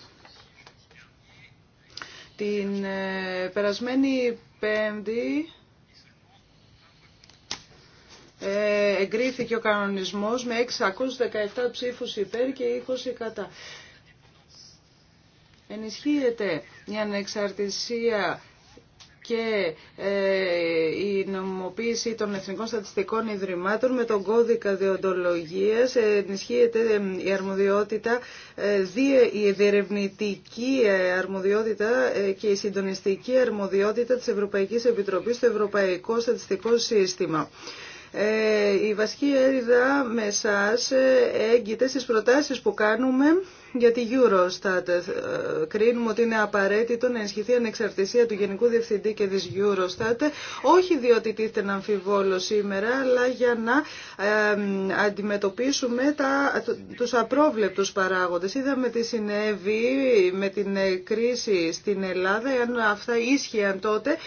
Την ε, περασμένη Πέμπτη εγκρίθηκε ο κανονισμός με 617 ψήφους υπέρ και 20 κατά. Ενισχύεται η ανεξαρτησία και ε, η νομοποίηση των Εθνικών Στατιστικών Ιδρυμάτων με τον κώδικα διοντολογίας ε, ενισχύεται ε, η αρμοδιότητα, η διερευνητική αρμοδιότητα και η συντονιστική αρμοδιότητα της Ευρωπαϊκής Επιτροπής στο Ευρωπαϊκό Στατιστικό Σύστημα. η βασική έρηδα με εσάς έγκυται στις προτάσεις που κάνουμε για τη Eurostat. Ε, κρίνουμε ότι είναι απαραίτητο να ενισχυθεί η ανεξαρτησία του Γενικού Διευθυντή και της Eurostat, όχι διότι τίθεται να αμφιβόλω σήμερα, αλλά για να αντιμετωπίσουμε τα, τους απρόβλεπτους παράγοντες. Είδαμε τι συνέβη με την ε, κρίση στην Ελλάδα, αν αυτά ίσχυαν τότε,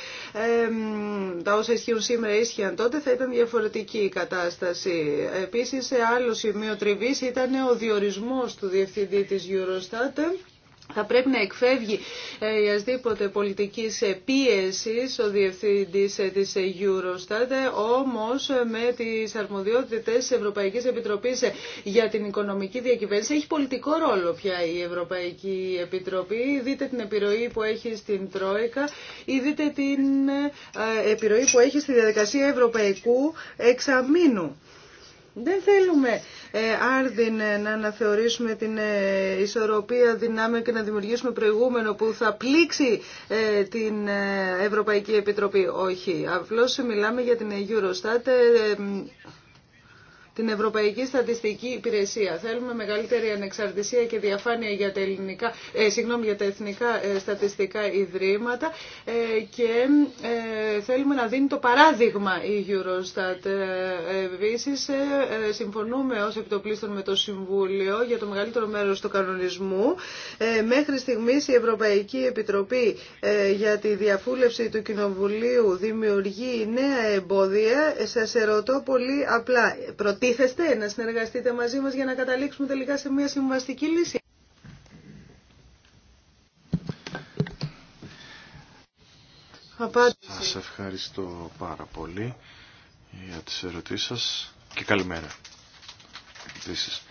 τα όσα ισχύουν σήμερα ίσχυαν τότε, θα ήταν διαφορετική η κατάσταση. Επίσης, σε άλλο σημείο τριβής ήταν ο διορισμός του Διευθυντή της Eurostat θα πρέπει να εκφεύγει ε, ασδήποτε πολιτικής πίεσης ο διευθυντής ε, της Eurostat, ε, όμως με τις αρμοδιότητες της Ευρωπαϊκής Επιτροπής για την οικονομική διακυβέρνηση έχει πολιτικό ρόλο πια η Ευρωπαϊκή Επιτροπή. Δείτε την επιρροή που έχει στην Τρόικα ή δείτε την επιρροή που έχει στη διαδικασία Ευρωπαϊκού Εξαμήνου. Δεν θέλουμε ε, άρδιν ε, να αναθεωρήσουμε την ε, ισορροπία δυνάμεων και να δημιουργήσουμε προηγούμενο που θα πλήξει την Ευρωπαϊκή Επιτροπή. Όχι, απλώς μιλάμε για την Eurostat την Ευρωπαϊκή Στατιστική Υπηρεσία. Θέλουμε μεγαλύτερη ανεξαρτησία και διαφάνεια για τα, ε, για τα εθνικά ε, στατιστικά ιδρύματα ε, και ε, θέλουμε να δίνει το παράδειγμα η Eurostat. Ε, Επίση, συμφωνούμε ως επιτοπλίστων με το Συμβούλιο για το μεγαλύτερο μέρος του κανονισμού. μέχρι στιγμής η Ευρωπαϊκή Επιτροπή για τη διαφούλευση του Κοινοβουλίου δημιουργεί νέα εμπόδια. Σας ερωτώ πολύ απλά Προτίθεστε να συνεργαστείτε μαζί μας για να καταλήξουμε τελικά σε μια συμβαστική λύση. Σας ευχαριστώ πάρα πολύ για τις ερωτήσεις σας και καλημέρα. Επίσης.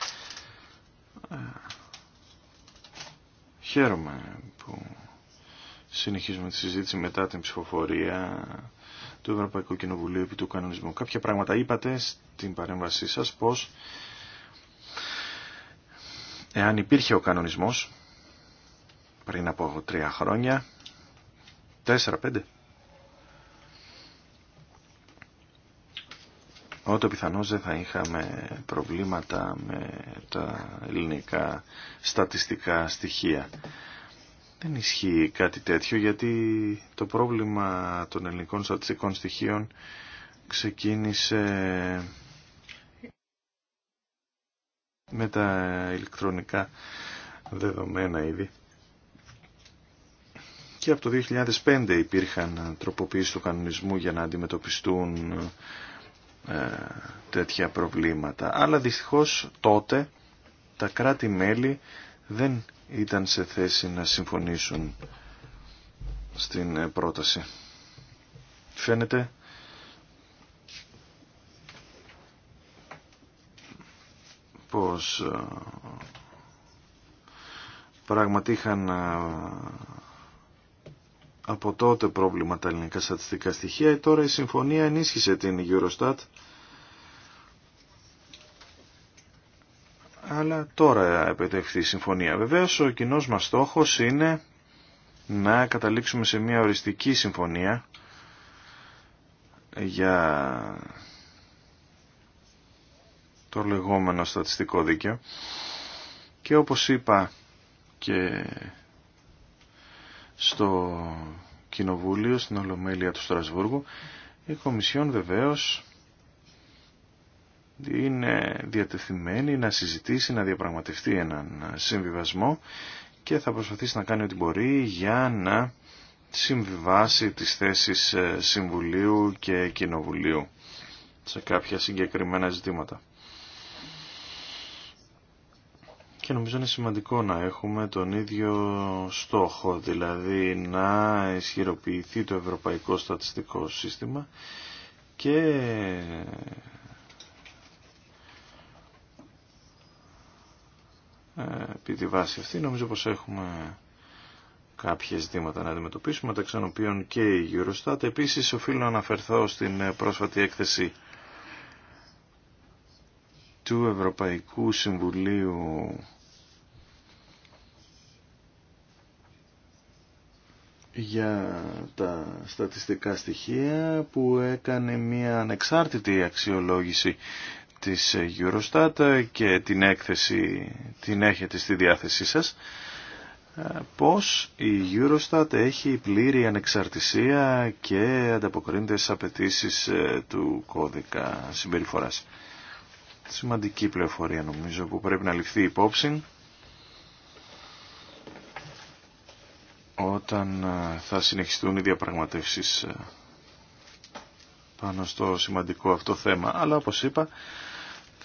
Ε, χαίρομαι που συνεχίζουμε τη συζήτηση μετά την ψηφοφορία του Ευρωπαϊκού Κοινοβουλίου επί του κανονισμού. Κάποια πράγματα είπατε στην παρέμβασή σας πως εάν υπήρχε ο κανονισμός πριν από τρία χρόνια, τέσσερα, πέντε, Ό,τι πιθανώς δεν θα είχαμε προβλήματα με τα ελληνικά στατιστικά στοιχεία. Δεν ισχύει κάτι τέτοιο γιατί το πρόβλημα των ελληνικών στατιστικών στοιχείων ξεκίνησε με τα ηλεκτρονικά δεδομένα ήδη. Και από το 2005 υπήρχαν τροποποίησεις του κανονισμού για να αντιμετωπιστούν ε, τέτοια προβλήματα. Αλλά δυστυχώς τότε τα κράτη-μέλη δεν ήταν σε θέση να συμφωνήσουν στην ε, πρόταση. Φαίνεται πως ε, πράγματι είχαν ε, από τότε πρόβλημα τα ελληνικά στατιστικά στοιχεία. Τώρα η συμφωνία ενίσχυσε την Eurostat αλλά τώρα επετεύχθη η συμφωνία. Βεβαίως ο κοινό μας στόχος είναι να καταλήξουμε σε μια οριστική συμφωνία για το λεγόμενο στατιστικό δίκαιο και όπως είπα και στο Κοινοβούλιο, στην Ολομέλεια του Στρασβούργου, η Κομισιόν βεβαίως είναι διατεθειμένη να συζητήσει, να διαπραγματευτεί έναν συμβιβασμό και θα προσπαθήσει να κάνει ό,τι μπορεί για να συμβιβάσει τις θέσεις ε, Συμβουλίου και Κοινοβουλίου σε κάποια συγκεκριμένα ζητήματα. Και νομίζω είναι σημαντικό να έχουμε τον ίδιο στόχο, δηλαδή να ισχυροποιηθεί το Ευρωπαϊκό Στατιστικό Σύστημα και Ε, επί τη βάση αυτή νομίζω πως έχουμε κάποια ζητήματα να αντιμετωπίσουμε μεταξύ των οποίων και η Eurostat. Επίσης οφείλω να αναφερθώ στην ε, πρόσφατη έκθεση του Ευρωπαϊκού Συμβουλίου για τα στατιστικά στοιχεία που έκανε μια ανεξάρτητη αξιολόγηση της Eurostat ε, και την έκθεση την έχετε στη διάθεσή σας ε, πως η Eurostat έχει πλήρη ανεξαρτησία και ανταποκρίνεται στις απαιτήσει ε, του κώδικα συμπεριφοράς. Σημαντική πληροφορία νομίζω που πρέπει να ληφθεί υπόψη όταν θα συνεχιστούν οι διαπραγματεύσεις πάνω στο σημαντικό αυτό θέμα. Αλλά όπως είπα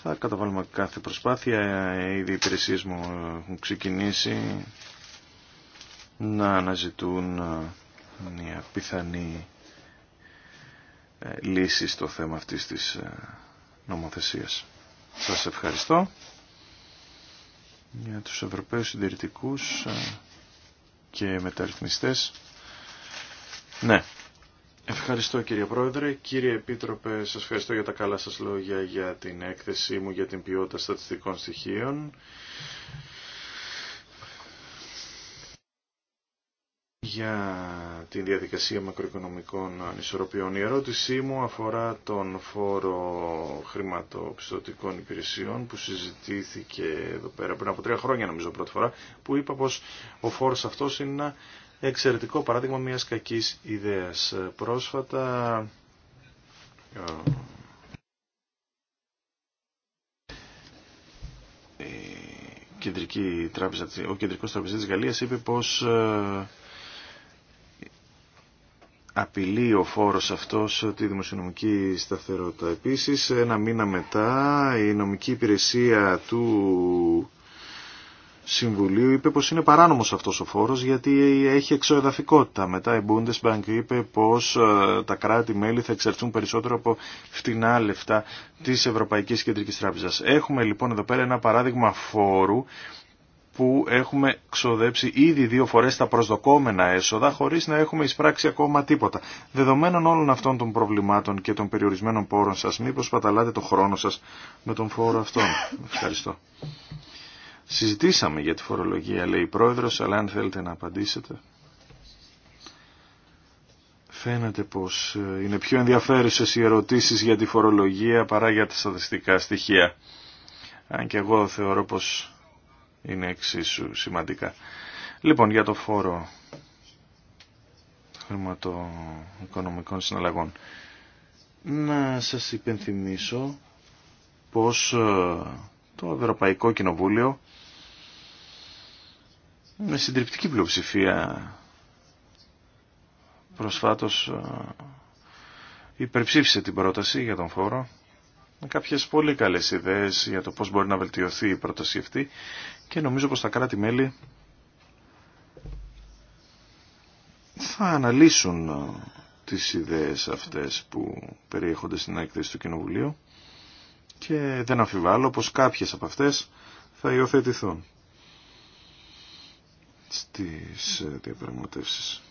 θα καταβάλουμε κάθε προσπάθεια. Ήδη οι υπηρεσίες μου έχουν ξεκινήσει να αναζητούν ε, μια πιθανή ε, λύση στο θέμα αυτής της ε, νομοθεσίας. Σας ευχαριστώ για τους Ευρωπαίους συντηρητικούς και μεταρρυθμιστές. Ναι, Ευχαριστώ κύριε Πρόεδρε. Κύριε Επίτροπε, σας ευχαριστώ για τα καλά σας λόγια για την έκθεσή μου για την ποιότητα στατιστικών στοιχείων. Για την διαδικασία μακροοικονομικών ανισορροπιών. Η ερώτησή μου αφορά τον φόρο χρηματοπιστωτικών υπηρεσιών που συζητήθηκε εδώ πέρα πριν από τρία χρόνια νομίζω πρώτη φορά που είπα πως ο φόρος αυτός είναι ένα εξαιρετικό παράδειγμα μιας κακής ιδέας. Πρόσφατα ε, κεντρική τράπεζα, ο κεντρικός τραπεζίτης της Γαλλίας είπε πως ε, απειλεί ο φόρος αυτός τη δημοσιονομική σταθερότητα. Επίσης, ένα μήνα μετά, η νομική υπηρεσία του Συμβουλίου είπε πως είναι παράνομος αυτός ο φόρος γιατί έχει εξοεδαφικότητα. Μετά η Bundesbank είπε πως ε, τα κράτη-μέλη θα εξαρτούν περισσότερο από φτηνά λεφτά της Ευρωπαϊκής Κεντρικής Τράπεζας. Έχουμε λοιπόν εδώ πέρα ένα παράδειγμα φόρου που έχουμε ξοδέψει ήδη δύο φορές τα προσδοκόμενα έσοδα χωρίς να έχουμε εισπράξει ακόμα τίποτα. Δεδομένων όλων αυτών των προβλημάτων και των περιορισμένων πόρων σας, μήπως παταλάτε το χρόνο σας με τον φόρο αυτόν. Ευχαριστώ. Συζητήσαμε για τη φορολογία, λέει η πρόεδρος, αλλά αν θέλετε να απαντήσετε. Φαίνεται πως ε, είναι πιο ενδιαφέρουσες οι ερωτήσεις για τη φορολογία παρά για τα στατιστικά στοιχεία. Αν και εγώ θεωρώ πως είναι εξίσου σημαντικά. Λοιπόν, για το φόρο χρηματοοικονομικών συναλλαγών. Να σας υπενθυμίσω πως ε, το Ευρωπαϊκό Κοινοβούλιο με συντριπτική πλειοψηφία προσφάτως ε, υπερψήφισε την πρόταση για τον φόρο με κάποιες πολύ καλές ιδέες για το πώς μπορεί να βελτιωθεί η πρόταση αυτή και νομίζω πως τα κράτη-μέλη θα αναλύσουν ε, τις ιδέες αυτές που περιέχονται στην έκθεση του Κοινοβουλίου και δεν αμφιβάλλω πως κάποιες από αυτές θα υιοθετηθούν στις ε, διαπραγματεύσεις.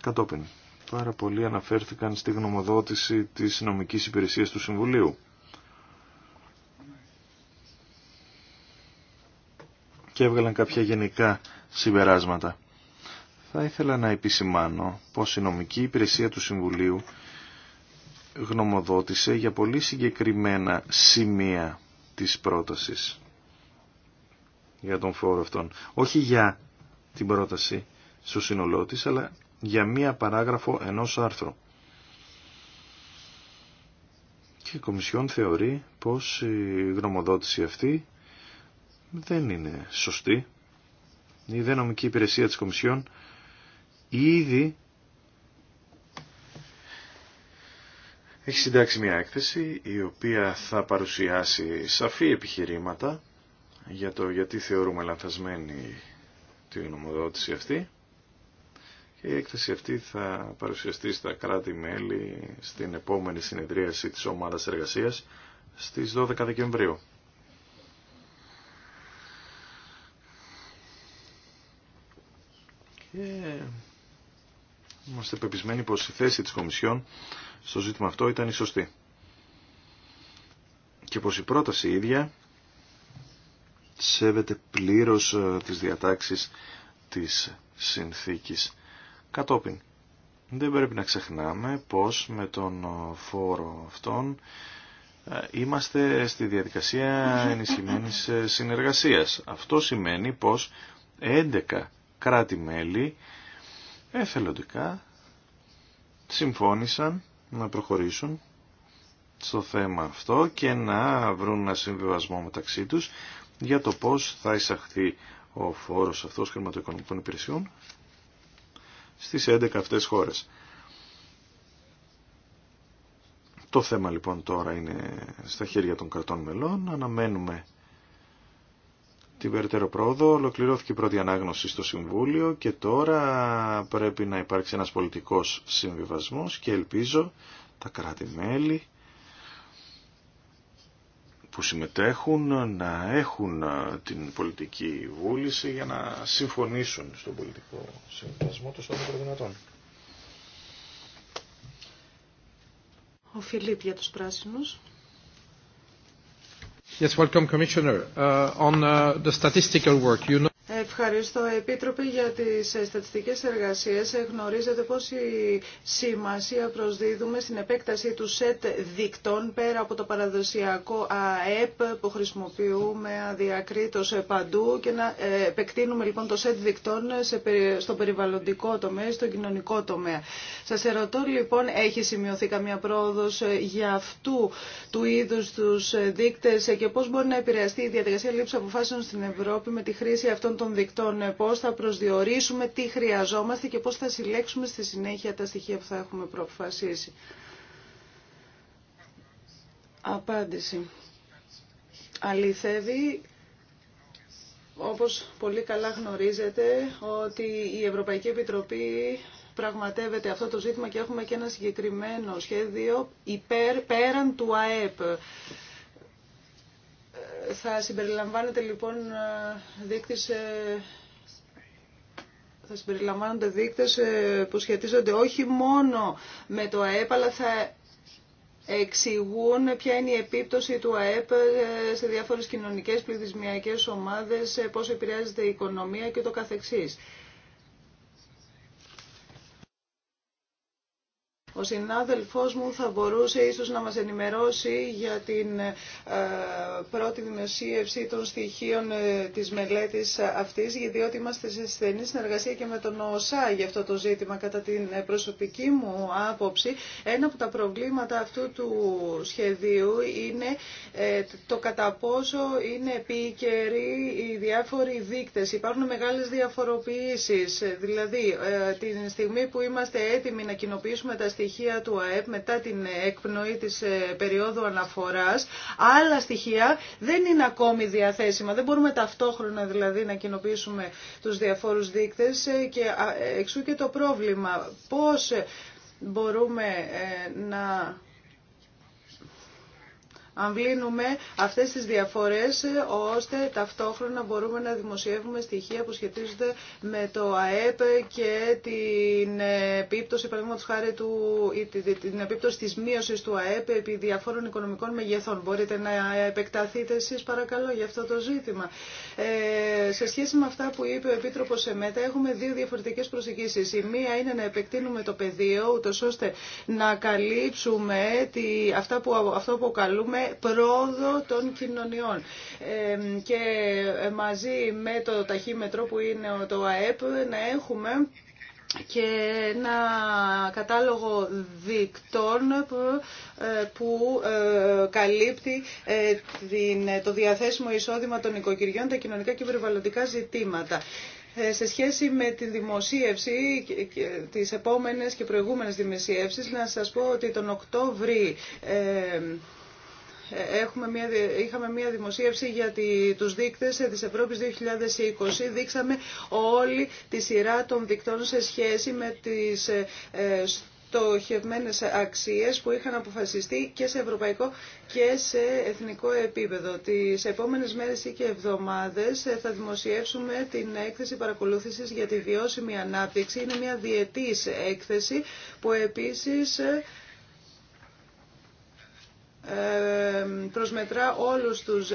Κατόπιν, πάρα πολλοί αναφέρθηκαν στη γνωμοδότηση της νομικής υπηρεσίας του Συμβουλίου. Και έβγαλαν κάποια γενικά συμπεράσματα. Θα ήθελα να επισημάνω πως η νομική υπηρεσία του Συμβουλίου γνωμοδότησε για πολύ συγκεκριμένα σημεία της πρότασης για τον φόρο αυτόν. Όχι για την πρόταση στο σύνολό της, αλλά για μία παράγραφο ενός άρθρου. Και η Κομισιόν θεωρεί πως η γνωμοδότηση αυτή δεν είναι σωστή. Η Δενομική Υπηρεσία της Κομισιόν ήδη έχει συντάξει μια έκθεση η οποία θα παρουσιάσει σαφή επιχειρήματα για το γιατί θεωρούμε λανθασμένη τη νομοδότηση αυτή και η έκθεση αυτή θα παρουσιαστεί στα κράτη-μέλη στην επόμενη συνεδρίαση της ομάδας εργασίας στις 12 Δεκεμβρίου. Και είμαστε πεπισμένοι πως η θέση της Κομισιόν στο ζήτημα αυτό ήταν η σωστή. Και πως η πρόταση ίδια σέβεται πλήρως ε, τις διατάξεις της συνθήκης. Κατόπιν, δεν πρέπει να ξεχνάμε πως με τον ε, φόρο αυτόν ε, είμαστε στη διαδικασία ενισχυμένης συνεργασίας. Αυτό σημαίνει πως 11 κράτη-μέλη εθελοντικά συμφώνησαν να προχωρήσουν στο θέμα αυτό και να βρουν ένα συμβιβασμό μεταξύ τους για το πώς θα εισαχθεί ο φόρος αυτός χρηματοοικονομικών υπηρεσιών στις 11 αυτές χώρες. Το θέμα λοιπόν τώρα είναι στα χέρια των κρατών μελών. Αναμένουμε την περαιτέρω πρόοδο. Ολοκληρώθηκε η πρώτη ανάγνωση στο Συμβούλιο και τώρα πρέπει να υπάρξει ένας πολιτικός συμβιβασμός και ελπίζω τα κράτη-μέλη που συμμετέχουν να έχουν την πολιτική βούληση για να συμφωνήσουν στον πολιτικό συμβιβασμό του των δυνατών. Ο Φιλίπ για τους Yes, welcome, Commissioner. On the statistical work, you know Ευχαριστώ, Επίτροπε, για τις στατιστικές εργασίες. Ε, γνωρίζετε πόση σημασία προσδίδουμε στην επέκταση του σετ δικτών πέρα από το παραδοσιακό ΑΕΠ που χρησιμοποιούμε αδιακρίτως παντού και να ε, επεκτείνουμε λοιπόν το σετ δικτών στο περιβαλλοντικό τομέα, στο κοινωνικό τομέα. Σας ερωτώ λοιπόν, έχει σημειωθεί καμία πρόοδος ε, για αυτού του είδους τους δείκτες και πώς μπορεί να επηρεαστεί η διαδικασία λήψη αποφάσεων στην Ευρώπη με τη χρήση αυτών των δικτών Πώ ε, πώς θα προσδιορίσουμε τι χρειαζόμαστε και πώς θα συλλέξουμε στη συνέχεια τα στοιχεία που θα έχουμε προφασίσει. Απάντηση. Αληθεύει όπως πολύ καλά γνωρίζετε ότι η Ευρωπαϊκή Επιτροπή πραγματεύεται αυτό το ζήτημα και έχουμε και ένα συγκεκριμένο σχέδιο υπέρ, πέραν του ΑΕΠ. Θα συμπεριλαμβάνεται λοιπόν δείκτης ε, θα συμπεριλαμβάνονται δείκτες ε, που σχετίζονται όχι μόνο με το ΑΕΠ, αλλά θα εξηγούν ποια είναι η επίπτωση του ΑΕΠ ε, σε διάφορες κοινωνικές πληθυσμιακές ομάδες, πώς επηρεάζεται η οικονομία και το καθεξής. Ο συνάδελφός μου θα μπορούσε ίσως να μας ενημερώσει για την ε, πρώτη δημοσίευση των στοιχείων ε, της μελέτης αυτής, γιατί είμαστε σε στενή συνεργασία και με τον ΟΣΑ για αυτό το ζήτημα. Κατά την ε, προσωπική μου άποψη, ένα από τα προβλήματα αυτού του σχεδίου είναι το κατά πόσο είναι επίκαιροι οι διάφοροι δείκτες. Υπάρχουν μεγάλες διαφοροποιήσεις, δηλαδή την στιγμή που είμαστε έτοιμοι να κοινοποιήσουμε τα στοιχεία του ΑΕΠ μετά την εκπνοή της ε, περίοδου αναφοράς. Άλλα στοιχεία δεν είναι ακόμη διαθέσιμα. Δεν μπορούμε ταυτόχρονα δηλαδή να κοινοποιήσουμε τους διαφόρους δείκτες ε, και ε, εξού και το πρόβλημα. Πώς μπορούμε να αμβλύνουμε αυτές τις διαφορές ε, ώστε ταυτόχρονα μπορούμε να δημοσιεύουμε στοιχεία που σχετίζονται με το ΑΕΠ και την επίπτωση, χάρη του, την επίπτωση της μείωσης του ΑΕΠ επί διαφόρων οικονομικών μεγεθών. Μπορείτε να επεκταθείτε εσείς παρακαλώ για αυτό το ζήτημα. Ε, σε σχέση με αυτά που είπε ο Επίτροπος Σεμέτα, έχουμε δύο διαφορετικές προσεγγίσεις. Η μία είναι να επεκτείνουμε το πεδίο ούτως ώστε να καλύψουμε τη, αυτά που, αυτό που καλούμε πρόοδο των κοινωνιών. Και μαζί με το ταχύμετρο που είναι το ΑΕΠ να έχουμε και ένα κατάλογο δικτών που ε, ε, καλύπτει ε, το διαθέσιμο εισόδημα των οικοκυριών, τα κοινωνικά και περιβαλλοντικά ζητήματα. Σε σχέση με τη δημοσίευση, τις επόμενες και προηγούμενες δημοσίευσεις, να σας πω ότι τον Οκτώβρη Έχουμε μια, είχαμε μια δημοσίευση για τους δείκτες ε, της Ευρώπης 2020. Δείξαμε όλη τη σειρά των δικτών σε σχέση με τις ε, ε, στοχευμένες αξίες που είχαν αποφασιστεί και σε ευρωπαϊκό και σε εθνικό επίπεδο. Τις επόμενες μέρες ή και εβδομάδες θα δημοσιεύσουμε την έκθεση παρακολούθησης για τη βιώσιμη ανάπτυξη. Είναι μια διετής έκθεση που επίσης ε, προσμετρά όλους τους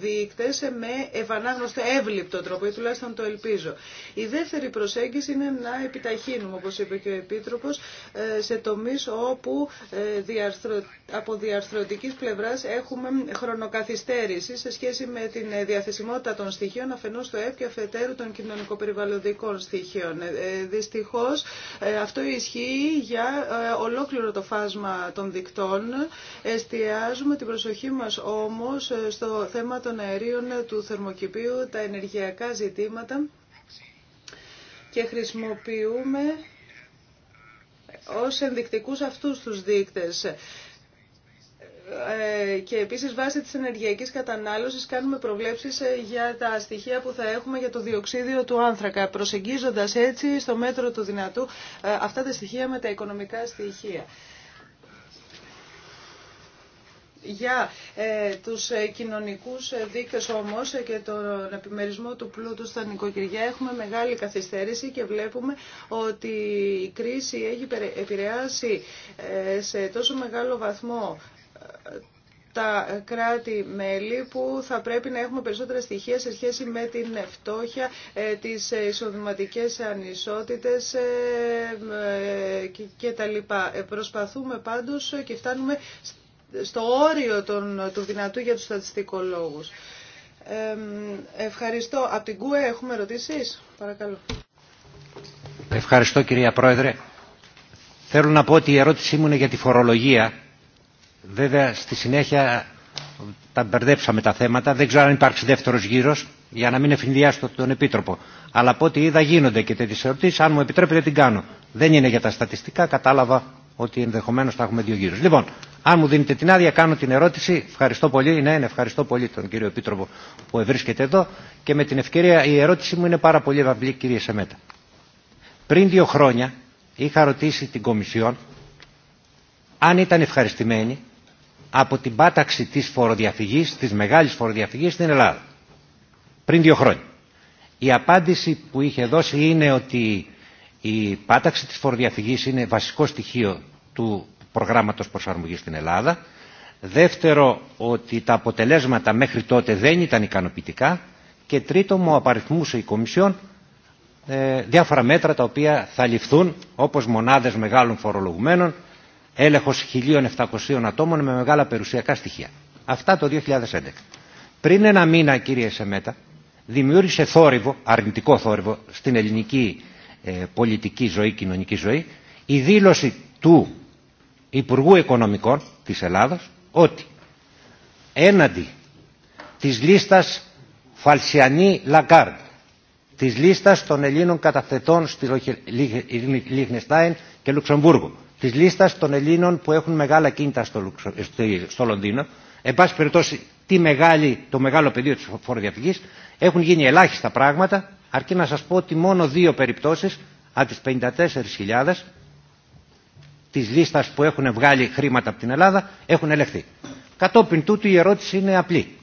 δείκτες με ευανάγνωστο εύληπτο τρόπο ή τουλάχιστον το ελπίζω. Η δεύτερη προσέγγιση είναι να επιταχύνουμε όπως είπε και ο Επίτροπος ε, σε τομείς όπου ε, από διαρθρωτικής πλευράς έχουμε χρονοκαθυστέρηση σε σχέση με την διαθεσιμότητα των στοιχείων αφενός στο ΕΠ και αφετέρου των κοινωνικοπεριβαλλοντικών στοιχείων. Δυστυχώς αυτό ισχύει για ολόκληρο το φάσμα των δικτών Εστιάζουμε την προσοχή μας όμως στο θέμα των αερίων του θερμοκηπίου, τα ενεργειακά ζητήματα και χρησιμοποιούμε ως ενδεικτικούς αυτούς τους δείκτες. Ε, και επίσης βάσει της ενεργειακής κατανάλωσης κάνουμε προβλέψεις για τα στοιχεία που θα έχουμε για το διοξίδιο του άνθρακα, προσεγγίζοντας έτσι στο μέτρο του δυνατού ε, αυτά τα στοιχεία με τα οικονομικά στοιχεία για ε, τους ε, κοινωνικούς όμω ε, όμως και τον επιμερισμό του πλούτου στα νοικοκυριά έχουμε μεγάλη καθυστέρηση και βλέπουμε ότι η κρίση έχει επηρεάσει σε τόσο μεγάλο βαθμό τα κράτη-μέλη που θα πρέπει να έχουμε περισσότερα στοιχεία σε σχέση με την φτώχεια, τις εισοδηματικές ανισότητες και τα λοιπά. Προσπαθούμε πάντως και φτάνουμε στο όριο των, του δυνατού για τους στατιστικολόγους. Ε, ευχαριστώ. Από την ΚΟΕ έχουμε ερωτήσεις. Παρακαλώ. Ευχαριστώ κυρία Πρόεδρε. Θέλω να πω ότι η ερώτησή μου είναι για τη φορολογία. Βέβαια στη συνέχεια τα μπερδέψαμε τα θέματα. Δεν ξέρω αν υπάρξει δεύτερος γύρος για να μην ευθυνδιάσω τον Επίτροπο. Αλλά από ό,τι είδα γίνονται και τέτοιες ερωτήσεις, αν μου επιτρέπετε την κάνω. Δεν είναι για τα στατιστικά, κατάλαβα ότι ενδεχομένω θα έχουμε δύο γύρου. Λοιπόν, αν μου δίνετε την άδεια, κάνω την ερώτηση. Ευχαριστώ πολύ. Ναι, ναι, ευχαριστώ πολύ τον κύριο Επίτροπο που ευρίσκεται εδώ. Και με την ευκαιρία, η ερώτηση μου είναι πάρα πολύ ευαμπλή, κύριε Σεμέτα. Πριν δύο χρόνια είχα ρωτήσει την Κομισιόν αν ήταν ευχαριστημένη από την πάταξη της φοροδιαφυγής, της μεγάλης φοροδιαφυγής στην Ελλάδα. Πριν δύο χρόνια. Η απάντηση που είχε δώσει είναι ότι η πάταξη της φοροδιαφυγής είναι βασικό στοιχείο του προγράμματος προσαρμογής στην Ελλάδα. Δεύτερο, ότι τα αποτελέσματα μέχρι τότε δεν ήταν ικανοποιητικά. Και τρίτο, μου απαριθμούσε η Κομισιόν ε, διάφορα μέτρα τα οποία θα ληφθούν, όπως μονάδες μεγάλων φορολογουμένων, έλεγχος 1.700 ατόμων με μεγάλα περιουσιακά στοιχεία. Αυτά το 2011. Πριν ένα μήνα, κύριε Σεμέτα, δημιούργησε θόρυβο, αρνητικό θόρυβο, στην ελληνική ε, πολιτική ζωή, κοινωνική ζωή, η δήλωση του Υπουργού Οικονομικών της Ελλάδος ότι έναντι της λίστας Φαλσιανή Λαγκάρντ της λίστας των Ελλήνων καταθετών στη Λίχνεστάιν και Λουξεμβούργο της λίστας των Ελλήνων που έχουν μεγάλα κίνητα στο Λονδίνο εν πάση περιπτώσει το μεγάλο πεδίο της φοροδιαφυγής έχουν γίνει ελάχιστα πράγματα αρκεί να σας πω ότι μόνο δύο περιπτώσεις από τις 54.000 της λίστας που έχουν βγάλει χρήματα από την Ελλάδα έχουν ελεγχθεί. Κατόπιν τούτου η ερώτηση είναι απλή.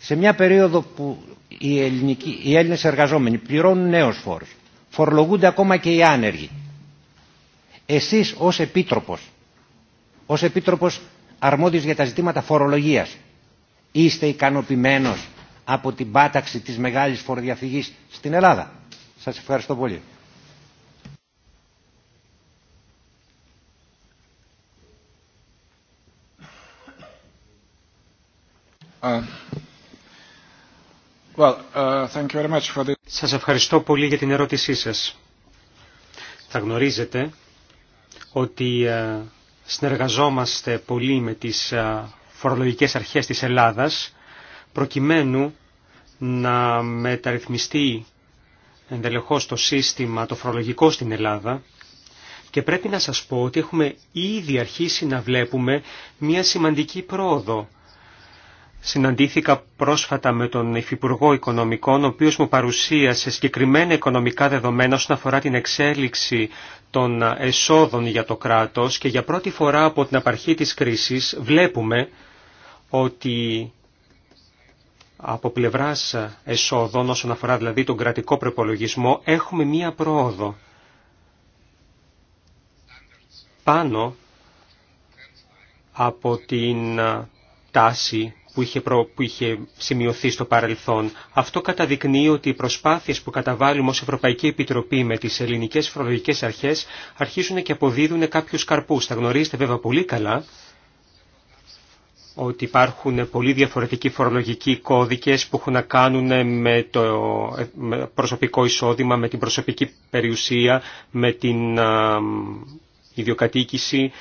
Σε μια περίοδο που οι, ελληνικοί, Έλληνες εργαζόμενοι πληρώνουν νέους φόρους, φορολογούνται ακόμα και οι άνεργοι. Εσείς ως Επίτροπος, ως Επίτροπος αρμόδιος για τα ζητήματα φορολογίας, είστε ικανοποιημένος από την πάταξη της μεγάλης φοροδιαφυγής στην Ελλάδα. Σας ευχαριστώ πολύ. Well, uh, Σας ευχαριστώ πολύ για την ερώτησή σας. Θα γνωρίζετε ότι ε, συνεργαζόμαστε πολύ με τις ε, φορολογικές αρχές της Ελλάδας προκειμένου να μεταρρυθμιστεί ενδελεχώς το σύστημα το φορολογικό στην Ελλάδα και πρέπει να σας πω ότι έχουμε ήδη αρχίσει να βλέπουμε μια σημαντική πρόοδο Συναντήθηκα πρόσφατα με τον Υφυπουργό Οικονομικών, ο οποίος μου παρουσίασε συγκεκριμένα οικονομικά δεδομένα όσον αφορά την εξέλιξη των εσόδων για το κράτος και για πρώτη φορά από την απαρχή της κρίσης βλέπουμε ότι από πλευράς εσόδων, όσον αφορά δηλαδή τον κρατικό προπολογισμό, έχουμε μία πρόοδο πάνω από την τάση που είχε, προ... σημειωθεί στο παρελθόν. Αυτό καταδεικνύει ότι οι προσπάθειες που καταβάλουμε ως Ευρωπαϊκή Επιτροπή με τις ελληνικές φορολογικές αρχές αρχίζουν και αποδίδουν κάποιους καρπούς. Τα γνωρίζετε βέβαια πολύ καλά ότι υπάρχουν πολύ διαφορετικοί φορολογικοί κώδικες που έχουν να κάνουν με το προσωπικό εισόδημα, με την προσωπική περιουσία, με την ιδιοκατοίκηση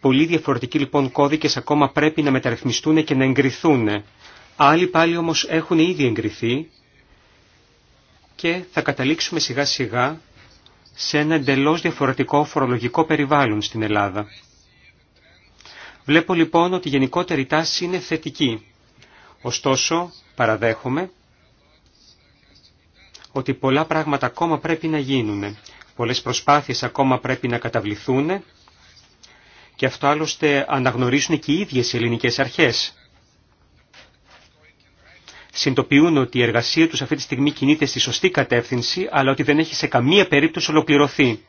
Πολύ διαφορετικοί λοιπόν κώδικες ακόμα πρέπει να μεταρρυθμιστούν και να εγκριθούν. Άλλοι πάλι όμως έχουν ήδη εγκριθεί και θα καταλήξουμε σιγά σιγά σε ένα εντελώ διαφορετικό φορολογικό περιβάλλον στην Ελλάδα. Βλέπω λοιπόν ότι η γενικότερη τάση είναι θετική. Ωστόσο, παραδέχομαι ότι πολλά πράγματα ακόμα πρέπει να γίνουν. Πολλές προσπάθειες ακόμα πρέπει να καταβληθούν και αυτό άλλωστε αναγνωρίζουν και οι ίδιες οι ελληνικές αρχές. Συντοποιούν ότι η εργασία τους αυτή τη στιγμή κινείται στη σωστή κατεύθυνση, αλλά ότι δεν έχει σε καμία περίπτωση ολοκληρωθεί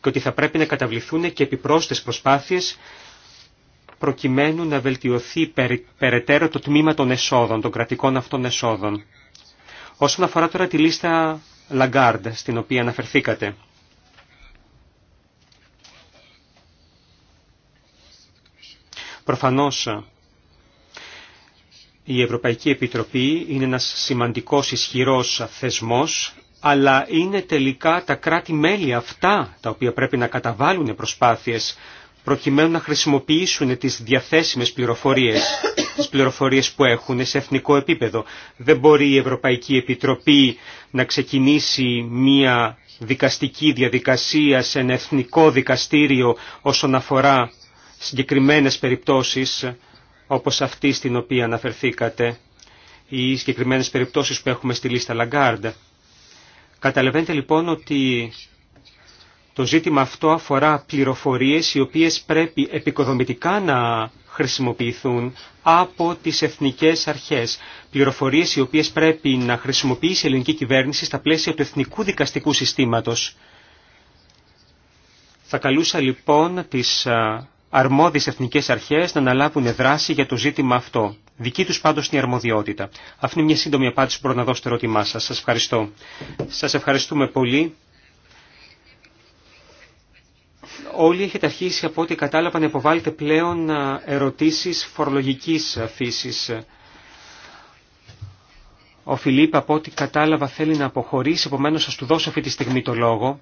και ότι θα πρέπει να καταβληθούν και επιπρόσθετες προσπάθειες προκειμένου να βελτιωθεί περαιτέρω το τμήμα των εσόδων, των κρατικών αυτών εσόδων. Όσον αφορά τώρα τη λίστα Λαγκάρντ, στην οποία αναφερθήκατε, Προφανώς η Ευρωπαϊκή Επιτροπή είναι ένας σημαντικός ισχυρός θεσμός, αλλά είναι τελικά τα κράτη-μέλη αυτά τα οποία πρέπει να καταβάλουν προσπάθειες προκειμένου να χρησιμοποιήσουν τις διαθέσιμες πληροφορίες, τις πληροφορίες που έχουν σε εθνικό επίπεδο. Δεν μπορεί η Ευρωπαϊκή Επιτροπή να ξεκινήσει μία δικαστική διαδικασία σε ένα εθνικό δικαστήριο όσον αφορά συγκεκριμένες περιπτώσεις όπως αυτή στην οποία αναφερθήκατε ή συγκεκριμένες περιπτώσεις που έχουμε στη λίστα Λαγκάρντ. Καταλαβαίνετε λοιπόν ότι το ζήτημα αυτό αφορά πληροφορίες οι οποίες πρέπει επικοδομητικά να χρησιμοποιηθούν από τις εθνικές αρχές. Πληροφορίες οι οποίες πρέπει να χρησιμοποιήσει η ελληνική κυβέρνηση στα πλαίσια του εθνικού δικαστικού συστήματος. Θα καλούσα λοιπόν τις αρμόδιες εθνικές αρχές να αναλάβουν δράση για το ζήτημα αυτό. Δική τους πάντως είναι η αρμοδιότητα. Αυτή είναι μια σύντομη απάντηση που μπορώ να δώσω στο ερώτημά σας. Σας ευχαριστώ. Σας ευχαριστούμε πολύ. Όλοι έχετε αρχίσει από ό,τι κατάλαβα να υποβάλλετε πλέον ερωτήσεις φορολογικής φύσης. Ο Φιλίπ από ό,τι κατάλαβα θέλει να αποχωρήσει, επομένως σας του δώσω αυτή τη στιγμή το λόγο.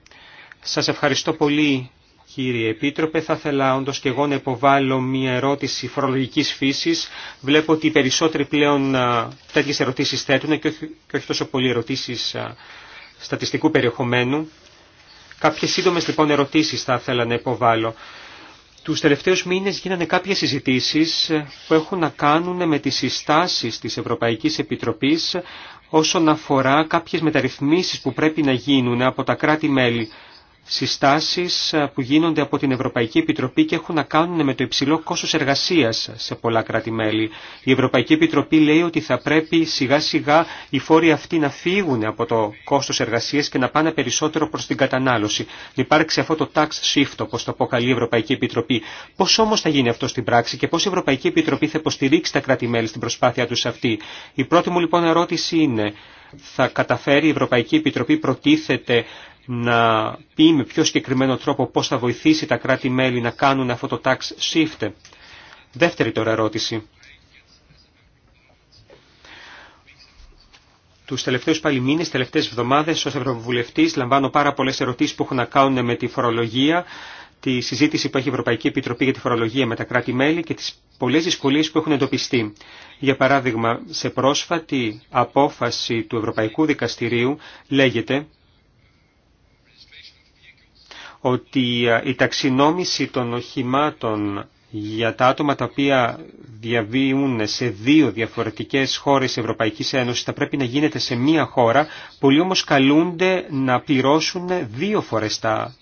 Σας ευχαριστώ πολύ Κύριε Επίτροπε, θα ήθελα όντω και εγώ να υποβάλω μια ερώτηση φορολογική φύση. Βλέπω ότι οι περισσότεροι πλέον τέτοιε ερωτήσει θέτουν και όχι, τόσο πολλοί ερωτήσει στατιστικού περιεχομένου. Κάποιε σύντομε λοιπόν ερωτήσει θα ήθελα να υποβάλω. Του τελευταίου μήνε γίνανε κάποιε συζητήσει ε, που έχουν να κάνουν με τι συστάσει τη Ευρωπαϊκή Επιτροπή όσον αφορά κάποιε μεταρρυθμίσει που πρέπει να γίνουν από τα κράτη-μέλη συστάσεις ε, που γίνονται από την Ευρωπαϊκή Επιτροπή και έχουν να κάνουν με το υψηλό κόστος εργασίας σε πολλά κράτη-μέλη. Η Ευρωπαϊκή Επιτροπή λέει ότι θα πρέπει σιγά-σιγά οι φόροι αυτοί να φύγουν από το κόστος εργασίας και να πάνε περισσότερο προς την κατανάλωση. Να υπάρξει αυτό το tax shift, όπως το αποκαλεί η Ευρωπαϊκή Επιτροπή. Πώς όμως θα γίνει αυτό στην πράξη και πώς η Ευρωπαϊκή Επιτροπή θα υποστηρίξει τα κράτη-μέλη στην προσπάθειά τους αυτή. Η πρώτη μου λοιπόν ερώτηση είναι θα καταφέρει η Ευρωπαϊκή Επιτροπή προτίθεται να πει με πιο συγκεκριμένο τρόπο πώς θα βοηθήσει τα κράτη-μέλη να κάνουν αυτό το tax shift. Δεύτερη τώρα ερώτηση. Τους τελευταίους πάλι μήνες, τελευταίες εβδομάδες, ως Ευρωβουλευτής λαμβάνω πάρα πολλές ερωτήσεις που έχουν να κάνουν με τη φορολογία, τη συζήτηση που έχει η Ευρωπαϊκή Επιτροπή για τη φορολογία με τα κράτη-μέλη και τις πολλές δυσκολίε που έχουν εντοπιστεί. Για παράδειγμα, σε πρόσφατη απόφαση του Ευρωπαϊκού Δικαστηρίου λέγεται ότι ε, η ταξινόμηση των οχημάτων για τα άτομα τα οποία διαβίουν σε δύο διαφορετικές χώρες Ευρωπαϊκής Ένωσης θα πρέπει να γίνεται σε μία χώρα, πολλοί όμως καλούνται να πληρώσουν δύο φορές τα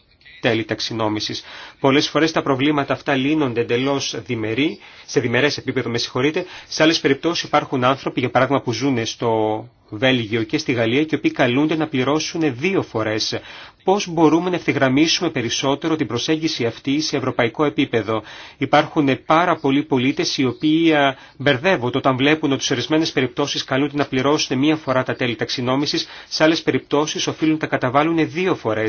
τέλη ταξινόμηση. Πολλές φορές τα προβλήματα αυτά λύνονται εντελώ διμερεί, σε διμερές επίπεδο με συγχωρείτε. Σε άλλες περιπτώσεις υπάρχουν άνθρωποι, για παράδειγμα που ζουν στο Βέλγιο και στη Γαλλία και οι οποίοι καλούνται να πληρώσουν δύο φορές. Πώς μπορούμε να ευθυγραμμίσουμε περισσότερο την προσέγγιση αυτή σε ευρωπαϊκό επίπεδο. Υπάρχουν πάρα πολλοί πολίτε οι οποίοι μπερδεύονται όταν βλέπουν ότι σε ορισμένε περιπτώσεις καλούνται να πληρώσουν μία φορά τα τέλη ταξινόμησης, σε άλλε περιπτώσει οφείλουν να τα καταβάλουν δύο φορέ.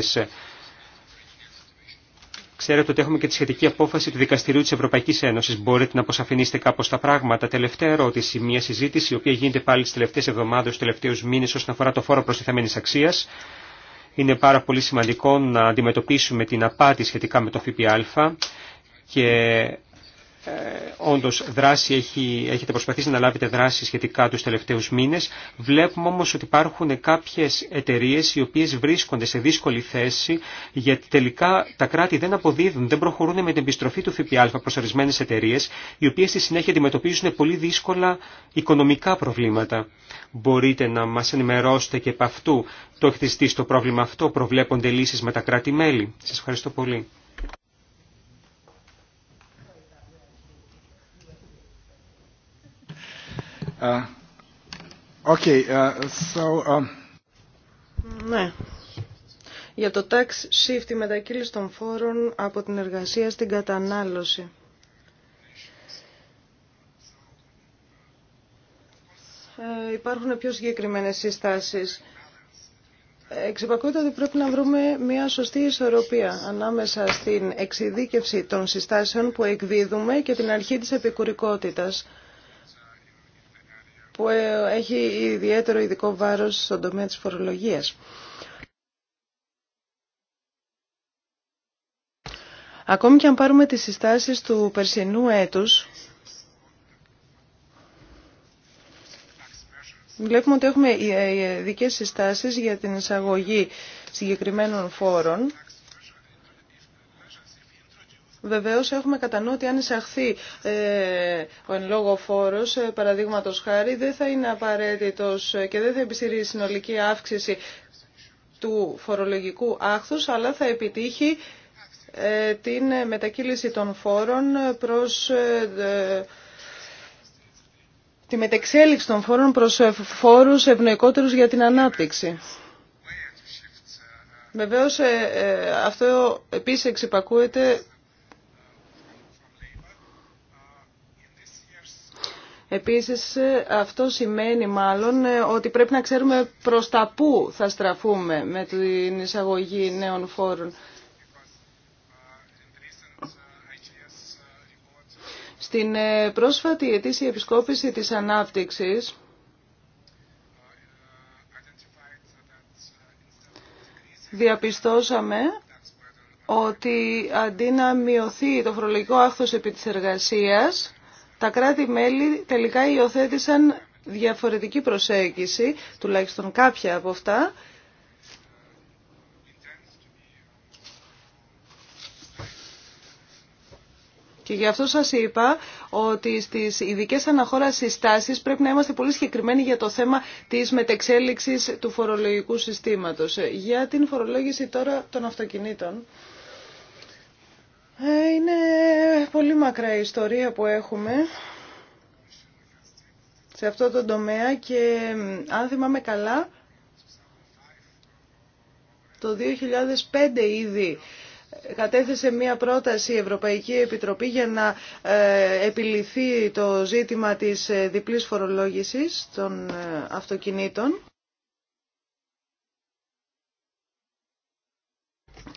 Ξέρετε ότι έχουμε και τη σχετική απόφαση του Δικαστηρίου της Ευρωπαϊκής Ένωσης. Μπορείτε να αποσαφηνίσετε κάπως τα πράγματα. Τελευταία ερώτηση, μια συζήτηση η οποία γίνεται πάλι στις τελευταίες εβδομάδες, στους τελευταίους μήνες όσον αφορά το φόρο προστιθέμενης αξίας. Είναι πάρα πολύ σημαντικό να αντιμετωπίσουμε την απάτη σχετικά με το ΦΠΑ και ε, όντως δράση έχει, έχετε προσπαθήσει να λάβετε δράση σχετικά τους τελευταίους μήνες. Βλέπουμε όμως ότι υπάρχουν κάποιες εταιρείες οι οποίες βρίσκονται σε δύσκολη θέση γιατί τελικά τα κράτη δεν αποδίδουν, δεν προχωρούν με την επιστροφή του ΦΠΑ προς ορισμένες εταιρείες οι οποίες στη συνέχεια αντιμετωπίζουν πολύ δύσκολα οικονομικά προβλήματα. Μπορείτε να μας ενημερώσετε και επ' αυτού το έχετε ζητήσει το πρόβλημα αυτό, προβλέπονται λύσεις με τα κράτη-μέλη. Σας ευχαριστώ πολύ. Uh, uh, um, ναι. Για το tax shift, η μετακύληση των φόρων από την εργασία στην κατανάλωση. Ε, υπάρχουν πιο συγκεκριμένες συστάσεις. Εξυπακούεται ότι πρέπει να βρούμε μια σωστή ισορροπία ανάμεσα στην εξειδίκευση των συστάσεων που εκδίδουμε και την αρχή της επικουρικότητας που ε, έχει ιδιαίτερο ειδικό βάρος στον τομέα της φορολογίας. Ακόμη και αν πάρουμε τις συστάσεις του περσινού έτους, βλέπουμε ότι έχουμε ε, ε, ειδικές συστάσεις για την εισαγωγή συγκεκριμένων φόρων Βεβαίω έχουμε κατά νου ότι αν εισαχθεί ε, ο εν λόγω φόρο, ε, παραδείγματο χάρη, δεν θα είναι απαραίτητο ε, και δεν θα επιστηρίζει συνολική αύξηση του φορολογικού άχθους, αλλά θα επιτύχει ε, την μετακύληση των φόρων προς ε, τη μετεξέλιξη των φόρων προς φόρους ευνοϊκότερους για την ανάπτυξη. Βεβαίως αυτό επίσης εξυπακούεται Επίσης αυτό σημαίνει μάλλον ε, ότι πρέπει να ξέρουμε προς τα πού θα στραφούμε με την εισαγωγή νέων φόρων. Στην ε, πρόσφατη ετήσια επισκόπηση της ανάπτυξης διαπιστώσαμε ότι αντί να μειωθεί το φορολογικό άχθος επί της εργασίας τα κράτη-μέλη τελικά υιοθέτησαν διαφορετική προσέγγιση, τουλάχιστον κάποια από αυτά, Και γι' αυτό σας είπα ότι στις ειδικέ αναχώρες συστάσεις πρέπει να είμαστε πολύ συγκεκριμένοι για το θέμα της μετεξέλιξης του φορολογικού συστήματος. Για την φορολόγηση τώρα των αυτοκινήτων. Ε, είναι πολύ μακρά η ιστορία που έχουμε σε αυτό το τομέα και αν θυμάμαι καλά το 2005 ήδη κατέθεσε μία πρόταση η Ευρωπαϊκή Επιτροπή για να ε, επιληθεί το ζήτημα της ε, διπλής φορολόγησης των αυτοκινήτων.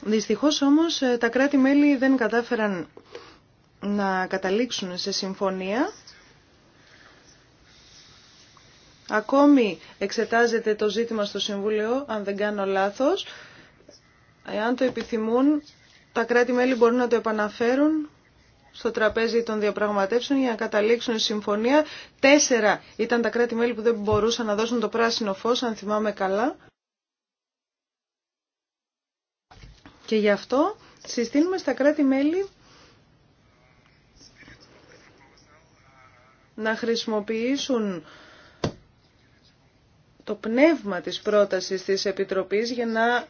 Δυστυχώς όμως ε, τα κράτη-μέλη δεν κατάφεραν να καταλήξουν σε συμφωνία. Ακόμη εξετάζεται το ζήτημα στο Συμβούλιο, αν δεν κάνω λάθος. Εάν το επιθυμούν, τα κράτη-μέλη μπορούν να το επαναφέρουν στο τραπέζι των διαπραγματεύσεων για να καταλήξουν συμφωνία. Τέσσερα ήταν τα κράτη-μέλη που δεν μπορούσαν να δώσουν το πράσινο φως, αν θυμάμαι καλά. Και γι' αυτό συστήνουμε στα κράτη-μέλη να χρησιμοποιήσουν το πνεύμα της πρότασης της Επιτροπής για να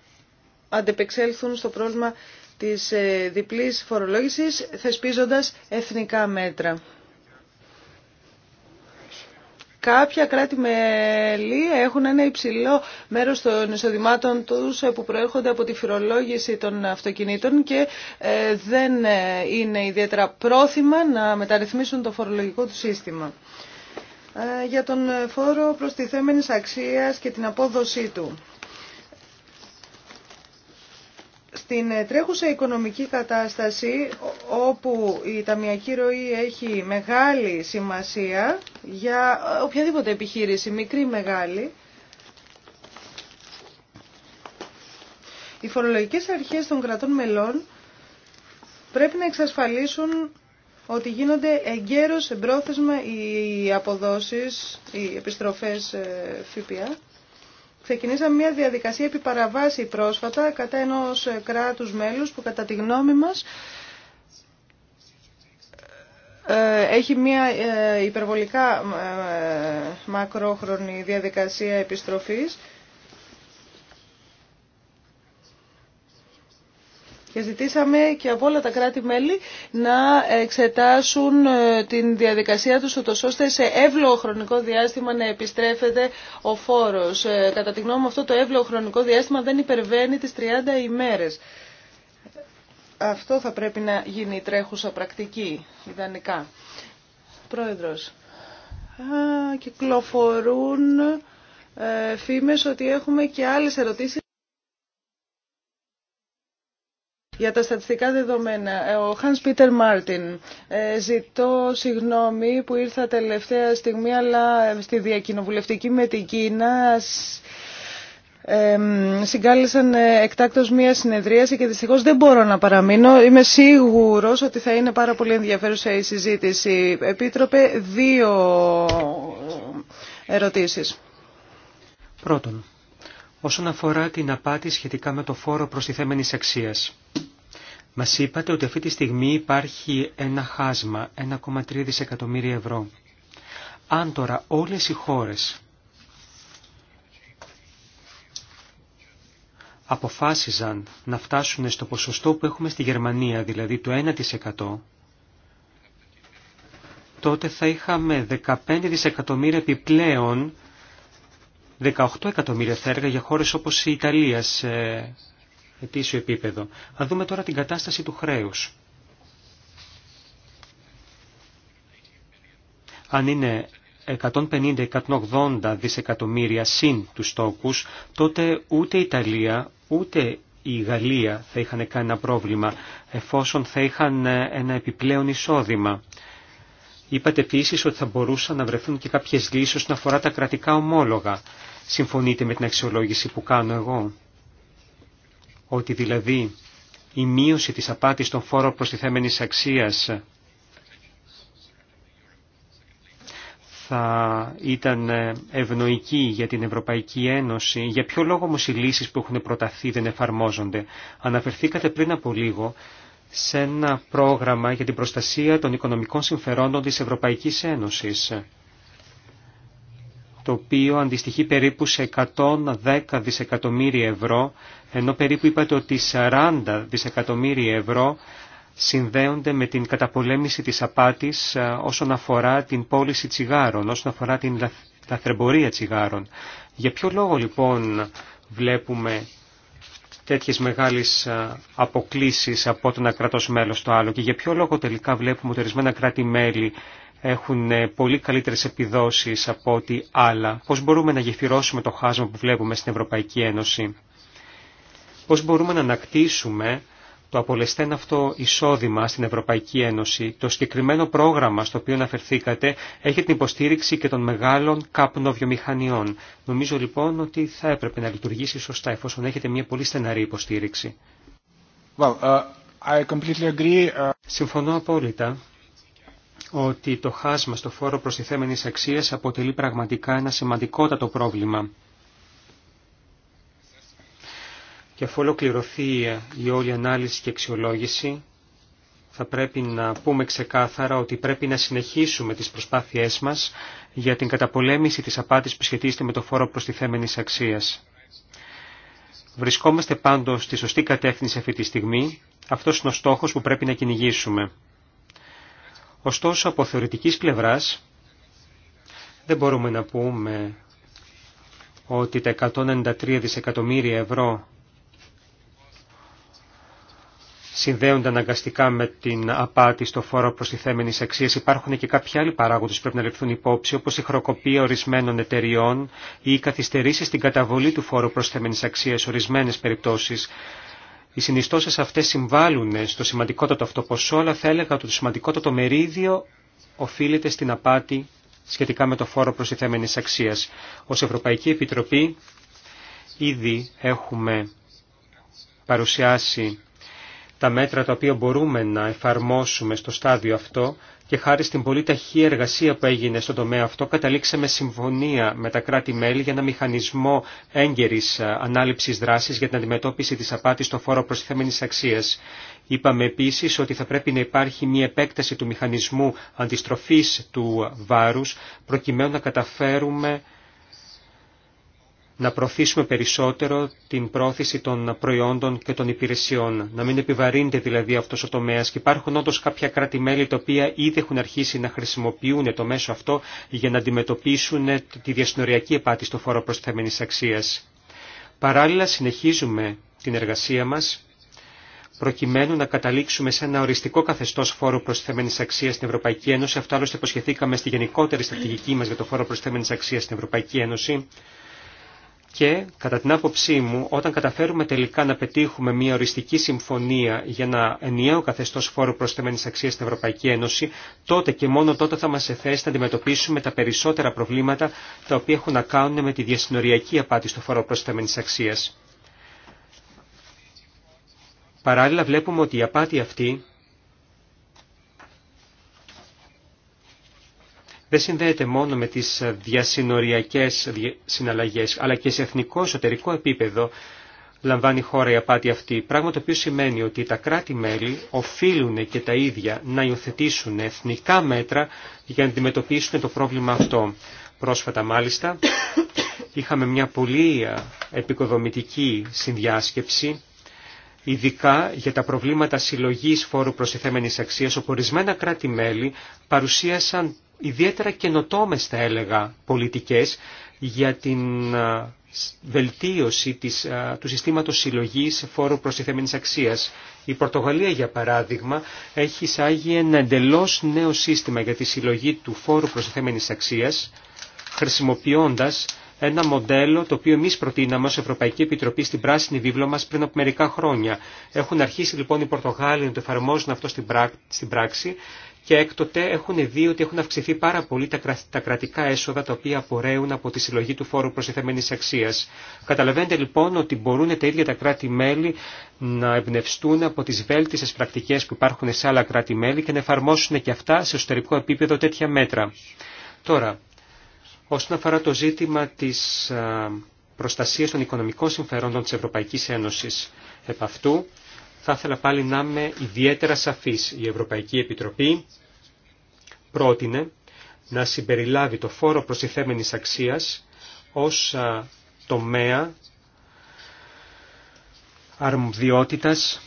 αντεπεξέλθουν στο πρόβλημα της ε, διπλής φορολόγησης θεσπίζοντας εθνικά μέτρα. Κάποια κράτη-μέλη έχουν ένα υψηλό μέρος των εισοδημάτων τους ε, που προέρχονται από τη φυρολόγηση των αυτοκινήτων και ε, δεν ε, είναι ιδιαίτερα πρόθυμα να μεταρρυθμίσουν το φορολογικό του σύστημα. Για τον φόρο προστιθέμενης αξίας και την απόδοσή του. Στην ε, τρέχουσα οικονομική κατάσταση όπου η ταμιακή ροή έχει μεγάλη σημασία για ε, οποιαδήποτε επιχείρηση, μικρή μεγάλη, οι φορολογικές αρχές των κρατών μελών πρέπει να εξασφαλίσουν ότι γίνονται εγκαίρως εμπρόθεσμα οι αποδόσεις, οι επιστροφές ε, ΦΠΑ ξεκινήσαμε μια διαδικασία επί πρόσφατα κατά ενός ε, κράτους μέλους που κατά τη γνώμη μας ε, έχει μια ε, υπερβολικά μακρόχρονη διαδικασία επιστροφής Και ζητήσαμε και από όλα τα κράτη-μέλη να εξετάσουν ε, την διαδικασία τους, ούτως ώστε σε εύλογο χρονικό διάστημα να επιστρέφεται ο φόρος. Ε, κατά τη γνώμη μου αυτό το εύλογο χρονικό διάστημα δεν υπερβαίνει τις 30 ημέρες. Αυτό θα πρέπει να γίνει η τρέχουσα πρακτική, ιδανικά. Πρόεδρος, α, κυκλοφορούν ε, φήμες ότι έχουμε και άλλες ερωτήσεις. για τα στατιστικά δεδομένα. Ε, ο Hans Πίτερ Μάρτιν, ζητώ συγγνώμη που ήρθα τελευταία στιγμή, αλλά ε, στη διακοινοβουλευτική με την Κίνα συγκάλεσαν ε, εκτάκτως μία συνεδρίαση και δυστυχώς δεν μπορώ να παραμείνω. Είμαι σίγουρος ότι θα είναι πάρα πολύ ενδιαφέρουσα η συζήτηση. Επίτροπε, δύο ερωτήσεις. Πρώτον, όσον αφορά την απάτη σχετικά με το φόρο προστιθέμενης αξίας. Μας είπατε ότι αυτή τη στιγμή υπάρχει ένα χάσμα 1,3 δισεκατομμύρια ευρώ. Αν τώρα όλες οι χώρες αποφάσιζαν να φτάσουν στο ποσοστό που έχουμε στη Γερμανία, δηλαδή το 1%, τότε θα είχαμε 15 δισεκατομμύρια επιπλέον 18 εκατομμύρια θα έργα για χώρες όπως η Ιταλία ετήσιο επίπεδο. Θα δούμε τώρα την κατάσταση του χρέους. Αν είναι 150-180 δισεκατομμύρια συν τους στόκους, τότε ούτε η Ιταλία ούτε η Γαλλία θα είχαν κανένα πρόβλημα, εφόσον θα είχαν ένα επιπλέον εισόδημα. Είπατε επίση ότι θα μπορούσαν να βρεθούν και κάποιες λύσεις όσον αφορά τα κρατικά ομόλογα. Συμφωνείτε με την αξιολόγηση που κάνω εγώ ότι δηλαδή η μείωση της απάτης των φόρων προστιθέμενης αξίας θα ήταν ευνοϊκή για την Ευρωπαϊκή Ένωση, για ποιο λόγο όμως οι λύσεις που έχουν προταθεί δεν εφαρμόζονται. Αναφερθήκατε πριν από λίγο σε ένα πρόγραμμα για την προστασία των οικονομικών συμφερόντων της Ευρωπαϊκής Ένωσης το οποίο αντιστοιχεί περίπου σε 110 δισεκατομμύρια ευρώ, ενώ περίπου είπατε ότι 40 δισεκατομμύρια ευρώ συνδέονται με την καταπολέμηση της απάτης ε, όσον αφορά την πώληση τσιγάρων, όσον αφορά την λαθρεμπορία τσιγάρων. Για ποιο λόγο λοιπόν βλέπουμε τέτοιες μεγάλες ε, αποκλίσεις από το ένα κρατώσει μέλος στο άλλο και για ποιο λόγο τελικά βλέπουμε ότι ορισμένα κράτη-μέλη έχουν ε, πολύ καλύτερες επιδόσεις από ό,τι άλλα. Πώς μπορούμε να γεφυρώσουμε το χάσμα που βλέπουμε στην Ευρωπαϊκή Ένωση. Πώς μπορούμε να ανακτήσουμε το απολεσθέν αυτό εισόδημα στην Ευρωπαϊκή Ένωση, το συγκεκριμένο πρόγραμμα στο οποίο αναφερθήκατε, έχει την υποστήριξη και των μεγάλων καπνοβιομηχανιών. Νομίζω λοιπόν ότι θα έπρεπε να λειτουργήσει σωστά εφόσον έχετε μια πολύ στεναρή υποστήριξη. Well, uh, I completely agree. Uh, Συμφωνώ απόλυτα ότι το χάσμα στο φόρο προστιθέμενης αξίας αποτελεί πραγματικά ένα σημαντικότατο πρόβλημα. Και αφού ολοκληρωθεί η όλη ανάλυση και αξιολόγηση, θα πρέπει να πούμε ξεκάθαρα ότι πρέπει να συνεχίσουμε τις προσπάθειές μας για την καταπολέμηση της απάτης που σχετίζεται με το φόρο προστιθέμενης αξίας. Βρισκόμαστε πάντως στη σωστή κατεύθυνση αυτή τη στιγμή. Αυτός είναι ο στόχος που πρέπει να κυνηγήσουμε. Ωστόσο, από θεωρητικής πλευράς, δεν μπορούμε να πούμε ότι τα 193 δισεκατομμύρια ευρώ συνδέονται αναγκαστικά με την απάτη στο φόρο προστιθέμενης αξίας. Υπάρχουν και κάποιοι άλλοι παράγοντες που πρέπει να ληφθούν υπόψη, όπως η χροκοπία ορισμένων εταιριών ή οι καθυστερήσεις στην καταβολή του φόρου προστιθέμενης αξίας ορισμένες περιπτώσεις. Οι συνιστώσεις αυτές συμβάλλουν στο σημαντικότατο αυτό ποσό, αλλά θα έλεγα ότι το σημαντικότατο μερίδιο οφείλεται στην απάτη σχετικά με το φόρο προστιθέμενης αξίας. Ως Ευρωπαϊκή Επιτροπή ήδη έχουμε παρουσιάσει τα μέτρα τα οποία μπορούμε να εφαρμόσουμε στο στάδιο αυτό και χάρη στην πολύ ταχύ εργασία που έγινε στον τομέα αυτό καταλήξαμε συμφωνία με τα κράτη-μέλη για ένα μηχανισμό έγκαιρη ε, ανάληψης δράσης για την αντιμετώπιση τη απάτης στο φόρο προστιθέμενης αξίας. Είπαμε επίσης ότι θα πρέπει να υπάρχει μια επέκταση του μηχανισμού αντιστροφής του βάρου προκειμένου να καταφέρουμε να προωθήσουμε περισσότερο την πρόθεση των προϊόντων και των υπηρεσιών. Να μην επιβαρύνεται δηλαδή αυτό ο τομέα. Και υπάρχουν όντω κάποια κράτη-μέλη τα οποία ήδη έχουν αρχίσει να χρησιμοποιούν το μέσο αυτό για να αντιμετωπίσουν τη διασυνοριακή επάτη στο φόρο προστιθέμενη αξία. Παράλληλα, συνεχίζουμε την εργασία μα προκειμένου να καταλήξουμε σε ένα οριστικό καθεστώ φόρου προστιθέμενη αξία στην Ευρωπαϊκή Ένωση. Αυτό άλλωστε υποσχεθήκαμε στη γενικότερη στρατηγική μα για το φόρο προστιθέμενη αξία στην Ευρωπαϊκή Ένωση. Και, κατά την άποψή μου, όταν καταφέρουμε τελικά να πετύχουμε μια οριστική συμφωνία για ένα ενιαίο καθεστώ φόρου προσθεμένη αξία στην Ευρωπαϊκή Ένωση, τότε και μόνο τότε θα μα εφέσει να αντιμετωπίσουμε τα περισσότερα προβλήματα τα οποία έχουν να κάνουν με τη διασυνοριακή απάτη στο φόρο προσθεμένη αξία. Παράλληλα, βλέπουμε ότι η απάτη αυτή δεν συνδέεται μόνο με τις διασυνοριακές συναλλαγές, αλλά και σε εθνικό εσωτερικό επίπεδο λαμβάνει η χώρα η απάτη αυτή, πράγμα το οποίο σημαίνει ότι τα κράτη-μέλη οφείλουν και τα ίδια να υιοθετήσουν εθνικά μέτρα για να αντιμετωπίσουν το πρόβλημα αυτό. Πρόσφατα μάλιστα [COUGHS] είχαμε μια πολύ επικοδομητική συνδιάσκεψη ειδικά για τα προβλήματα συλλογής φόρου προστιθέμενης αξίας, όπου ορισμένα κράτη-μέλη παρουσίασαν ιδιαίτερα καινοτόμες θα έλεγα πολιτικές για την βελτίωση της, του συστήματος συλλογής φόρου προστιθέμενης αξίας. Η Πορτογαλία, για παράδειγμα, έχει εισάγει ένα εντελώς νέο σύστημα για τη συλλογή του φόρου προστιθέμενης αξίας, χρησιμοποιώντας ένα μοντέλο το οποίο εμεί προτείναμε ω Ευρωπαϊκή Επιτροπή στην πράσινη βίβλο μα πριν από μερικά χρόνια. Έχουν αρχίσει λοιπόν οι Πορτογάλοι να το εφαρμόζουν αυτό στην πράξη και έκτοτε έχουν δει ότι έχουν αυξηθεί πάρα πολύ τα κρατικά έσοδα τα οποία απορρέουν από τη συλλογή του φόρου προσεθεμένης αξίας. Καταλαβαίνετε λοιπόν ότι μπορούν τα ίδια τα κράτη-μέλη να εμπνευστούν από τις βέλτιστες πρακτικές που υπάρχουν σε άλλα κράτη-μέλη και να εφαρμόσουν και αυτά σε εσωτερικό επίπεδο τέτοια μέτρα. Τώρα, όσον αφορά το ζήτημα της προστασίας των οικονομικών συμφερόντων της Ευρωπαϊκής Ένωσης, επ' αυτού θα ήθελα πάλι να είμαι ιδιαίτερα σαφής. Η Ευρωπαϊκή Επιτροπή πρότεινε να συμπεριλάβει το φόρο προστιθέμενης αξίας ως τομέα αρμοδιότητας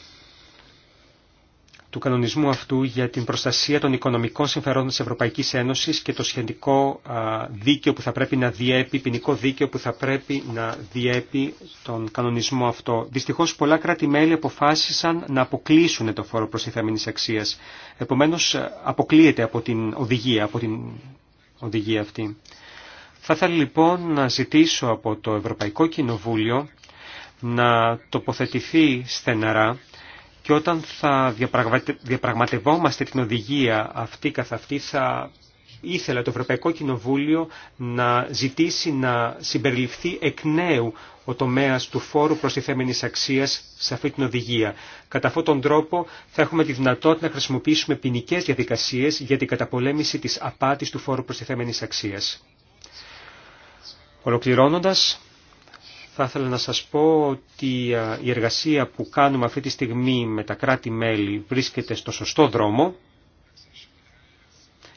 του κανονισμού αυτού για την προστασία των οικονομικών συμφερόντων της Ευρωπαϊκής Ένωσης και το σχετικό δίκαιο που θα πρέπει να διέπει, ποινικό δίκαιο που θα πρέπει να διέπει τον κανονισμό αυτό. Δυστυχώς πολλά κράτη-μέλη αποφάσισαν να αποκλείσουν το φόρο προστιθέμενης αξίας. Επομένως αποκλείεται από την οδηγία, από την οδηγία αυτή. Θα ήθελα λοιπόν να ζητήσω από το Ευρωπαϊκό Κοινοβούλιο να τοποθετηθεί στεναρά και όταν θα διαπραγματευόμαστε την οδηγία αυτή καθ' αυτή θα ήθελα το Ευρωπαϊκό Κοινοβούλιο να ζητήσει να συμπεριληφθεί εκ νέου ο τομέας του φόρου προστιθέμενης αξίας σε αυτή την οδηγία. Κατά αυτόν τον τρόπο θα έχουμε τη δυνατότητα να χρησιμοποιήσουμε ποινικέ διαδικασίες για την καταπολέμηση της απάτης του φόρου προστιθέμενης αξίας. Ολοκληρώνοντας, θα ήθελα να σας πω ότι η εργασία που κάνουμε αυτή τη στιγμή με τα κράτη-μέλη βρίσκεται στο σωστό δρόμο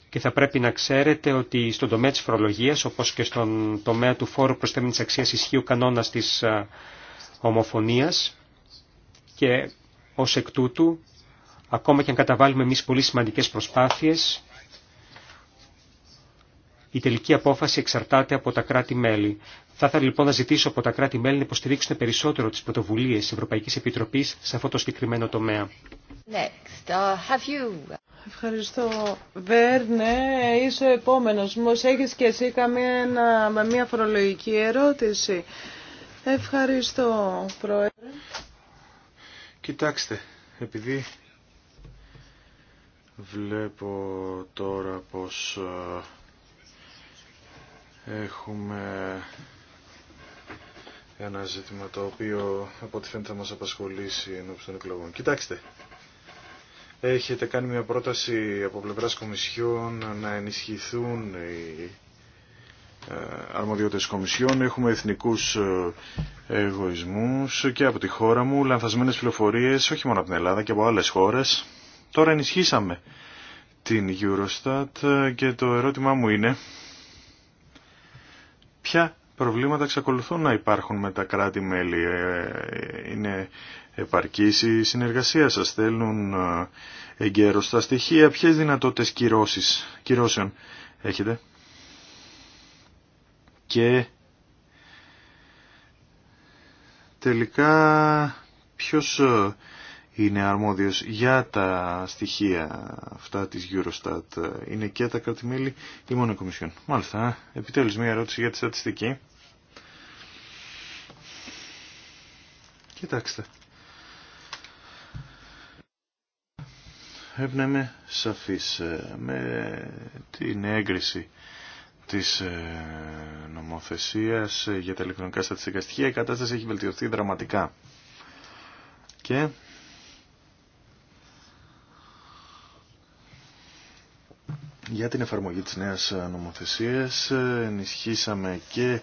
και θα πρέπει να ξέρετε ότι στον τομέα της φορολογίας όπως και στον τομέα του φόρου της αξίας ισχύου κανόνας της ομοφωνίας και ως εκ τούτου ακόμα και αν καταβάλουμε εμείς πολύ σημαντικές προσπάθειες η τελική απόφαση εξαρτάται από τα κράτη-μέλη. Θα ήθελα λοιπόν να ζητήσω από τα κράτη-μέλη να υποστηρίξουν περισσότερο τις πρωτοβουλίες της Ευρωπαϊκής Επιτροπής σε αυτό το συγκεκριμένο τομέα. Uh, Ευχαριστώ. Βέρνε, είσαι ο επόμενος. Μου έχεις και εσύ καμία μια φορολογική ερώτηση. Ευχαριστώ, Πρόεδρε. Κοιτάξτε, επειδή βλέπω τώρα πως ε, έχουμε ένα ζήτημα το οποίο από ό,τι φαίνεται θα μας απασχολήσει ενώπιση των εκλογών. Κοιτάξτε, έχετε κάνει μια πρόταση από πλευράς Κομισιόν να ενισχυθούν οι ε, αρμοδιότητες Κομισιόν. Έχουμε εθνικούς ε, εγωισμούς και από τη χώρα μου, λανθασμένες πληροφορίες όχι μόνο από την Ελλάδα και από άλλες χώρες. Τώρα ενισχύσαμε την Eurostat ε, και το ερώτημά μου είναι ποια προβλήματα εξακολουθούν να υπάρχουν με τα κράτη-μέλη. Ε, είναι επαρκής η συνεργασία σας. Θέλουν ε, εγκαίρως τα στοιχεία. Ποιες δυνατότητες κυρώσεις, κυρώσεων έχετε. Και τελικά ποιος ε, είναι αρμόδιος για τα στοιχεία αυτά της Eurostat. Είναι και τα κρατημέλη ή μόνο η Κομισιόν. Μάλιστα, ε, επιτέλους μια ερώτηση για τη στατιστική. Κοιτάξτε. Έπνεμε σαφής ε, με την έγκριση της ε, νομοθεσίας για τα ηλεκτρονικά στατιστικά στοιχεία η κατάσταση έχει βελτιωθεί δραματικά. Και Για την εφαρμογή της νέας νομοθεσίας ε, ενισχύσαμε και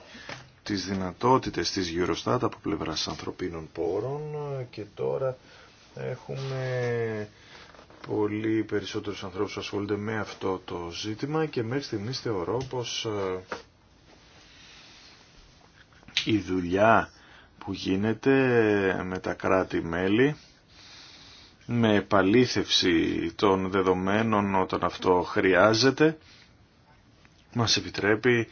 τις δυνατότητες της Eurostat από πλευράς ανθρωπίνων πόρων ε, και τώρα έχουμε πολύ περισσότερους ανθρώπους που ασχολούνται με αυτό το ζήτημα και μέχρι στιγμής θεωρώ πως ε, η δουλειά που γίνεται με τα κράτη-μέλη με επαλήθευση των δεδομένων όταν αυτό χρειάζεται μας επιτρέπει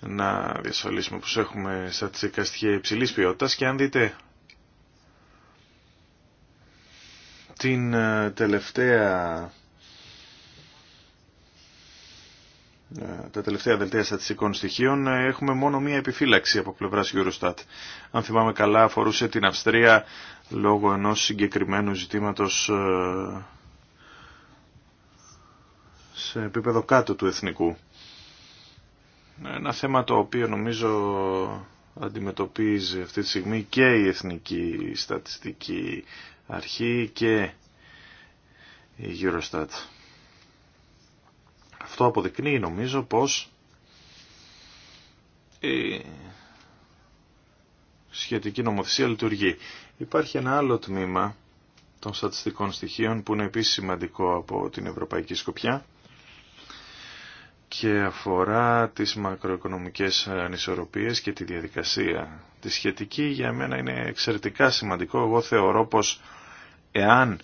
να διασφαλίσουμε πως έχουμε στατιστικά στοιχεία υψηλής ποιότητας και αν δείτε την ε, τελευταία Ε, τα τελευταία δελτία στατιστικών στοιχείων ε, έχουμε μόνο μία επιφύλαξη από πλευράς Eurostat. Αν θυμάμαι καλά αφορούσε την Αυστρία λόγω ενός συγκεκριμένου ζητήματος ε, σε επίπεδο κάτω του εθνικού. Ένα θέμα το οποίο νομίζω αντιμετωπίζει αυτή τη στιγμή και η Εθνική Στατιστική Αρχή και η Eurostat. Αυτό αποδεικνύει νομίζω πως η σχετική νομοθεσία λειτουργεί. Υπάρχει ένα άλλο τμήμα των στατιστικών στοιχείων που είναι επίσης σημαντικό από την Ευρωπαϊκή Σκοπιά και αφορά τις μακροοικονομικές ανισορροπίες και τη διαδικασία. Τη σχετική για μένα είναι εξαιρετικά σημαντικό. Εγώ θεωρώ πως εάν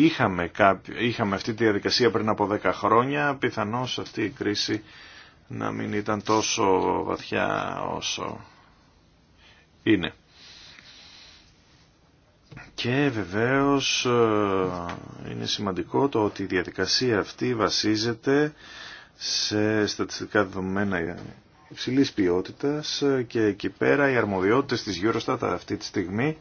είχαμε, είχαμε αυτή τη διαδικασία πριν από 10 χρόνια, πιθανώς αυτή η κρίση να μην ήταν τόσο βαθιά όσο είναι. Και βεβαίως ε, είναι σημαντικό το ότι η διαδικασία αυτή βασίζεται σε στατιστικά δεδομένα υψηλής ποιότητας και εκεί πέρα οι αρμοδιότητες της Eurostat αυτή τη στιγμή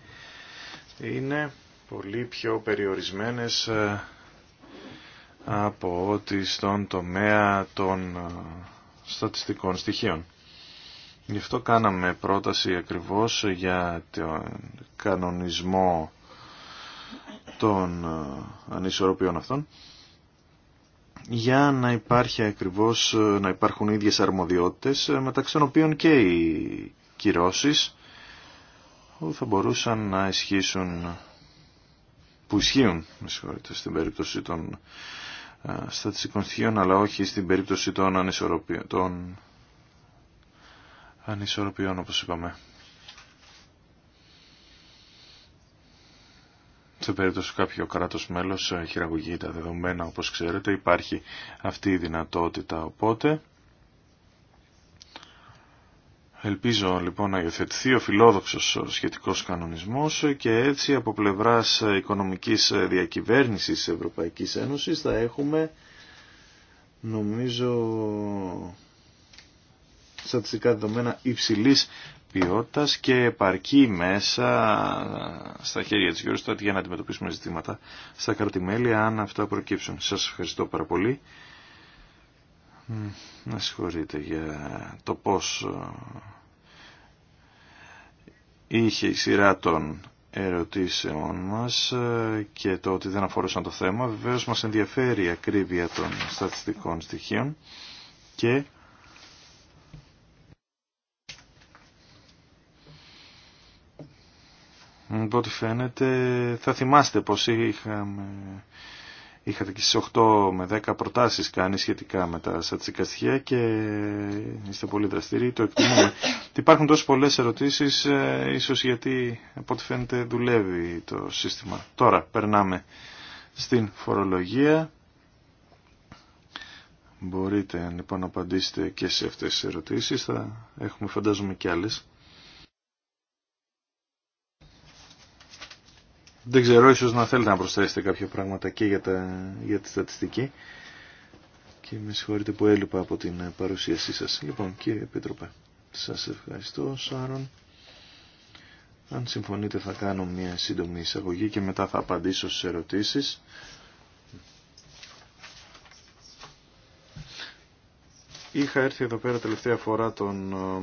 είναι πολύ πιο περιορισμένες ε, από ότι στον τομέα των ε, στατιστικών στοιχείων. Γι' αυτό κάναμε πρόταση ακριβώς για τον κανονισμό των ε, ανισορροπιών αυτών για να υπάρχει ακριβώς να υπάρχουν ίδιες αρμοδιότητες μεταξύ των οποίων και οι κυρώσεις που θα μπορούσαν να ισχύσουν που ισχύουν με στην περίπτωση των ε, στατιστικών στοιχείων αλλά όχι στην περίπτωση των ανισορροπιών, των ανισορροπιών όπως είπαμε. Σε περίπτωση κάποιο κράτος μέλος ε, χειραγωγεί τα δεδομένα όπως ξέρετε υπάρχει αυτή η δυνατότητα οπότε Ελπίζω λοιπόν να υιοθετηθεί ο φιλόδοξος σχετικός κανονισμός και έτσι από πλευράς οικονομικής διακυβέρνησης Ευρωπαϊκής Ένωσης θα έχουμε νομίζω στατιστικά δεδομένα υψηλής ποιότητας και επαρκή μέσα στα χέρια της Eurostat για να αντιμετωπίσουμε ζητήματα στα κρατημέλη αν αυτά προκύψουν. Σας ευχαριστώ πάρα πολύ. Να συγχωρείτε για το πώς είχε η σειρά των ερωτήσεων μας ε, και το ότι δεν αφορούσαν το θέμα. Βεβαίως μας ενδιαφέρει η ακρίβεια των στατιστικών στοιχείων και Οπότε φαίνεται θα θυμάστε πως είχαμε Είχατε και στις 8 με 10 προτάσεις κάνει σχετικά με τα σατσικαστία και είστε πολύ δραστηροί, το εκτιμούμε. [COUGHS] Υπάρχουν τόσες πολλές ερωτήσεις, ε, ίσως γιατί από ό,τι φαίνεται δουλεύει το σύστημα. Τώρα περνάμε στην φορολογία. Μπορείτε λοιπόν να απαντήσετε και σε αυτές τις ερωτήσεις, θα έχουμε φαντάζομαι και άλλες. Δεν ξέρω, ίσως να θέλετε να προσθέσετε κάποια πράγματα και για, τα, για τη στατιστική. Και με συγχωρείτε που έλειπα από την παρουσίασή σας. Λοιπόν, κύριε Επίτροπε, σας ευχαριστώ, Σάρον. Αν συμφωνείτε θα κάνω μια σύντομη εισαγωγή και μετά θα απαντήσω στις ερωτήσεις. Είχα έρθει εδώ πέρα τελευταία φορά τον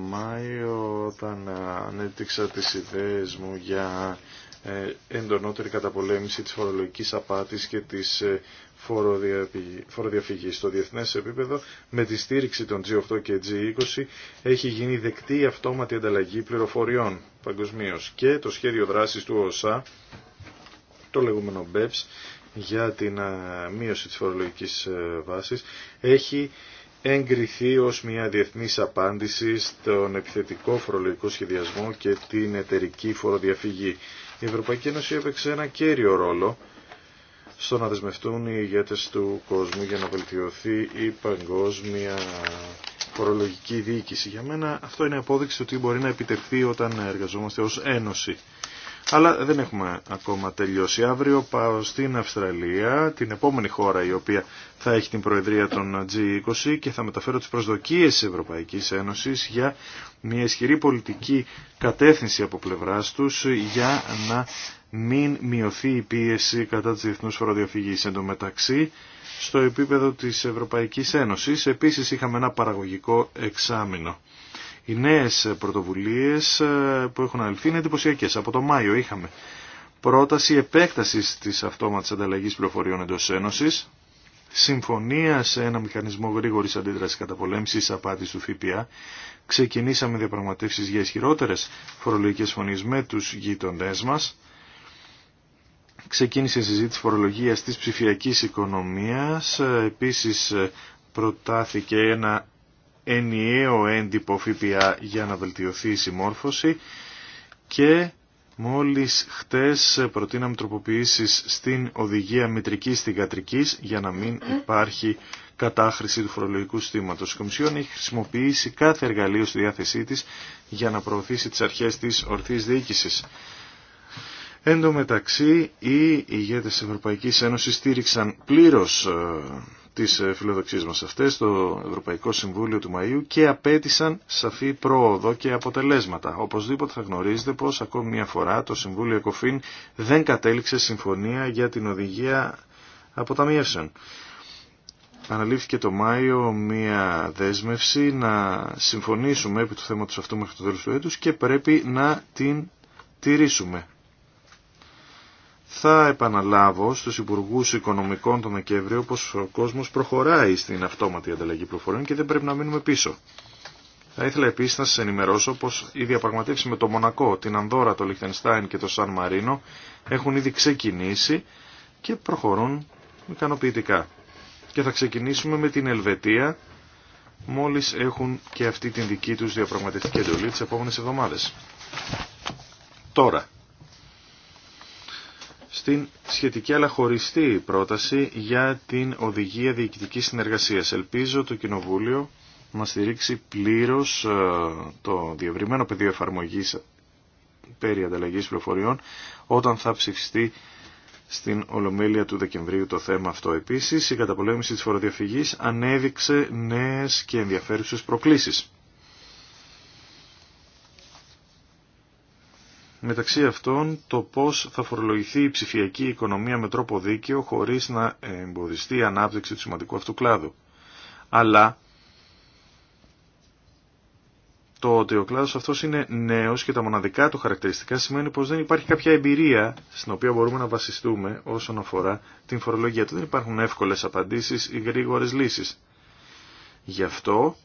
Μάιο όταν ανέπτυξα τις ιδέες μου για ε, εντονότερη καταπολέμηση της φορολογικής απάτης και της ε, φοροδιαφυγής. Στο διεθνές επίπεδο, με τη στήριξη των G8 και G20, έχει γίνει δεκτή η αυτόματη ανταλλαγή πληροφοριών παγκοσμίω και το σχέδιο δράσης του ΟΣΑ, το λεγόμενο BEPS, για την μείωση της φορολογικής ε, βάσης, έχει εγκριθεί ως μια διεθνής απάντηση στον επιθετικό φορολογικό σχεδιασμό και την εταιρική φοροδιαφυγή. Η Ευρωπαϊκή Ένωση έπαιξε ένα κέριο ρόλο στο να δεσμευτούν οι ηγέτες του κόσμου για να βελτιωθεί η παγκόσμια φορολογική διοίκηση. Για μένα αυτό είναι απόδειξη ότι μπορεί να επιτευχθεί όταν εργαζόμαστε ως Ένωση. Αλλά δεν έχουμε ακόμα τελειώσει. Αύριο πάω στην Αυστραλία, την επόμενη χώρα η οποία θα έχει την προεδρία των G20 και θα μεταφέρω τις προσδοκίες της Ευρωπαϊκής Ένωσης για μια ισχυρή πολιτική κατεύθυνση από πλευράς τους για να μην μειωθεί η πίεση κατά της διεθνούς φοροδιαφυγής. Εν μεταξύ, στο επίπεδο της Ευρωπαϊκής Ένωσης, επίσης είχαμε ένα παραγωγικό εξάμεινο. Οι νέες πρωτοβουλίες ε, που έχουν αληθεί είναι εντυπωσιακέ. Από το Μάιο είχαμε πρόταση επέκτασης της αυτόματης ανταλλαγής πληροφοριών εντός Ένωσης, συμφωνία σε ένα μηχανισμό γρήγορη αντίδραση καταπολέμησης απάτη του ΦΠΑ. Ξεκινήσαμε διαπραγματεύσει για ισχυρότερε φορολογικέ φωνίε με του γείτονέ μα. Ξεκίνησε η συζήτηση φορολογία τη ψηφιακή οικονομία. Ε, Επίση, ε, προτάθηκε ένα ενιαίο έντυπο ΦΠΑ για να βελτιωθεί η συμμόρφωση και μόλις χτες προτείναμε τροποποιήσεις στην οδηγία μητρικής θηγατρικής για να μην υπάρχει κατάχρηση του φορολογικού συστήματος. Η Κομισιόν έχει χρησιμοποιήσει κάθε εργαλείο στη διάθεσή της για να προωθήσει τις αρχές της ορθής διοίκησης. Εν τω μεταξύ, οι ηγέτες της Ευρωπαϊκής Ένωσης στήριξαν πλήρως ε, τις ε, φιλοδοξίες μας αυτές στο Ευρωπαϊκό Συμβούλιο του Μαΐου και απέτησαν σαφή πρόοδο και αποτελέσματα. Οπωσδήποτε θα γνωρίζετε πως ακόμη μια φορά το Συμβούλιο ΕΚΟΦΗΝ δεν κατέληξε συμφωνία για την οδηγία αποταμιεύσεων. Αναλήφθηκε το Μάιο μία δέσμευση να συμφωνήσουμε επί του θέματος αυτού μέχρι το τέλος του έτους και πρέπει να την τηρήσουμε. Θα επαναλάβω στους Υπουργούς Οικονομικών τον Δεκέμβριο πως ο κόσμος προχωράει στην αυτόματη ανταλλαγή πληροφοριών και δεν πρέπει να μείνουμε πίσω. Θα ήθελα επίσης να σας ενημερώσω πως οι διαπραγματεύσεις με το Μονακό, την Ανδόρα, το Λιχτενστάιν και το Σαν Μαρίνο έχουν ήδη ξεκινήσει και προχωρούν ικανοποιητικά. Και θα ξεκινήσουμε με την Ελβετία μόλις έχουν και αυτή την δική τους διαπραγματευτική εντολή τις επόμενες εβδομάδες. Τώρα, στην σχετική αλλά χωριστή πρόταση για την οδηγία διοικητική συνεργασίας. Ελπίζω το Κοινοβούλιο να στηρίξει πλήρως ε, το διευρυμένο πεδίο εφαρμογής περί ανταλλαγής πληροφοριών όταν θα ψηφιστεί στην Ολομέλεια του Δεκεμβρίου το θέμα αυτό. Επίσης, η καταπολέμηση της φοροδιαφυγής ανέδειξε νέες και ενδιαφέρουσες προκλήσεις. Μεταξύ αυτών το πώς θα φορολογηθεί η ψηφιακή οικονομία με τρόπο δίκαιο χωρίς να εμποδιστεί η ανάπτυξη του σημαντικού αυτού κλάδου. Αλλά το ότι ο κλάδος αυτός είναι νέος και τα μοναδικά του χαρακτηριστικά σημαίνει πως δεν υπάρχει κάποια εμπειρία στην οποία μπορούμε να βασιστούμε όσον αφορά την φορολογία του. Δεν υπάρχουν εύκολες απαντήσεις ή γρήγορες λύσεις. Γι' αυτό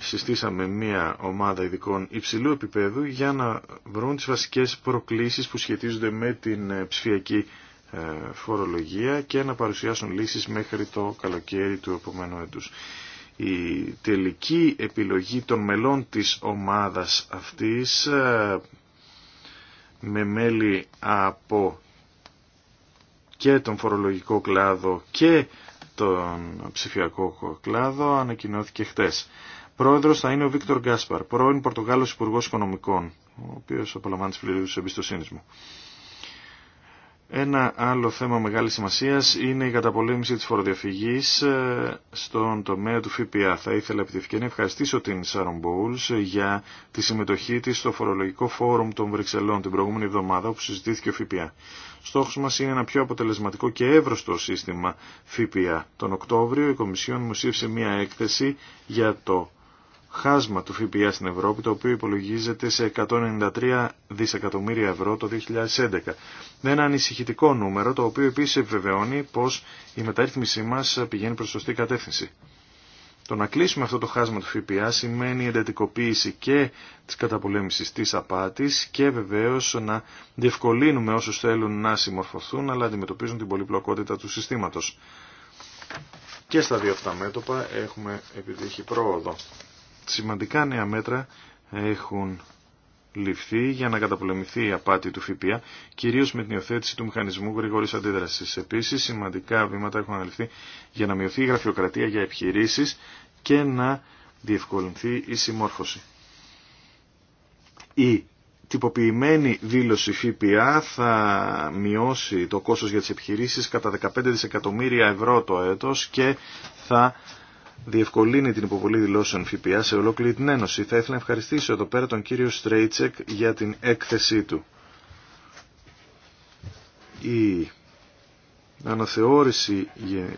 συστήσαμε μία ομάδα ειδικών υψηλού επίπεδου για να βρουν τις βασικές προκλήσεις που σχετίζονται με την ε, ψηφιακή ε, φορολογία και να παρουσιάσουν λύσεις μέχρι το καλοκαίρι του επόμενου έτους. Η τελική επιλογή των μελών της ομάδας αυτής ε, με μέλη από και τον φορολογικό κλάδο και τον ψηφιακό κλάδο ανακοινώθηκε χτες. Πρόεδρος θα είναι ο Βίκτορ Γκάσπαρ, πρώην Πορτογάλος Υπουργός Οικονομικών, ο οποίος απολαμβάνει τις πληρούς εμπιστοσύνη μου. Ένα άλλο θέμα μεγάλης σημασίας είναι η καταπολέμηση της φοροδιαφυγής ε, στον τομέα του ΦΠΑ. Θα ήθελα επί να ευχαριστήσω την Σάρον Μπόουλς για τη συμμετοχή της στο φορολογικό φόρουμ των Βρυξελών την προηγούμενη εβδομάδα όπου συζητήθηκε ο ΦΠΑ. Στόχος μας είναι ένα πιο αποτελεσματικό και εύρωστο σύστημα ΦΠΑ. Τον Οκτώβριο η Κομισιόν δημοσίευσε μια έκθεση για το χάσμα του ΦΠΑ στην Ευρώπη, το οποίο υπολογίζεται σε 193 δισεκατομμύρια ευρώ το 2011. ένα ανησυχητικό νούμερο, το οποίο επίσης επιβεβαιώνει πως η μεταρρύθμισή μας πηγαίνει προς σωστή κατεύθυνση. Το να κλείσουμε αυτό το χάσμα του ΦΠΑ σημαίνει εντατικοποίηση και της καταπολέμησης της απάτης και βεβαίως να διευκολύνουμε όσους θέλουν να συμμορφωθούν αλλά αντιμετωπίζουν την πολυπλοκότητα του συστήματος. Και στα δύο αυτά μέτωπα έχουμε επιτύχει πρόοδο σημαντικά νέα μέτρα έχουν ληφθεί για να καταπολεμηθεί η απάτη του ΦΠΑ, κυρίως με την υιοθέτηση του μηχανισμού γρήγορης αντίδρασης. Επίσης, σημαντικά βήματα έχουν αναλυφθεί για να μειωθεί η γραφειοκρατία για επιχειρήσεις και να διευκολυνθεί η συμμόρφωση. Η τυποποιημένη δήλωση ΦΠΑ θα μειώσει το κόστος για τις επιχειρήσεις κατά 15 δισεκατομμύρια ευρώ το έτος και θα διευκολύνει την υποβολή δηλώσεων ΦΠΑ σε ολόκληρη την Ένωση. Θα ήθελα να ευχαριστήσω εδώ πέρα τον κύριο Στρέιτσεκ για την έκθεσή του. Η αναθεώρηση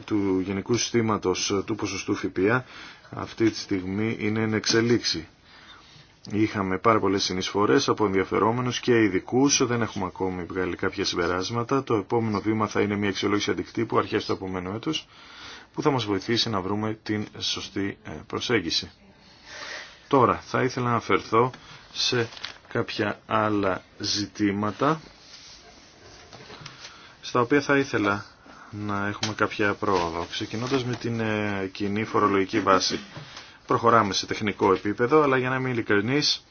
του γενικού συστήματος του ποσοστού ΦΠΑ αυτή τη στιγμή είναι εν εξελίξη. Είχαμε πάρα πολλέ συνεισφορέ από ενδιαφερόμενου και ειδικού. Δεν έχουμε ακόμη βγάλει κάποια συμπεράσματα. Το επόμενο βήμα θα είναι μια αξιολόγηση αντικτύπου αρχέ του επόμενου έτου που θα μας βοηθήσει να βρούμε την σωστή ε, προσέγγιση. Τώρα θα ήθελα να αφαιρθώ σε κάποια άλλα ζητήματα στα οποία θα ήθελα να έχουμε κάποια πρόοδο. Ξεκινώντας με την ε, κοινή φορολογική βάση. Προχωράμε σε τεχνικό επίπεδο, αλλά για να είμαι ειλικρινής,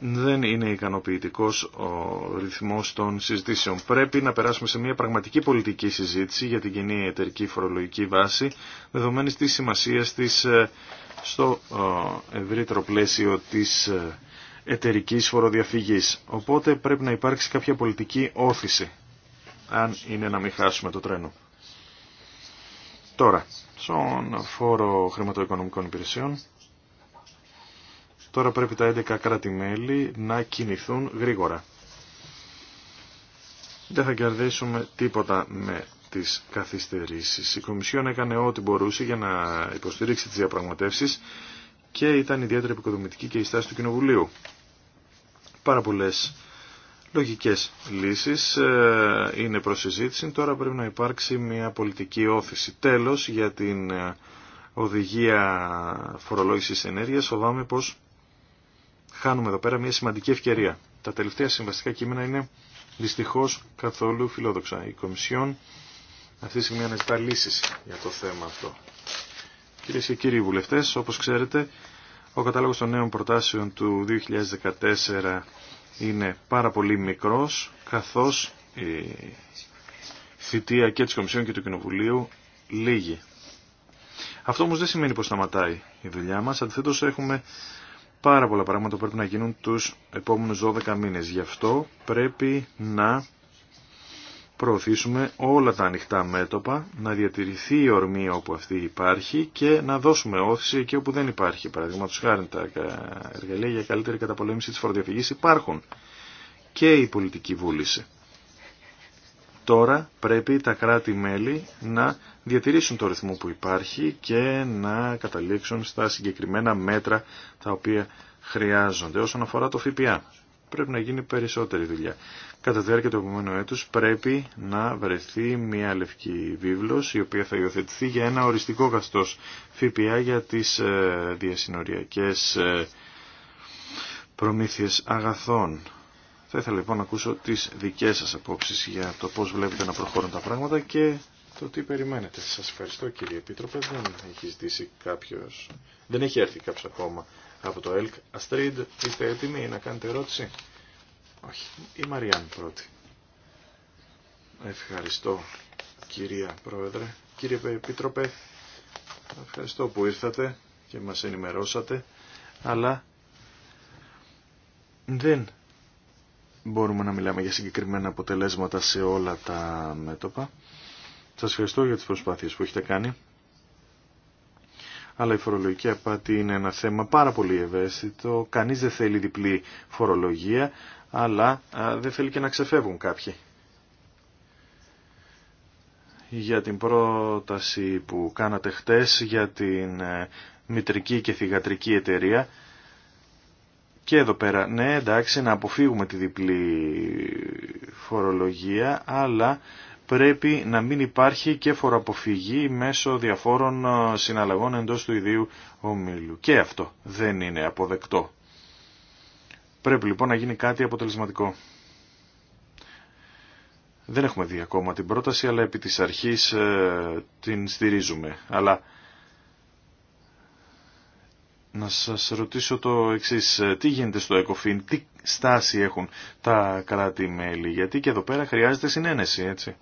δεν είναι ικανοποιητικός ο ρυθμός των συζητήσεων. Πρέπει να περάσουμε σε μια πραγματική πολιτική συζήτηση για την κοινή εταιρική φορολογική βάση, δεδομένης της σημασίας της ε, στο ε, ευρύτερο πλαίσιο της ε, εταιρικής φοροδιαφυγής. Οπότε πρέπει να υπάρξει κάποια πολιτική όθηση, αν είναι να μην χάσουμε το τρένο. Τώρα, στον φόρο χρηματοοικονομικών υπηρεσιών, Τώρα πρέπει τα 11 κράτη-μέλη να κινηθούν γρήγορα. Δεν θα κερδίσουμε τίποτα με τις καθυστερήσεις. Η Κομισιόν έκανε ό,τι μπορούσε για να υποστηρίξει τις διαπραγματεύσεις και ήταν ιδιαίτερα επικοδομητική και η στάση του Κοινοβουλίου. Πάρα πολλέ λογικές λύσεις ε, είναι προς συζήτηση. Τώρα πρέπει να υπάρξει μια πολιτική όθηση. Τέλος, για την ε, οδηγία φορολόγησης ενέργειας φοβάμαι πως χάνουμε εδώ πέρα μια σημαντική ευκαιρία. Τα τελευταία συμβαστικά κείμενα είναι δυστυχώ καθόλου φιλόδοξα. Η Κομισιόν αυτή τη στιγμή αναζητά λύσει για το θέμα αυτό. Κυρίε και κύριοι βουλευτές, όπως ξέρετε, ο κατάλογος των νέων προτάσεων του 2014 είναι πάρα πολύ μικρός, καθώς η θητεία και της Κομισιόν και του Κοινοβουλίου λίγη. Αυτό όμω δεν σημαίνει πω σταματάει η δουλειά μα, αντιθέτω έχουμε πάρα πολλά πράγματα πρέπει να γίνουν τους επόμενους 12 μήνες. Γι' αυτό πρέπει να προωθήσουμε όλα τα ανοιχτά μέτωπα, να διατηρηθεί η ορμή όπου αυτή υπάρχει και να δώσουμε όθηση εκεί όπου δεν υπάρχει. Παραδείγματο χάρη τα εργαλεία για καλύτερη καταπολέμηση της φοροδιαφυγής υπάρχουν και η πολιτική βούληση. Τώρα πρέπει τα κράτη-μέλη να διατηρήσουν το ρυθμό που υπάρχει και να καταλήξουν στα συγκεκριμένα μέτρα τα οποία χρειάζονται. Όσον αφορά το ΦΠΑ, πρέπει να γίνει περισσότερη δουλειά. Κατά διάρκεια του επόμενου έτους πρέπει να βρεθεί μια λευκή βίβλος η οποία θα υιοθετηθεί για ένα οριστικό καστό ΦΠΑ για τις ε, διασυνοριακές ε, προμήθειες αγαθών. Θα ήθελα λοιπόν να ακούσω τις δικές σας απόψεις για το πώς βλέπετε να προχωρούν τα πράγματα και το τι περιμένετε. Σας ευχαριστώ κύριε Επίτροπε. Δεν έχει ζητήσει κάποιος... Δεν έχει έρθει κάποιος ακόμα από το ΕΛΚ. Αστρίντ, είστε έτοιμοι να κάνετε ερώτηση. Όχι. Η Μαριάν πρώτη. Ευχαριστώ κυρία Πρόεδρε. Κύριε Επίτροπε, ευχαριστώ που ήρθατε και μας ενημερώσατε. Αλλά δεν μπορούμε να μιλάμε για συγκεκριμένα αποτελέσματα σε όλα τα μέτωπα. Σας ευχαριστώ για τις προσπάθειες που έχετε κάνει. Αλλά η φορολογική απάτη είναι ένα θέμα πάρα πολύ ευαίσθητο. Κανείς δεν θέλει διπλή φορολογία, αλλά δεν θέλει και να ξεφεύγουν κάποιοι. Για την πρόταση που κάνατε χτες για την ε, μητρική και θυγατρική εταιρεία, και εδώ πέρα, ναι εντάξει να αποφύγουμε τη διπλή φορολογία, αλλά πρέπει να μην υπάρχει και φοροαποφυγή μέσω διαφόρων ε, συναλλαγών εντός του ιδίου ομίλου. Και αυτό δεν είναι αποδεκτό. Πρέπει λοιπόν να γίνει κάτι αποτελεσματικό. Δεν έχουμε δει ακόμα την πρόταση, αλλά επί της αρχής ε, την στηρίζουμε. Αλλά να σας ρωτήσω το εξής. Ε, τι γίνεται στο ΕΚΟΦΗΝ, τι στάση έχουν τα κράτη-μέλη, γιατί και εδώ πέρα χρειάζεται συνένεση, έτσι.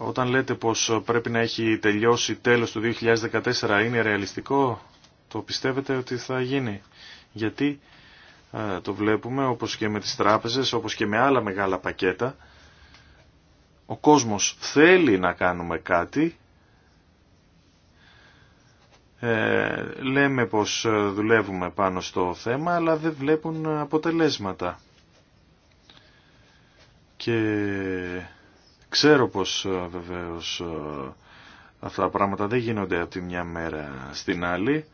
Όταν λέτε πως πρέπει να έχει τελειώσει τέλος του 2014, είναι ρεαλιστικό, το πιστεύετε ότι θα γίνει. Γιατί ε, το βλέπουμε, όπως και με τις τράπεζες, όπως και με άλλα μεγάλα πακέτα, ο κόσμος θέλει να κάνουμε κάτι, ε, λέμε πως ε, δουλεύουμε πάνω στο θέμα, αλλά δεν βλέπουν αποτελέσματα. Και ξέρω πως ε, βεβαίως ε, αυτά τα πράγματα δεν γίνονται από τη μια μέρα στην άλλη.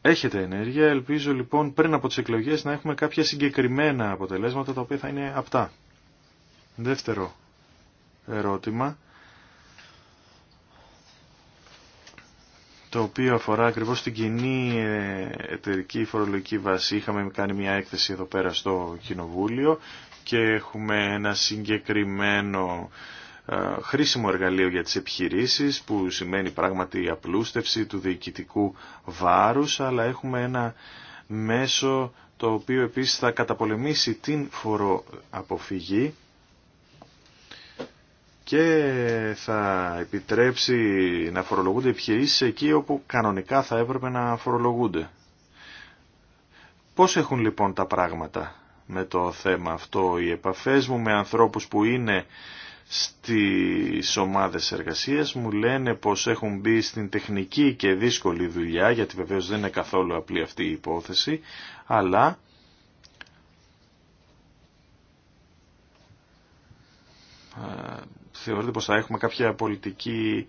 Έχετε ενέργεια, ελπίζω λοιπόν πριν από τις εκλογές να έχουμε κάποια συγκεκριμένα αποτελέσματα τα οποία θα είναι απτά. Δεύτερο ερώτημα το οποίο αφορά ακριβώς την κοινή εταιρική φορολογική βάση. Είχαμε κάνει μια έκθεση εδώ πέρα στο Κοινοβούλιο και έχουμε ένα συγκεκριμένο ε, χρήσιμο εργαλείο για τις επιχειρήσεις που σημαίνει πράγματι απλούστευση του διοικητικού βάρους αλλά έχουμε ένα μέσο το οποίο επίσης θα καταπολεμήσει την φοροαποφυγή και θα επιτρέψει να φορολογούνται επιχειρήσεις εκεί όπου κανονικά θα έπρεπε να φορολογούνται. Πώς έχουν λοιπόν τα πράγματα με το θέμα αυτό οι επαφές μου με ανθρώπους που είναι στις ομάδες εργασίας μου λένε πως έχουν μπει στην τεχνική και δύσκολη δουλειά γιατί βεβαίως δεν είναι καθόλου απλή αυτή η υπόθεση αλλά θεωρείτε πως θα έχουμε κάποια πολιτική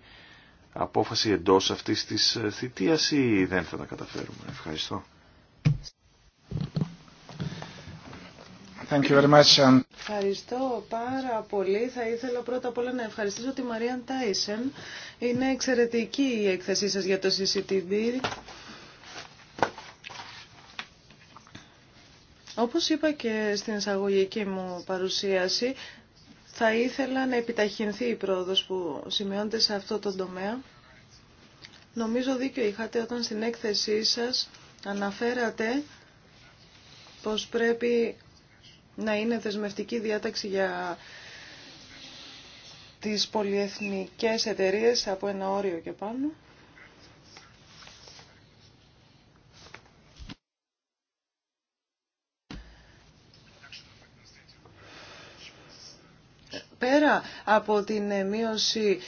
απόφαση εντός αυτής της ε, θητείας ή δεν θα τα καταφέρουμε. Ευχαριστώ. Thank Ευχαριστώ πάρα πολύ. Θα ήθελα πρώτα απ' όλα να ευχαριστήσω τη Μαρία Τάισεν. Είναι εξαιρετική η έκθεσή σας για το CCTV. Όπως είπα και στην εισαγωγική μου παρουσίαση, θα ήθελα να επιταχυνθεί η πρόοδος που σημειώνεται σε αυτό το τομέα. Νομίζω δίκιο είχατε όταν στην έκθεσή σας αναφέρατε πως πρέπει να είναι δεσμευτική διάταξη για τις πολυεθνικές εταιρείες από ένα όριο και πάνω. πέρα από την μείωση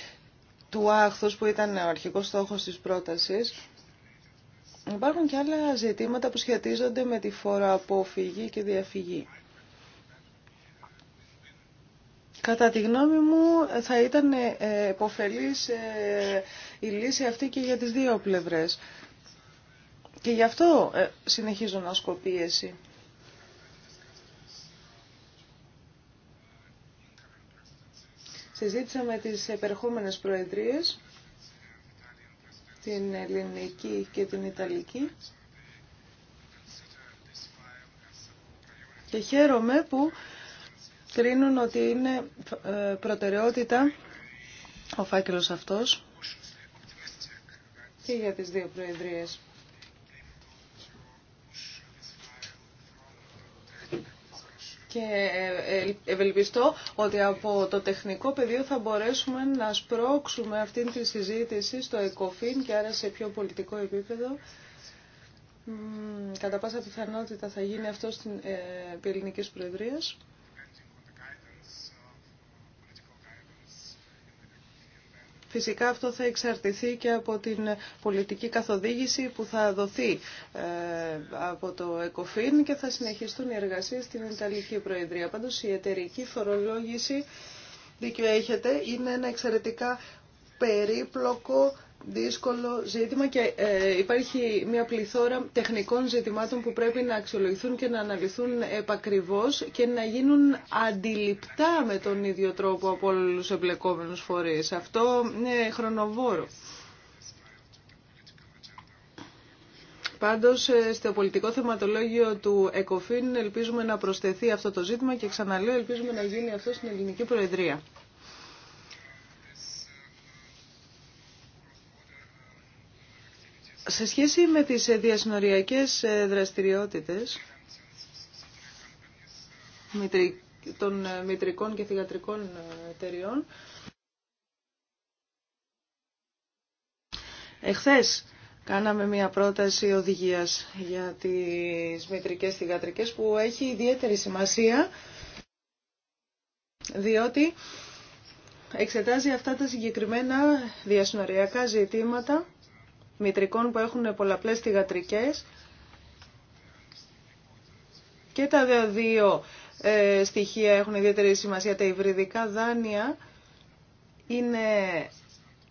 του άχθους που ήταν ο αρχικός στόχος της πρότασης. Υπάρχουν και άλλα ζητήματα που σχετίζονται με τη φορά απόφυγη και διαφυγή. Κατά τη γνώμη μου θα ήταν ε, εποφελής ε, η λύση αυτή και για τις δύο πλευρές. Και γι' αυτό ε, συνεχίζω να σκοπίεση. συζήτησα με τις επερχόμενες προεδρίες, την ελληνική και την ιταλική, και χαίρομαι που κρίνουν ότι είναι ε, προτεραιότητα ο φάκελος αυτός και για τις δύο προεδρίες. και ε, ε, ευελπιστώ ότι από το τεχνικό πεδίο θα μπορέσουμε να σπρώξουμε αυτήν τη συζήτηση στο ΕΚΟΦΗΝ και άρα σε πιο πολιτικό επίπεδο. Κατά πάσα πιθανότητα θα γίνει αυτό στην ε, Προεδρία. Φυσικά αυτό θα εξαρτηθεί και από την πολιτική καθοδήγηση που θα δοθεί ε, από το ΕΚΟΦΗΝ και θα συνεχιστούν οι εργασίες στην Ιταλική Προεδρία. Πάντως η εταιρική φορολόγηση, δίκιο έχετε, είναι ένα εξαιρετικά περίπλοκο δύσκολο ζήτημα και ε, υπάρχει μια πληθώρα τεχνικών ζητημάτων που πρέπει να αξιολογηθούν και να αναλυθούν επακριβώς και να γίνουν αντιληπτά με τον ίδιο τρόπο από όλους τους εμπλεκόμενους φορείς. Αυτό είναι χρονοβόρο. Πάντως, ε, στο πολιτικό θεματολόγιο του ΕΚΟΦΗΝ ελπίζουμε να προσθεθεί αυτό το ζήτημα και ξαναλέω ελπίζουμε να γίνει αυτό στην Ελληνική Προεδρία. Σε σχέση με τις διασυνοριακές ε, δραστηριότητες των ε, μητρικών και θηγατρικών ε, εταιριών, εχθές Κάναμε μια πρόταση οδηγίας για τις μητρικές θηγατρικές που έχει ιδιαίτερη σημασία διότι εξετάζει αυτά τα συγκεκριμένα διασυνοριακά ζητήματα μητρικών που έχουν πολλαπλές θηγατρικές και τα δύο ε, στοιχεία έχουν ιδιαίτερη σημασία. Τα υβριδικά δάνεια είναι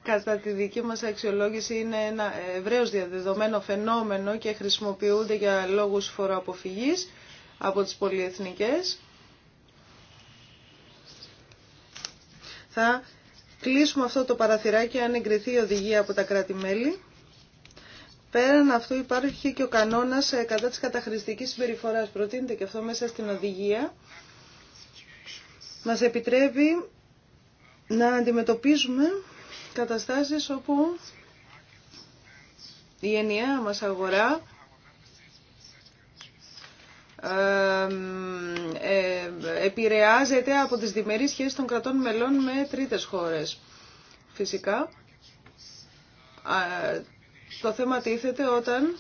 κατά τη δική μας αξιολόγηση είναι ένα ευρέως διαδεδομένο φαινόμενο και χρησιμοποιούνται για λόγους φοροαποφυγής από τις πολυεθνικές. Θα κλείσουμε αυτό το παραθυράκι αν εγκριθεί η οδηγία από τα κράτη-μέλη. Πέραν αυτού υπάρχει και ο κανόνας ε, κατά της καταχρηστικής συμπεριφοράς. Προτείνεται και αυτό μέσα στην οδηγία. Μας επιτρέπει να αντιμετωπίζουμε καταστάσεις όπου η ενιαία μας αγορά ε, επηρεάζεται από τις διμερείς σχέσεις των κρατών μελών με τρίτες χώρες. Φυσικά, το θέμα τίθεται όταν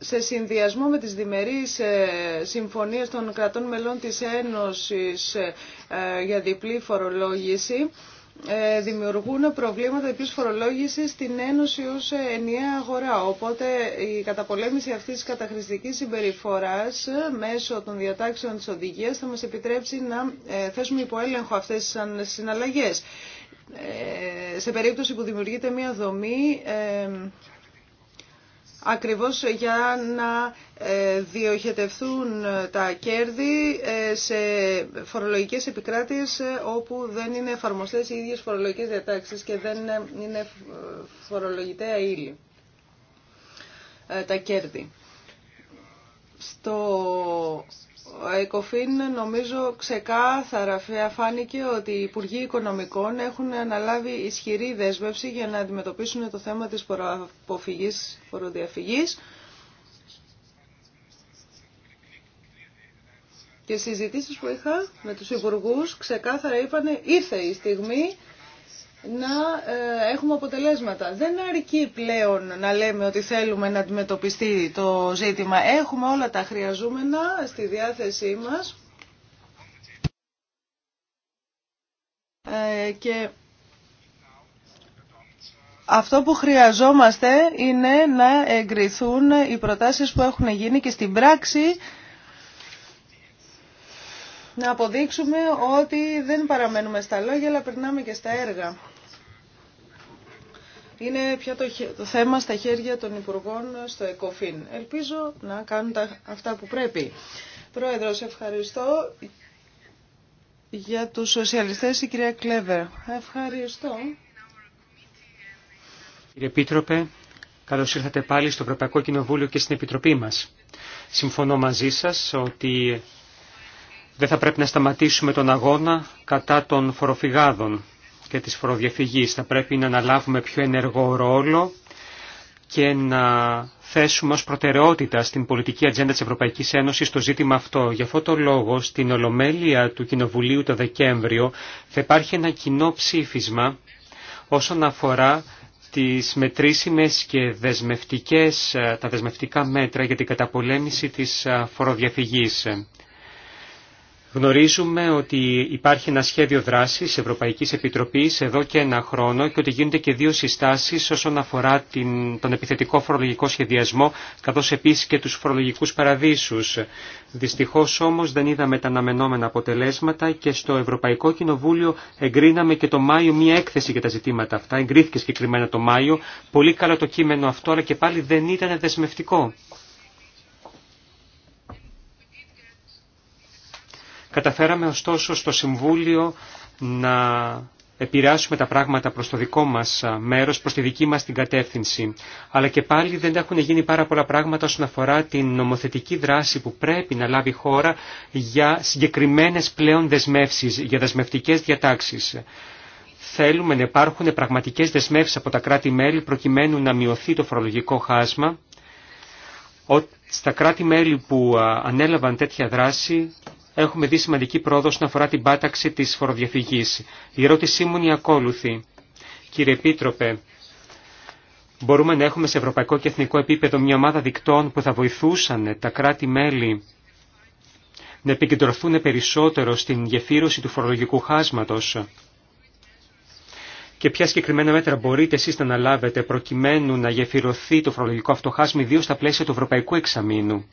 σε συνδυασμό με τις διμερείς ε, συμφωνίες των κρατών μελών της Ένωσης ε, για διπλή φορολόγηση ε, δημιουργούν προβλήματα επίσης φορολόγησης στην Ένωση ως ενιαία αγορά. Οπότε η καταπολέμηση αυτής της καταχρηστικής συμπεριφοράς μέσω των διατάξεων της οδηγίας θα μας επιτρέψει να θέσουμε υποέλεγχο έλεγχο αυτές τις συναλλαγές. Ε, σε περίπτωση που δημιουργείται μια δομή ε, ακριβώς για να ε, διοχετευθούν τα κέρδη σε φορολογικές επικράτειες όπου δεν είναι εφαρμοστές οι ίδιες φορολογικές διατάξεις και δεν είναι φορολογητέα ύλη τα κέρδη. Στο ΕΚΟΦΗΝ νομίζω ξεκάθαρα φάνηκε ότι οι Υπουργοί Οικονομικών έχουν αναλάβει ισχυρή δέσμευση για να αντιμετωπίσουν το θέμα της ποροδιαφυγής φοροδιαφυγής. Και συζητήσεις που είχα με τους Υπουργούς ξεκάθαρα είπανε ήρθε η στιγμή να ε, έχουμε αποτελέσματα. Δεν αρκεί πλέον να λέμε ότι θέλουμε να αντιμετωπιστεί το ζήτημα. Έχουμε όλα τα χρειαζόμενα στη διάθεσή μας. Ε, και αυτό που χρειαζόμαστε είναι να εγκριθούν οι προτάσεις που έχουν γίνει και στην πράξη να αποδείξουμε ότι δεν παραμένουμε στα λόγια αλλά περνάμε και στα έργα είναι πια το, θέμα στα χέρια των Υπουργών στο ΕΚΟΦΗΝ. Ελπίζω να κάνουν τα, αυτά που πρέπει. σε ευχαριστώ. Για τους σοσιαλιστές η κυρία Κλέβερ. Ευχαριστώ. Κύριε Επίτροπε, καλώς ήρθατε πάλι στο Ευρωπαϊκό Κοινοβούλιο και στην Επιτροπή μας. Συμφωνώ μαζί σας ότι δεν θα πρέπει να σταματήσουμε τον αγώνα κατά των φοροφυγάδων και της φοροδιαφυγής. Θα πρέπει να αναλάβουμε πιο ενεργό ρόλο και να θέσουμε ως προτεραιότητα στην πολιτική ατζέντα της Ευρωπαϊκής Ένωσης το ζήτημα αυτό. Γι' αυτό το λόγο στην Ολομέλεια του Κοινοβουλίου το Δεκέμβριο θα υπάρχει ένα κοινό ψήφισμα όσον αφορά τις μετρήσιμες και δεσμευτικές, τα δεσμευτικά μέτρα για την καταπολέμηση της φοροδιαφυγής. Γνωρίζουμε ότι υπάρχει ένα σχέδιο δράσης Ευρωπαϊκής Επιτροπής εδώ και ένα χρόνο και ότι γίνονται και δύο συστάσεις όσον αφορά την, τον επιθετικό φορολογικό σχεδιασμό καθώς επίσης και τους φορολογικούς παραδείσους. Δυστυχώς όμως δεν είδαμε τα αναμενόμενα αποτελέσματα και στο Ευρωπαϊκό Κοινοβούλιο εγκρίναμε και το Μάιο μία έκθεση για τα ζητήματα αυτά. Εγκρίθηκε συγκεκριμένα το Μάιο. Πολύ καλό το κείμενο αυτό αλλά και πάλι δεν ήταν δεσμευτικό. Καταφέραμε ωστόσο στο Συμβούλιο να επηρεάσουμε τα πράγματα προς το δικό μας μέρος, προς τη δική μας την κατεύθυνση. Αλλά και πάλι δεν έχουν γίνει πάρα πολλά πράγματα όσον αφορά την νομοθετική δράση που πρέπει να λάβει η χώρα για συγκεκριμένες πλέον δεσμεύσεις, για δεσμευτικές διατάξεις. Θέλουμε να υπάρχουν πραγματικές δεσμεύσεις από τα κράτη-μέλη προκειμένου να μειωθεί το φορολογικό χάσμα. Στα κράτη-μέλη που ανέλαβαν τέτοια δράση έχουμε δει σημαντική πρόοδο όσον αφορά την πάταξη της φοροδιαφυγής. Η ερώτησή μου είναι η ακόλουθη. Κύριε Επίτροπε, μπορούμε να έχουμε σε ευρωπαϊκό και εθνικό επίπεδο μια ομάδα δικτών που θα βοηθούσαν τα κράτη-μέλη να επικεντρωθούν περισσότερο στην γεφύρωση του φορολογικού χάσματος και ποια συγκεκριμένα μέτρα μπορείτε εσεί να αναλάβετε προκειμένου να γεφυρωθεί το φορολογικό αυτοχάσμα ιδίω στα πλαίσια του ευρωπαϊκού εξαμήνου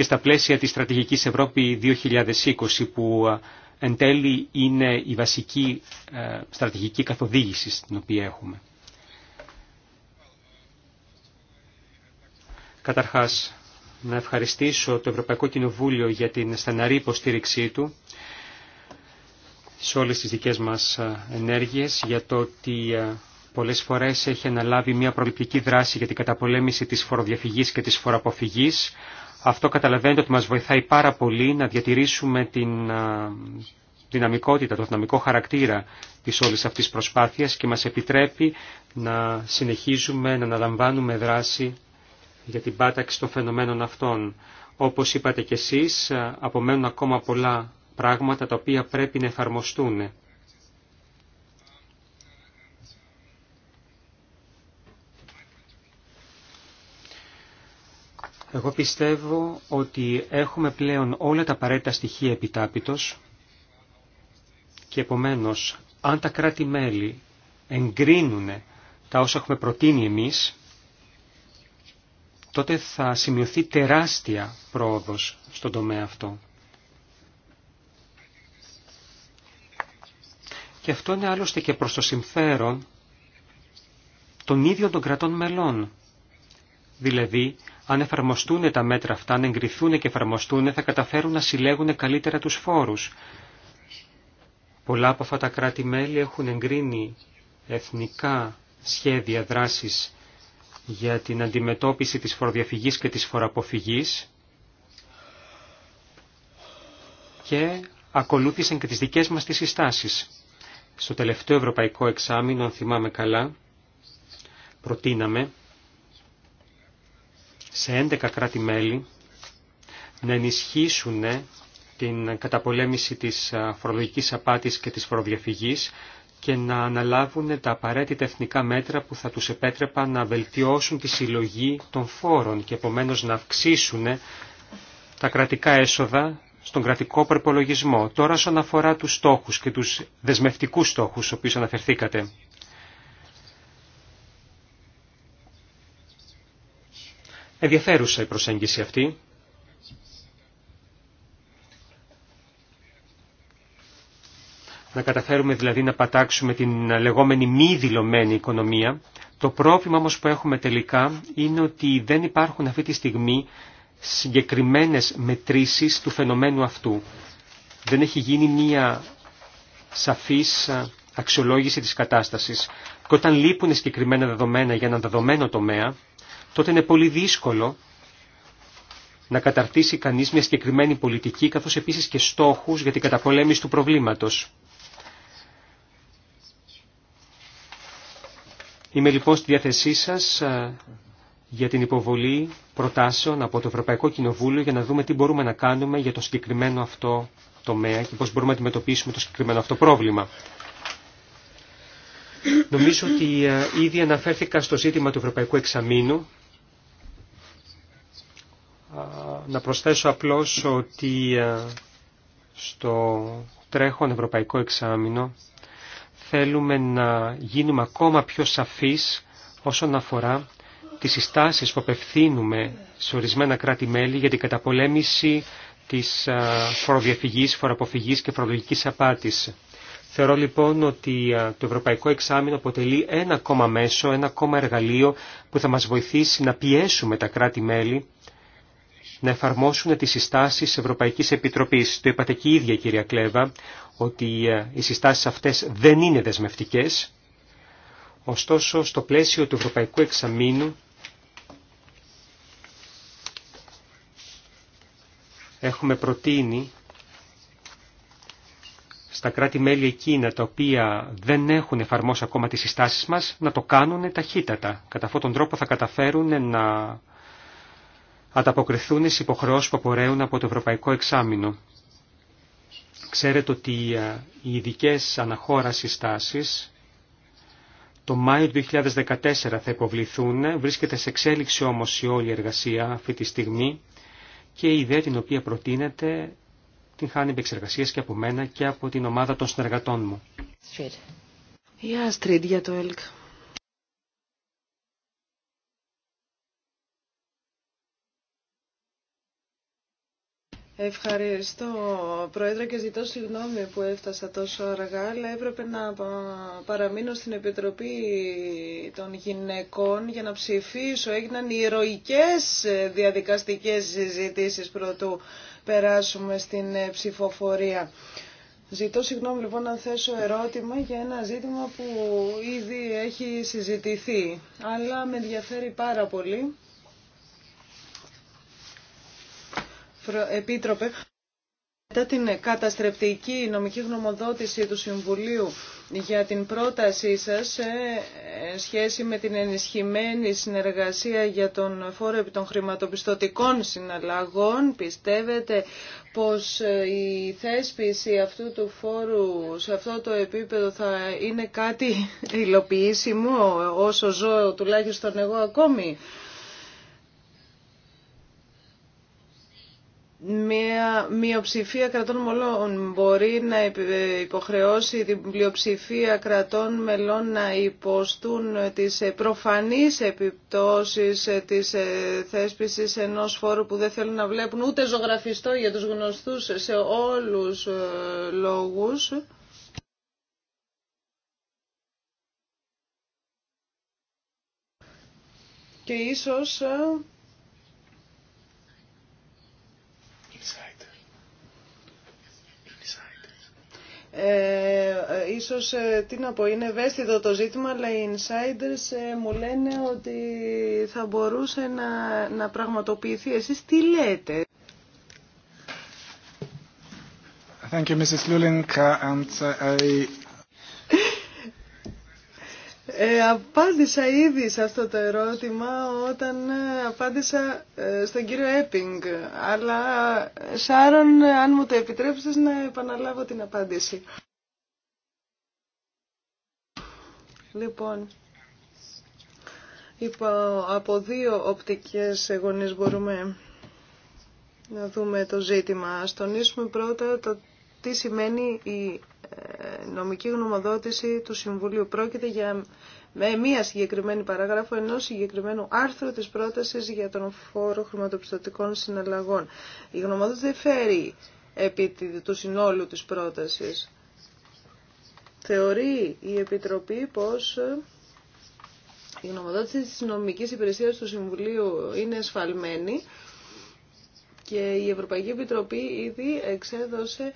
και στα πλαίσια της στρατηγικής Ευρώπη 2020 που ε, εν τέλει είναι η βασική ε, στρατηγική καθοδήγηση στην οποία έχουμε. Καταρχάς, να ευχαριστήσω το Ευρωπαϊκό Κοινοβούλιο για την στεναρή υποστήριξή του σε όλες τις δικές μας ε, ενέργειες για το ότι πολλές φορές έχει αναλάβει μια προληπτική δράση για την καταπολέμηση της φοροδιαφυγής και της φοροαποφυγής αυτό καταλαβαίνετε ότι μας βοηθάει πάρα πολύ να διατηρήσουμε την δυναμικότητα, το δυναμικό χαρακτήρα της όλης αυτής προσπάθειας και μας επιτρέπει να συνεχίζουμε να αναλαμβάνουμε δράση για την πάταξη των φαινομένων αυτών. Όπως είπατε κι εσείς, απομένουν ακόμα πολλά πράγματα τα οποία πρέπει να εφαρμοστούν. Εγώ πιστεύω ότι έχουμε πλέον όλα τα απαραίτητα στοιχεία επιτάπητος και επομένως αν τα κράτη-μέλη εγκρίνουν τα όσα έχουμε προτείνει εμείς, τότε θα σημειωθεί τεράστια πρόοδος στον τομέα αυτό. Και αυτό είναι άλλωστε και προς το συμφέρον των ίδιων των κρατών μελών. Δηλαδή, αν εφαρμοστούν τα μέτρα αυτά, αν εγκριθούν και εφαρμοστούν, θα καταφέρουν να συλλέγουν καλύτερα τους φόρους. Πολλά από αυτά τα κράτη-μέλη έχουν εγκρίνει εθνικά σχέδια δράσης για την αντιμετώπιση της φοροδιαφυγής και της φοροαποφυγής και ακολούθησαν και τις δικές μας τις συστάσεις. Στο τελευταίο ευρωπαϊκό εξάμεινο, αν θυμάμαι καλά, προτείναμε σε 11 κράτη-μέλη να ενισχύσουν την καταπολέμηση της φορολογικής απάτης και της φοροδιαφυγής και να αναλάβουν τα απαραίτητα εθνικά μέτρα που θα τους επέτρεπαν να βελτιώσουν τη συλλογή των φόρων και επομένως να αυξήσουν τα κρατικά έσοδα στον κρατικό προπολογισμό. Τώρα, όσον αφορά τους στόχους και τους δεσμευτικούς στόχους, στους οποίους αναφερθήκατε. Ενδιαφέρουσα η προσέγγιση αυτή. Να καταφέρουμε δηλαδή να πατάξουμε την λεγόμενη μη δηλωμένη οικονομία. Το πρόβλημα όμως που έχουμε τελικά είναι ότι δεν υπάρχουν αυτή τη στιγμή συγκεκριμένες μετρήσεις του φαινομένου αυτού. Δεν έχει γίνει μία σαφής αξιολόγηση της κατάστασης. Και όταν λείπουν συγκεκριμένα δεδομένα για έναν δεδομένο τομέα, τότε είναι πολύ δύσκολο να καταρτήσει κανείς μια συγκεκριμένη πολιτική, καθώς επίσης και στόχους για την καταπολέμηση του προβλήματος. Είμαι λοιπόν στη διάθεσή σας ε, για την υποβολή προτάσεων από το Ευρωπαϊκό Κοινοβούλιο για να δούμε τι μπορούμε να κάνουμε για το συγκεκριμένο αυτό τομέα και πώς μπορούμε να αντιμετωπίσουμε το συγκεκριμένο αυτό πρόβλημα. Νομίζω ότι ε, ήδη αναφέρθηκα στο ζήτημα του Ευρωπαϊκού Εξαμήνου να προσθέσω απλώς ότι ε, στο τρέχον ευρωπαϊκό εξάμεινο θέλουμε να γίνουμε ακόμα πιο σαφείς όσον αφορά τις συστάσεις που απευθύνουμε σε ορισμένα κράτη-μέλη για την καταπολέμηση της ε, φοροδιαφυγής, φοροαποφυγής και φορολογικής απάτης. Θεωρώ λοιπόν ότι ε, το Ευρωπαϊκό Εξάμεινο αποτελεί ένα ακόμα μέσο, ένα ακόμα εργαλείο που θα μας βοηθήσει να πιέσουμε τα κράτη-μέλη να εφαρμόσουν τις συστάσεις Ευρωπαϊκής Επιτροπής. Το είπατε και η ίδια κυρία Κλέβα ότι ε, οι συστάσεις αυτές δεν είναι δεσμευτικές. Ωστόσο, στο πλαίσιο του Ευρωπαϊκού Εξαμήνου έχουμε προτείνει στα κράτη-μέλη εκείνα τα οποία δεν έχουν εφαρμόσει ακόμα τις συστάσεις μας να το κάνουν ταχύτατα. Κατά αυτόν τον τρόπο θα καταφέρουν να ανταποκριθούν στις υποχρεώσεις που απορρέουν από το Ευρωπαϊκό Εξάμεινο. Ξέρετε ότι ε, οι ειδικέ αναχώρασεις τάσεις το Μάιο του 2014 θα υποβληθούν, βρίσκεται σε εξέλιξη όμως η όλη εργασία αυτή τη στιγμή και η ιδέα την οποία προτείνεται την χάνει επεξεργασία και από μένα και από την ομάδα των συνεργατών μου. ΕΛΚ. Ευχαριστώ, Πρόεδρε, και ζητώ συγγνώμη που έφτασα τόσο αργά, αλλά έπρεπε να παραμείνω στην Επιτροπή των Γυναικών για να ψηφίσω. Έγιναν ηρωικές διαδικαστικές συζητήσεις πρωτού περάσουμε στην ψηφοφορία. Ζητώ συγγνώμη λοιπόν να θέσω ερώτημα για ένα ζήτημα που ήδη έχει συζητηθεί, αλλά με ενδιαφέρει πάρα πολύ. Επίτροπε, μετά την καταστρεπτική νομική γνωμοδότηση του Συμβουλίου για την πρότασή σας σε ε, σχέση με την ενισχυμένη συνεργασία για τον φόρο επί των χρηματοπιστωτικών συναλλαγών, πιστεύετε πως ε, η θέσπιση αυτού του φόρου σε αυτό το επίπεδο θα είναι κάτι υλοποιήσιμο όσο ζω τουλάχιστον εγώ ακόμη. Μία μειοψηφία κρατών μελών μπορεί να υποχρεώσει την πλειοψηφία κρατών μελών να υποστούν τις προφανείς επιπτώσεις της ε, θέσπισης ενός φόρου που δεν θέλουν να βλέπουν ούτε ζωγραφιστό για τους γνωστούς σε όλους ε, λόγους. Και ίσως ε, Ε, ε, ίσως, ε, τι να πω, είναι ευαίσθητο το ζήτημα, αλλά οι insiders ε, μου λένε ότι θα μπορούσε να, να πραγματοποιηθεί. Εσείς τι λέτε. Thank you, Mrs. and uh, I ε, απάντησα ήδη σε αυτό το ερώτημα όταν ε, απάντησα ε, στον κύριο Έπινγκ. Αλλά, Σάρων, αν μου το επιτρέψεις να επαναλάβω την απάντηση. Λοιπόν, είπα, από δύο οπτικές γονείς μπορούμε να δούμε το ζήτημα. Ας τονίσουμε πρώτα το τι σημαίνει η νομική γνωμοδότηση του Συμβουλίου. Πρόκειται για με μία συγκεκριμένη παράγραφο ενό συγκεκριμένου άρθρου της πρότασης για τον φόρο χρηματοπιστωτικών συναλλαγών. Η γνωμοδότηση δεν φέρει επί του συνόλου της πρότασης. Θεωρεί η Επιτροπή πως ε, η γνωμοδότηση της νομικής υπηρεσίας του Συμβουλίου είναι εσφαλμένη και η Ευρωπαϊκή Επιτροπή ήδη εξέδωσε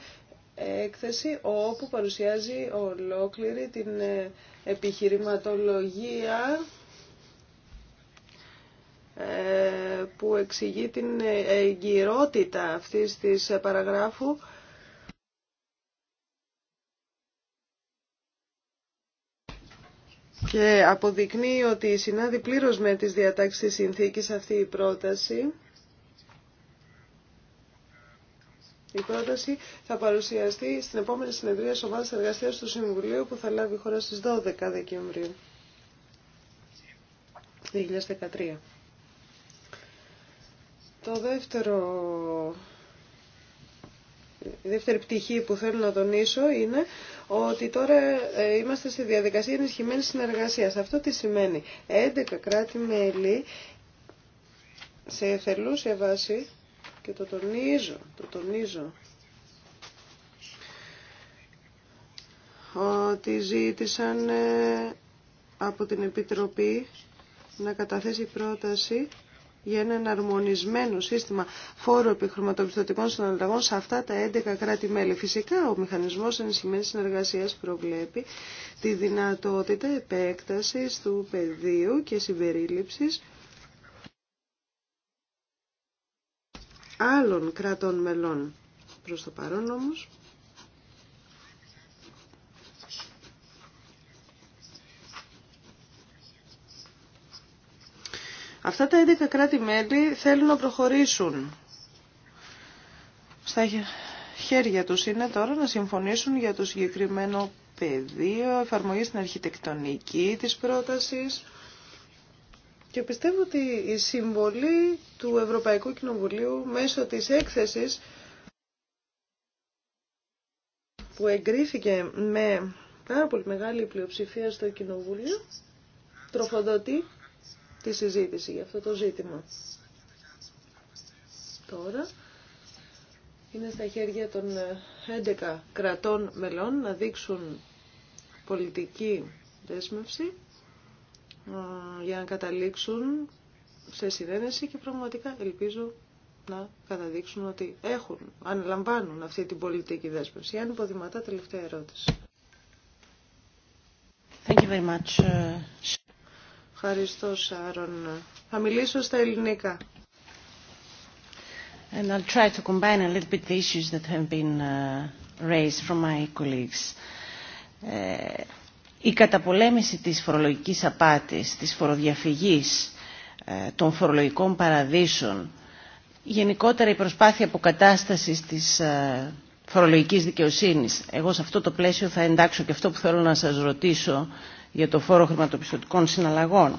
έκθεση όπου παρουσιάζει ολόκληρη την ε, επιχειρηματολογία ε, που εξηγεί την ε, εγκυρότητα αυτής της παραγράφου και αποδεικνύει ότι συνάδει πλήρως με τις διατάξεις της συνθήκης αυτή η πρόταση Η πρόταση θα παρουσιαστεί στην επόμενη συνεδρία της Ομάδας του Συμβουλίου που θα λάβει χώρα στις 12 Δεκεμβρίου 2013. Το δεύτερο η δεύτερη πτυχή που θέλω να τονίσω είναι ότι τώρα ε, είμαστε στη διαδικασία ενισχυμένη συνεργασία. Αυτό τι σημαίνει. 11 κράτη-μέλη σε εθελούσια βάση και το τονίζω, το τονίζω, ότι ζήτησαν ε, από την Επιτροπή να καταθέσει πρόταση για ένα αρμονισμένο σύστημα φόρου επιχρωματοπιστωτικών συναλλαγών σε αυτά τα 11 κράτη-μέλη. Φυσικά, ο μηχανισμός ενισχυμένης συνεργασίας προβλέπει τη δυνατότητα επέκτασης του πεδίου και συμπερίληψης άλλων κρατών μελών. Προς το παρόν όμως, Αυτά τα 11 κράτη-μέλη θέλουν να προχωρήσουν. Στα χέρια τους είναι τώρα να συμφωνήσουν για το συγκεκριμένο πεδίο εφαρμογή στην αρχιτεκτονική της πρότασης. Και πιστεύω ότι η συμβολή του Ευρωπαϊκού Κοινοβουλίου μέσω της έκθεσης που εγκρίθηκε με πάρα πολύ μεγάλη πλειοψηφία στο Κοινοβούλιο τροφοδοτεί τη συζήτηση για αυτό το ζήτημα. Τώρα είναι στα χέρια των 11 κρατών μελών να δείξουν πολιτική δέσμευση για να καταλήξουν σε συνένεση και πραγματικά ελπίζω να καταδείξουν ότι έχουν, αναλαμβάνουν αυτή την πολιτική δέσμευση. Αν υποδηματά, τελευταία ερώτηση. Thank you very much. Uh, Ευχαριστώ, Σάρον. Θα μιλήσω στα ελληνικά. And I'll try to combine a little bit the issues that have been uh, raised from my colleagues. Uh, η καταπολέμηση της φορολογικής απάτης, της φοροδιαφυγής, ε, των φορολογικών παραδείσων, γενικότερα η προσπάθεια αποκατάστασης της ε, φορολογικής δικαιοσύνης. Εγώ σε αυτό το πλαίσιο θα εντάξω και αυτό που θέλω να σας ρωτήσω για το φόρο χρηματοπιστωτικών συναλλαγών.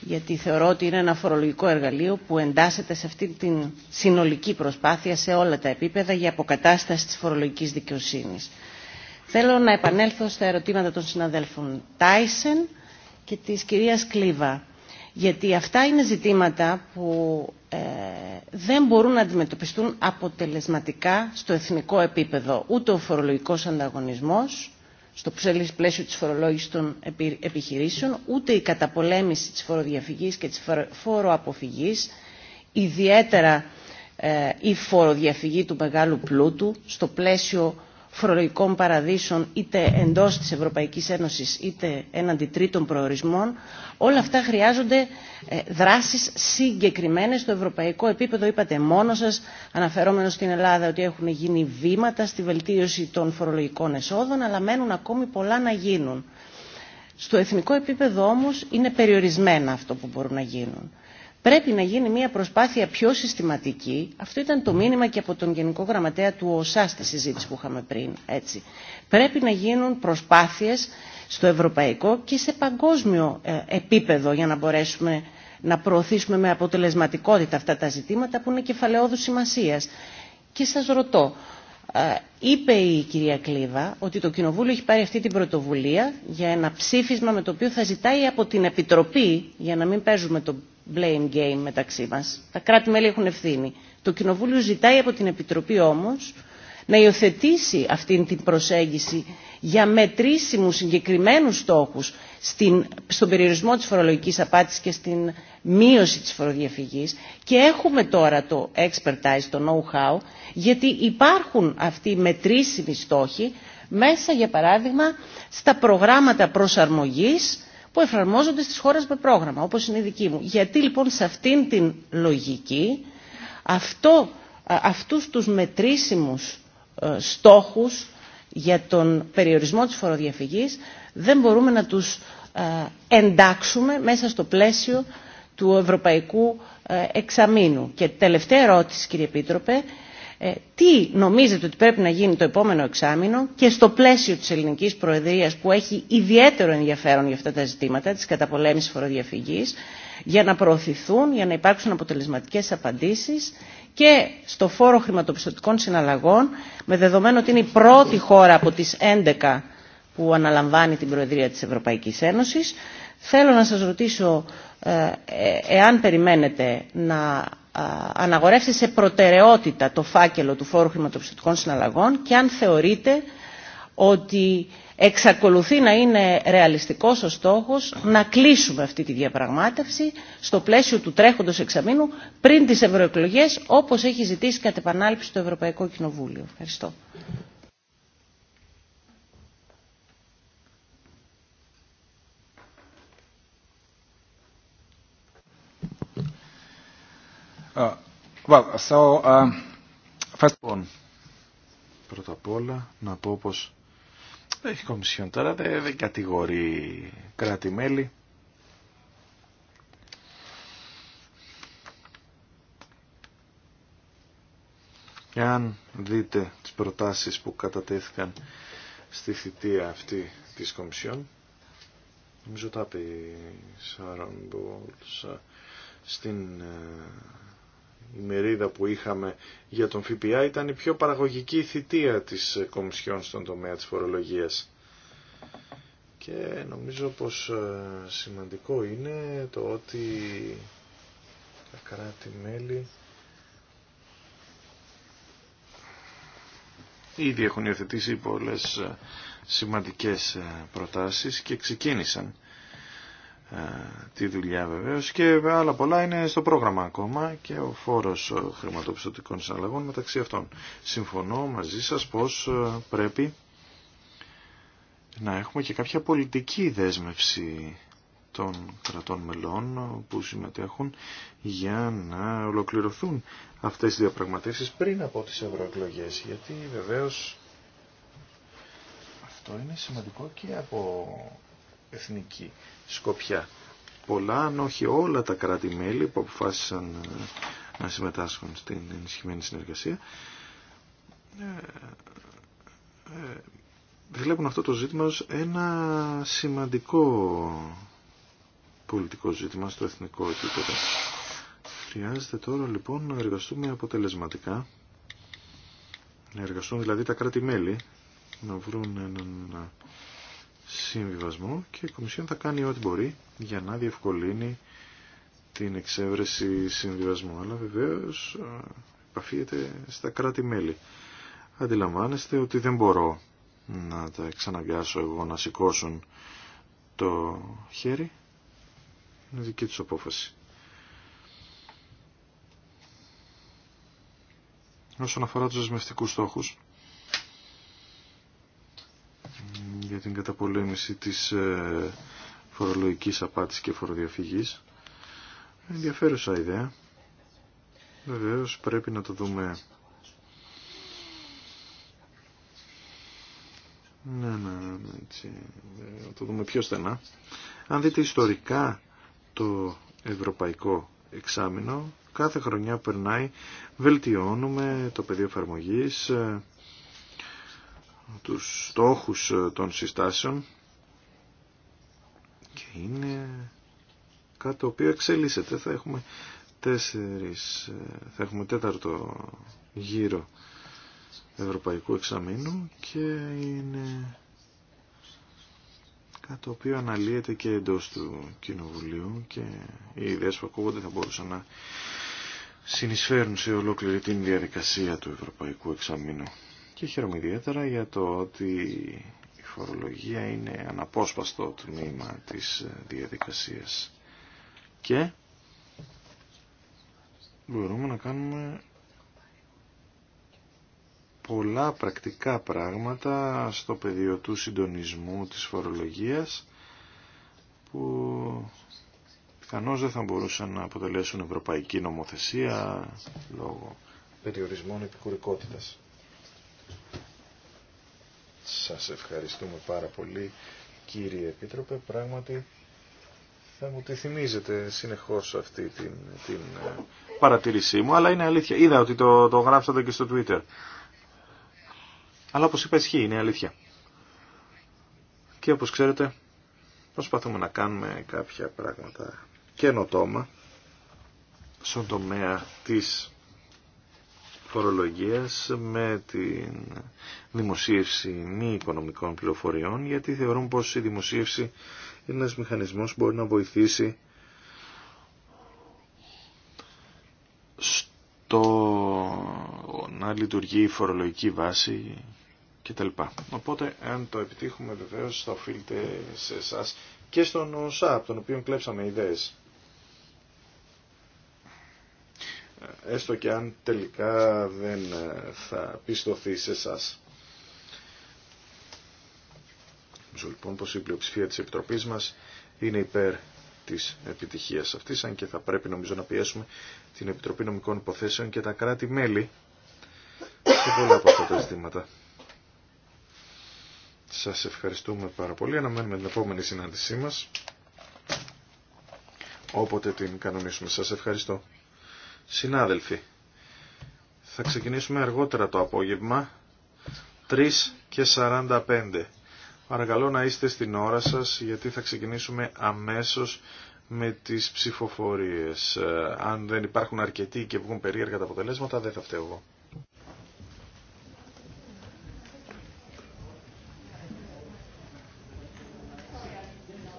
Γιατί θεωρώ ότι είναι ένα φορολογικό εργαλείο που εντάσσεται σε αυτή την συνολική προσπάθεια σε όλα τα επίπεδα για αποκατάσταση της φορολογικής δικαιοσύνης. Θέλω να επανέλθω στα ερωτήματα των συναδέλφων Τάισεν και της κυρίας Κλίβα. Γιατί αυτά είναι ζητήματα που ε, δεν μπορούν να αντιμετωπιστούν αποτελεσματικά στο εθνικό επίπεδο. Ούτε ο φορολογικός ανταγωνισμός, στο πλαίσιο της φορολόγησης των επιχειρήσεων, ούτε η καταπολέμηση της φοροδιαφυγής και της φοροαποφυγής, ιδιαίτερα ε, η φοροδιαφυγή του μεγάλου πλούτου, στο πλαίσιο φορολογικών παραδείσων είτε εντός της Ευρωπαϊκής Ένωσης είτε έναντι τρίτων προορισμών όλα αυτά χρειάζονται ε, δράσεις συγκεκριμένες στο ευρωπαϊκό επίπεδο είπατε μόνο σας αναφερόμενο στην Ελλάδα ότι έχουν γίνει βήματα στη βελτίωση των φορολογικών εσόδων αλλά μένουν ακόμη πολλά να γίνουν. Στο εθνικό επίπεδο όμως είναι περιορισμένα αυτό που μπορούν να γίνουν. Πρέπει να γίνει μια προσπάθεια πιο συστηματική. Αυτό ήταν το μήνυμα και από τον Γενικό Γραμματέα του ΟΣΑ στη συζήτηση που είχαμε πριν. Έτσι. Πρέπει να γίνουν προσπάθειες στο ευρωπαϊκό και σε παγκόσμιο ε, επίπεδο για να μπορέσουμε να προωθήσουμε με αποτελεσματικότητα αυτά τα ζητήματα που είναι κεφαλαιόδου σημασίας. Και σας ρωτώ, ε, είπε η κυρία Κλίβα ότι το Κοινοβούλιο έχει πάρει αυτή την πρωτοβουλία για ένα ψήφισμα με το οποίο θα ζητάει από την Επιτροπή, για να μην παίζουμε τον blame game μεταξύ μας. Τα κράτη-μέλη έχουν ευθύνη. Το Κοινοβούλιο ζητάει από την Επιτροπή όμως να υιοθετήσει αυτή την προσέγγιση για μετρήσιμους συγκεκριμένους στόχους στην, στον περιορισμό της φορολογικής απάτης και στην μείωση της φοροδιαφυγής και έχουμε τώρα το expertise, το know-how γιατί υπάρχουν αυτοί οι μετρήσιμοι στόχοι μέσα για παράδειγμα στα προγράμματα προσαρμογής που εφαρμόζονται στις χώρες με πρόγραμμα, όπως είναι η δική μου. Γιατί λοιπόν σε αυτήν την λογική αυτό, αυτούς τους μετρήσιμους ε, στόχους για τον περιορισμό της φοροδιαφυγής δεν μπορούμε να τους ε, εντάξουμε μέσα στο πλαίσιο του Ευρωπαϊκού ε, Εξαμήνου. Και τελευταία ερώτηση, κύριε Επίτροπε, ε, τι νομίζετε ότι πρέπει να γίνει το επόμενο εξάμεινο και στο πλαίσιο της ελληνικής προεδρίας που έχει ιδιαίτερο ενδιαφέρον για αυτά τα ζητήματα της καταπολέμησης φοροδιαφυγής για να προωθηθούν, για να υπάρξουν αποτελεσματικές απαντήσεις και στο φόρο χρηματοπιστωτικών συναλλαγών με δεδομένο ότι είναι η πρώτη χώρα από τις 11 που αναλαμβάνει την Προεδρία της Ευρωπαϊκής Ένωσης. Θέλω να σας ρωτήσω ε, ε, εάν περιμένετε να αναγορεύσει σε προτεραιότητα το φάκελο του φόρου χρηματοπιστωτικών συναλλαγών και αν θεωρείτε ότι εξακολουθεί να είναι ρεαλιστικός ο στόχος να κλείσουμε αυτή τη διαπραγμάτευση στο πλαίσιο του τρέχοντος εξαμήνου πριν τις ευρωεκλογέ, όπως έχει ζητήσει κατ' επανάληψη το Ευρωπαϊκό Κοινοβούλιο. Ευχαριστώ. Well, so, um, λοιπόν, πρώτα απ' όλα να πω πως έχει κομισιόν τώρα, δεν, κατηγορεί κράτη-μέλη. Εάν δείτε τις προτάσεις που κατατέθηκαν στη θητεία αυτή της Κομισιόν, νομίζω τα πει στην ε, η μερίδα που είχαμε για τον ΦΠΑ ήταν η πιο παραγωγική θητεία της Κομισιόν στον τομέα της φορολογίας. Και νομίζω πως ε, σημαντικό είναι το ότι τα κράτη-μέλη ήδη έχουν υιοθετήσει πολλές ε, σημαντικές ε, προτάσεις και ξεκίνησαν τη δουλειά βεβαίω. και άλλα πολλά είναι στο πρόγραμμα ακόμα και ο φόρο χρηματοπιστωτικών συναλλαγών μεταξύ αυτών. Συμφωνώ μαζί σα πω ε, πρέπει να έχουμε και κάποια πολιτική δέσμευση των κρατών μελών που συμμετέχουν για να ολοκληρωθούν αυτές οι διαπραγματεύσεις πριν από τις ευρωεκλογέ. γιατί βεβαίως αυτό είναι σημαντικό και από εθνική σκοπιά. Πολλά, αν όχι όλα τα κράτη-μέλη που αποφάσισαν ε, να συμμετάσχουν στην ενισχυμένη συνεργασία, ε, ε, βλέπουν αυτό το ζήτημα ως ένα σημαντικό πολιτικό ζήτημα στο εθνικό επίπεδο. Χρειάζεται τώρα λοιπόν να εργαστούμε αποτελεσματικά, να εργαστούν δηλαδή τα κράτη-μέλη, να βρουν έναν συμβιβασμό και η Κομισιόν θα κάνει ό,τι μπορεί για να διευκολύνει την εξέβρεση συμβιβασμού. Αλλά βεβαίως ε, επαφίεται στα κράτη-μέλη. Αντιλαμβάνεστε ότι δεν μπορώ να τα εξαναγκάσω εγώ να σηκώσουν το χέρι. Είναι δική τους απόφαση. Όσον αφορά τους δεσμευτικούς στόχους, την καταπολέμηση της ε, φορολογικής απάτης και φοροδιαφυγής. Ενδιαφέρουσα ιδέα. Βεβαίως πρέπει να το δούμε... Ναι, ναι, ναι, ναι έτσι. Ε, να το δούμε πιο στενά. Αν δείτε ιστορικά το ευρωπαϊκό εξάμεινο, κάθε χρονιά περνάει βελτιώνουμε το πεδίο εφαρμογή ε, τους στόχους ε, των συστάσεων και είναι κάτι το οποίο εξελίσσεται. Θα έχουμε, τέσσερις, ε, θα έχουμε τέταρτο γύρο ευρωπαϊκού εξαμήνου και είναι κάτι το οποίο αναλύεται και εντός του Κοινοβουλίου και οι ιδέες που ακούγονται θα μπορούσαν να συνεισφέρουν σε ολόκληρη την διαδικασία του ευρωπαϊκού εξαμήνου και χαίρομαι ιδιαίτερα για το ότι η φορολογία είναι αναπόσπαστο τμήμα της ε, διαδικασίας και μπορούμε να κάνουμε πολλά πρακτικά πράγματα στο πεδίο του συντονισμού της φορολογίας που πιθανώς δεν θα μπορούσαν να αποτελέσουν ευρωπαϊκή νομοθεσία λόγω περιορισμών επικουρικότητας. Σας ευχαριστούμε πάρα πολύ κύριε Επίτροπε. Πράγματι θα μου τη θυμίζετε συνεχώς αυτή την, την ε, παρατηρήσή μου, αλλά είναι αλήθεια. Είδα ότι το, το γράψατε και στο Twitter. Αλλά όπως είπα ισχύει, είναι αλήθεια. Και όπως ξέρετε προσπαθούμε να κάνουμε κάποια πράγματα καινοτόμα στον τομέα της φορολογίας με τη δημοσίευση μη οικονομικών πληροφοριών γιατί θεωρούν πως η δημοσίευση είναι ένας μηχανισμός που μπορεί να βοηθήσει στο να λειτουργεί η φορολογική βάση κτλ. Οπότε αν το επιτύχουμε βεβαίως θα οφείλεται σε εσά και στον ΩΣΑ τον οποίο κλέψαμε ιδέες. έστω και αν τελικά δεν ε, θα πιστωθεί σε εσά. Νομίζω λοιπόν πως η πλειοψηφία της Επιτροπής μας είναι υπέρ της επιτυχίας αυτής, αν και θα πρέπει νομίζω να πιέσουμε την Επιτροπή Νομικών Υποθέσεων και τα κράτη-μέλη σε πολλά από αυτά τα ζητήματα. Σας ευχαριστούμε πάρα πολύ. Αναμένουμε την επόμενη συνάντησή μας. Όποτε την κανονίσουμε. Σας ευχαριστώ. Συνάδελφοι, θα ξεκινήσουμε αργότερα το απόγευμα, 3 και 45. Παρακαλώ να είστε στην ώρα σας γιατί θα ξεκινήσουμε αμέσως με τις ψηφοφορίες. Αν δεν υπάρχουν αρκετοί και βγουν περίεργα τα αποτελέσματα δεν θα φταίω εγώ.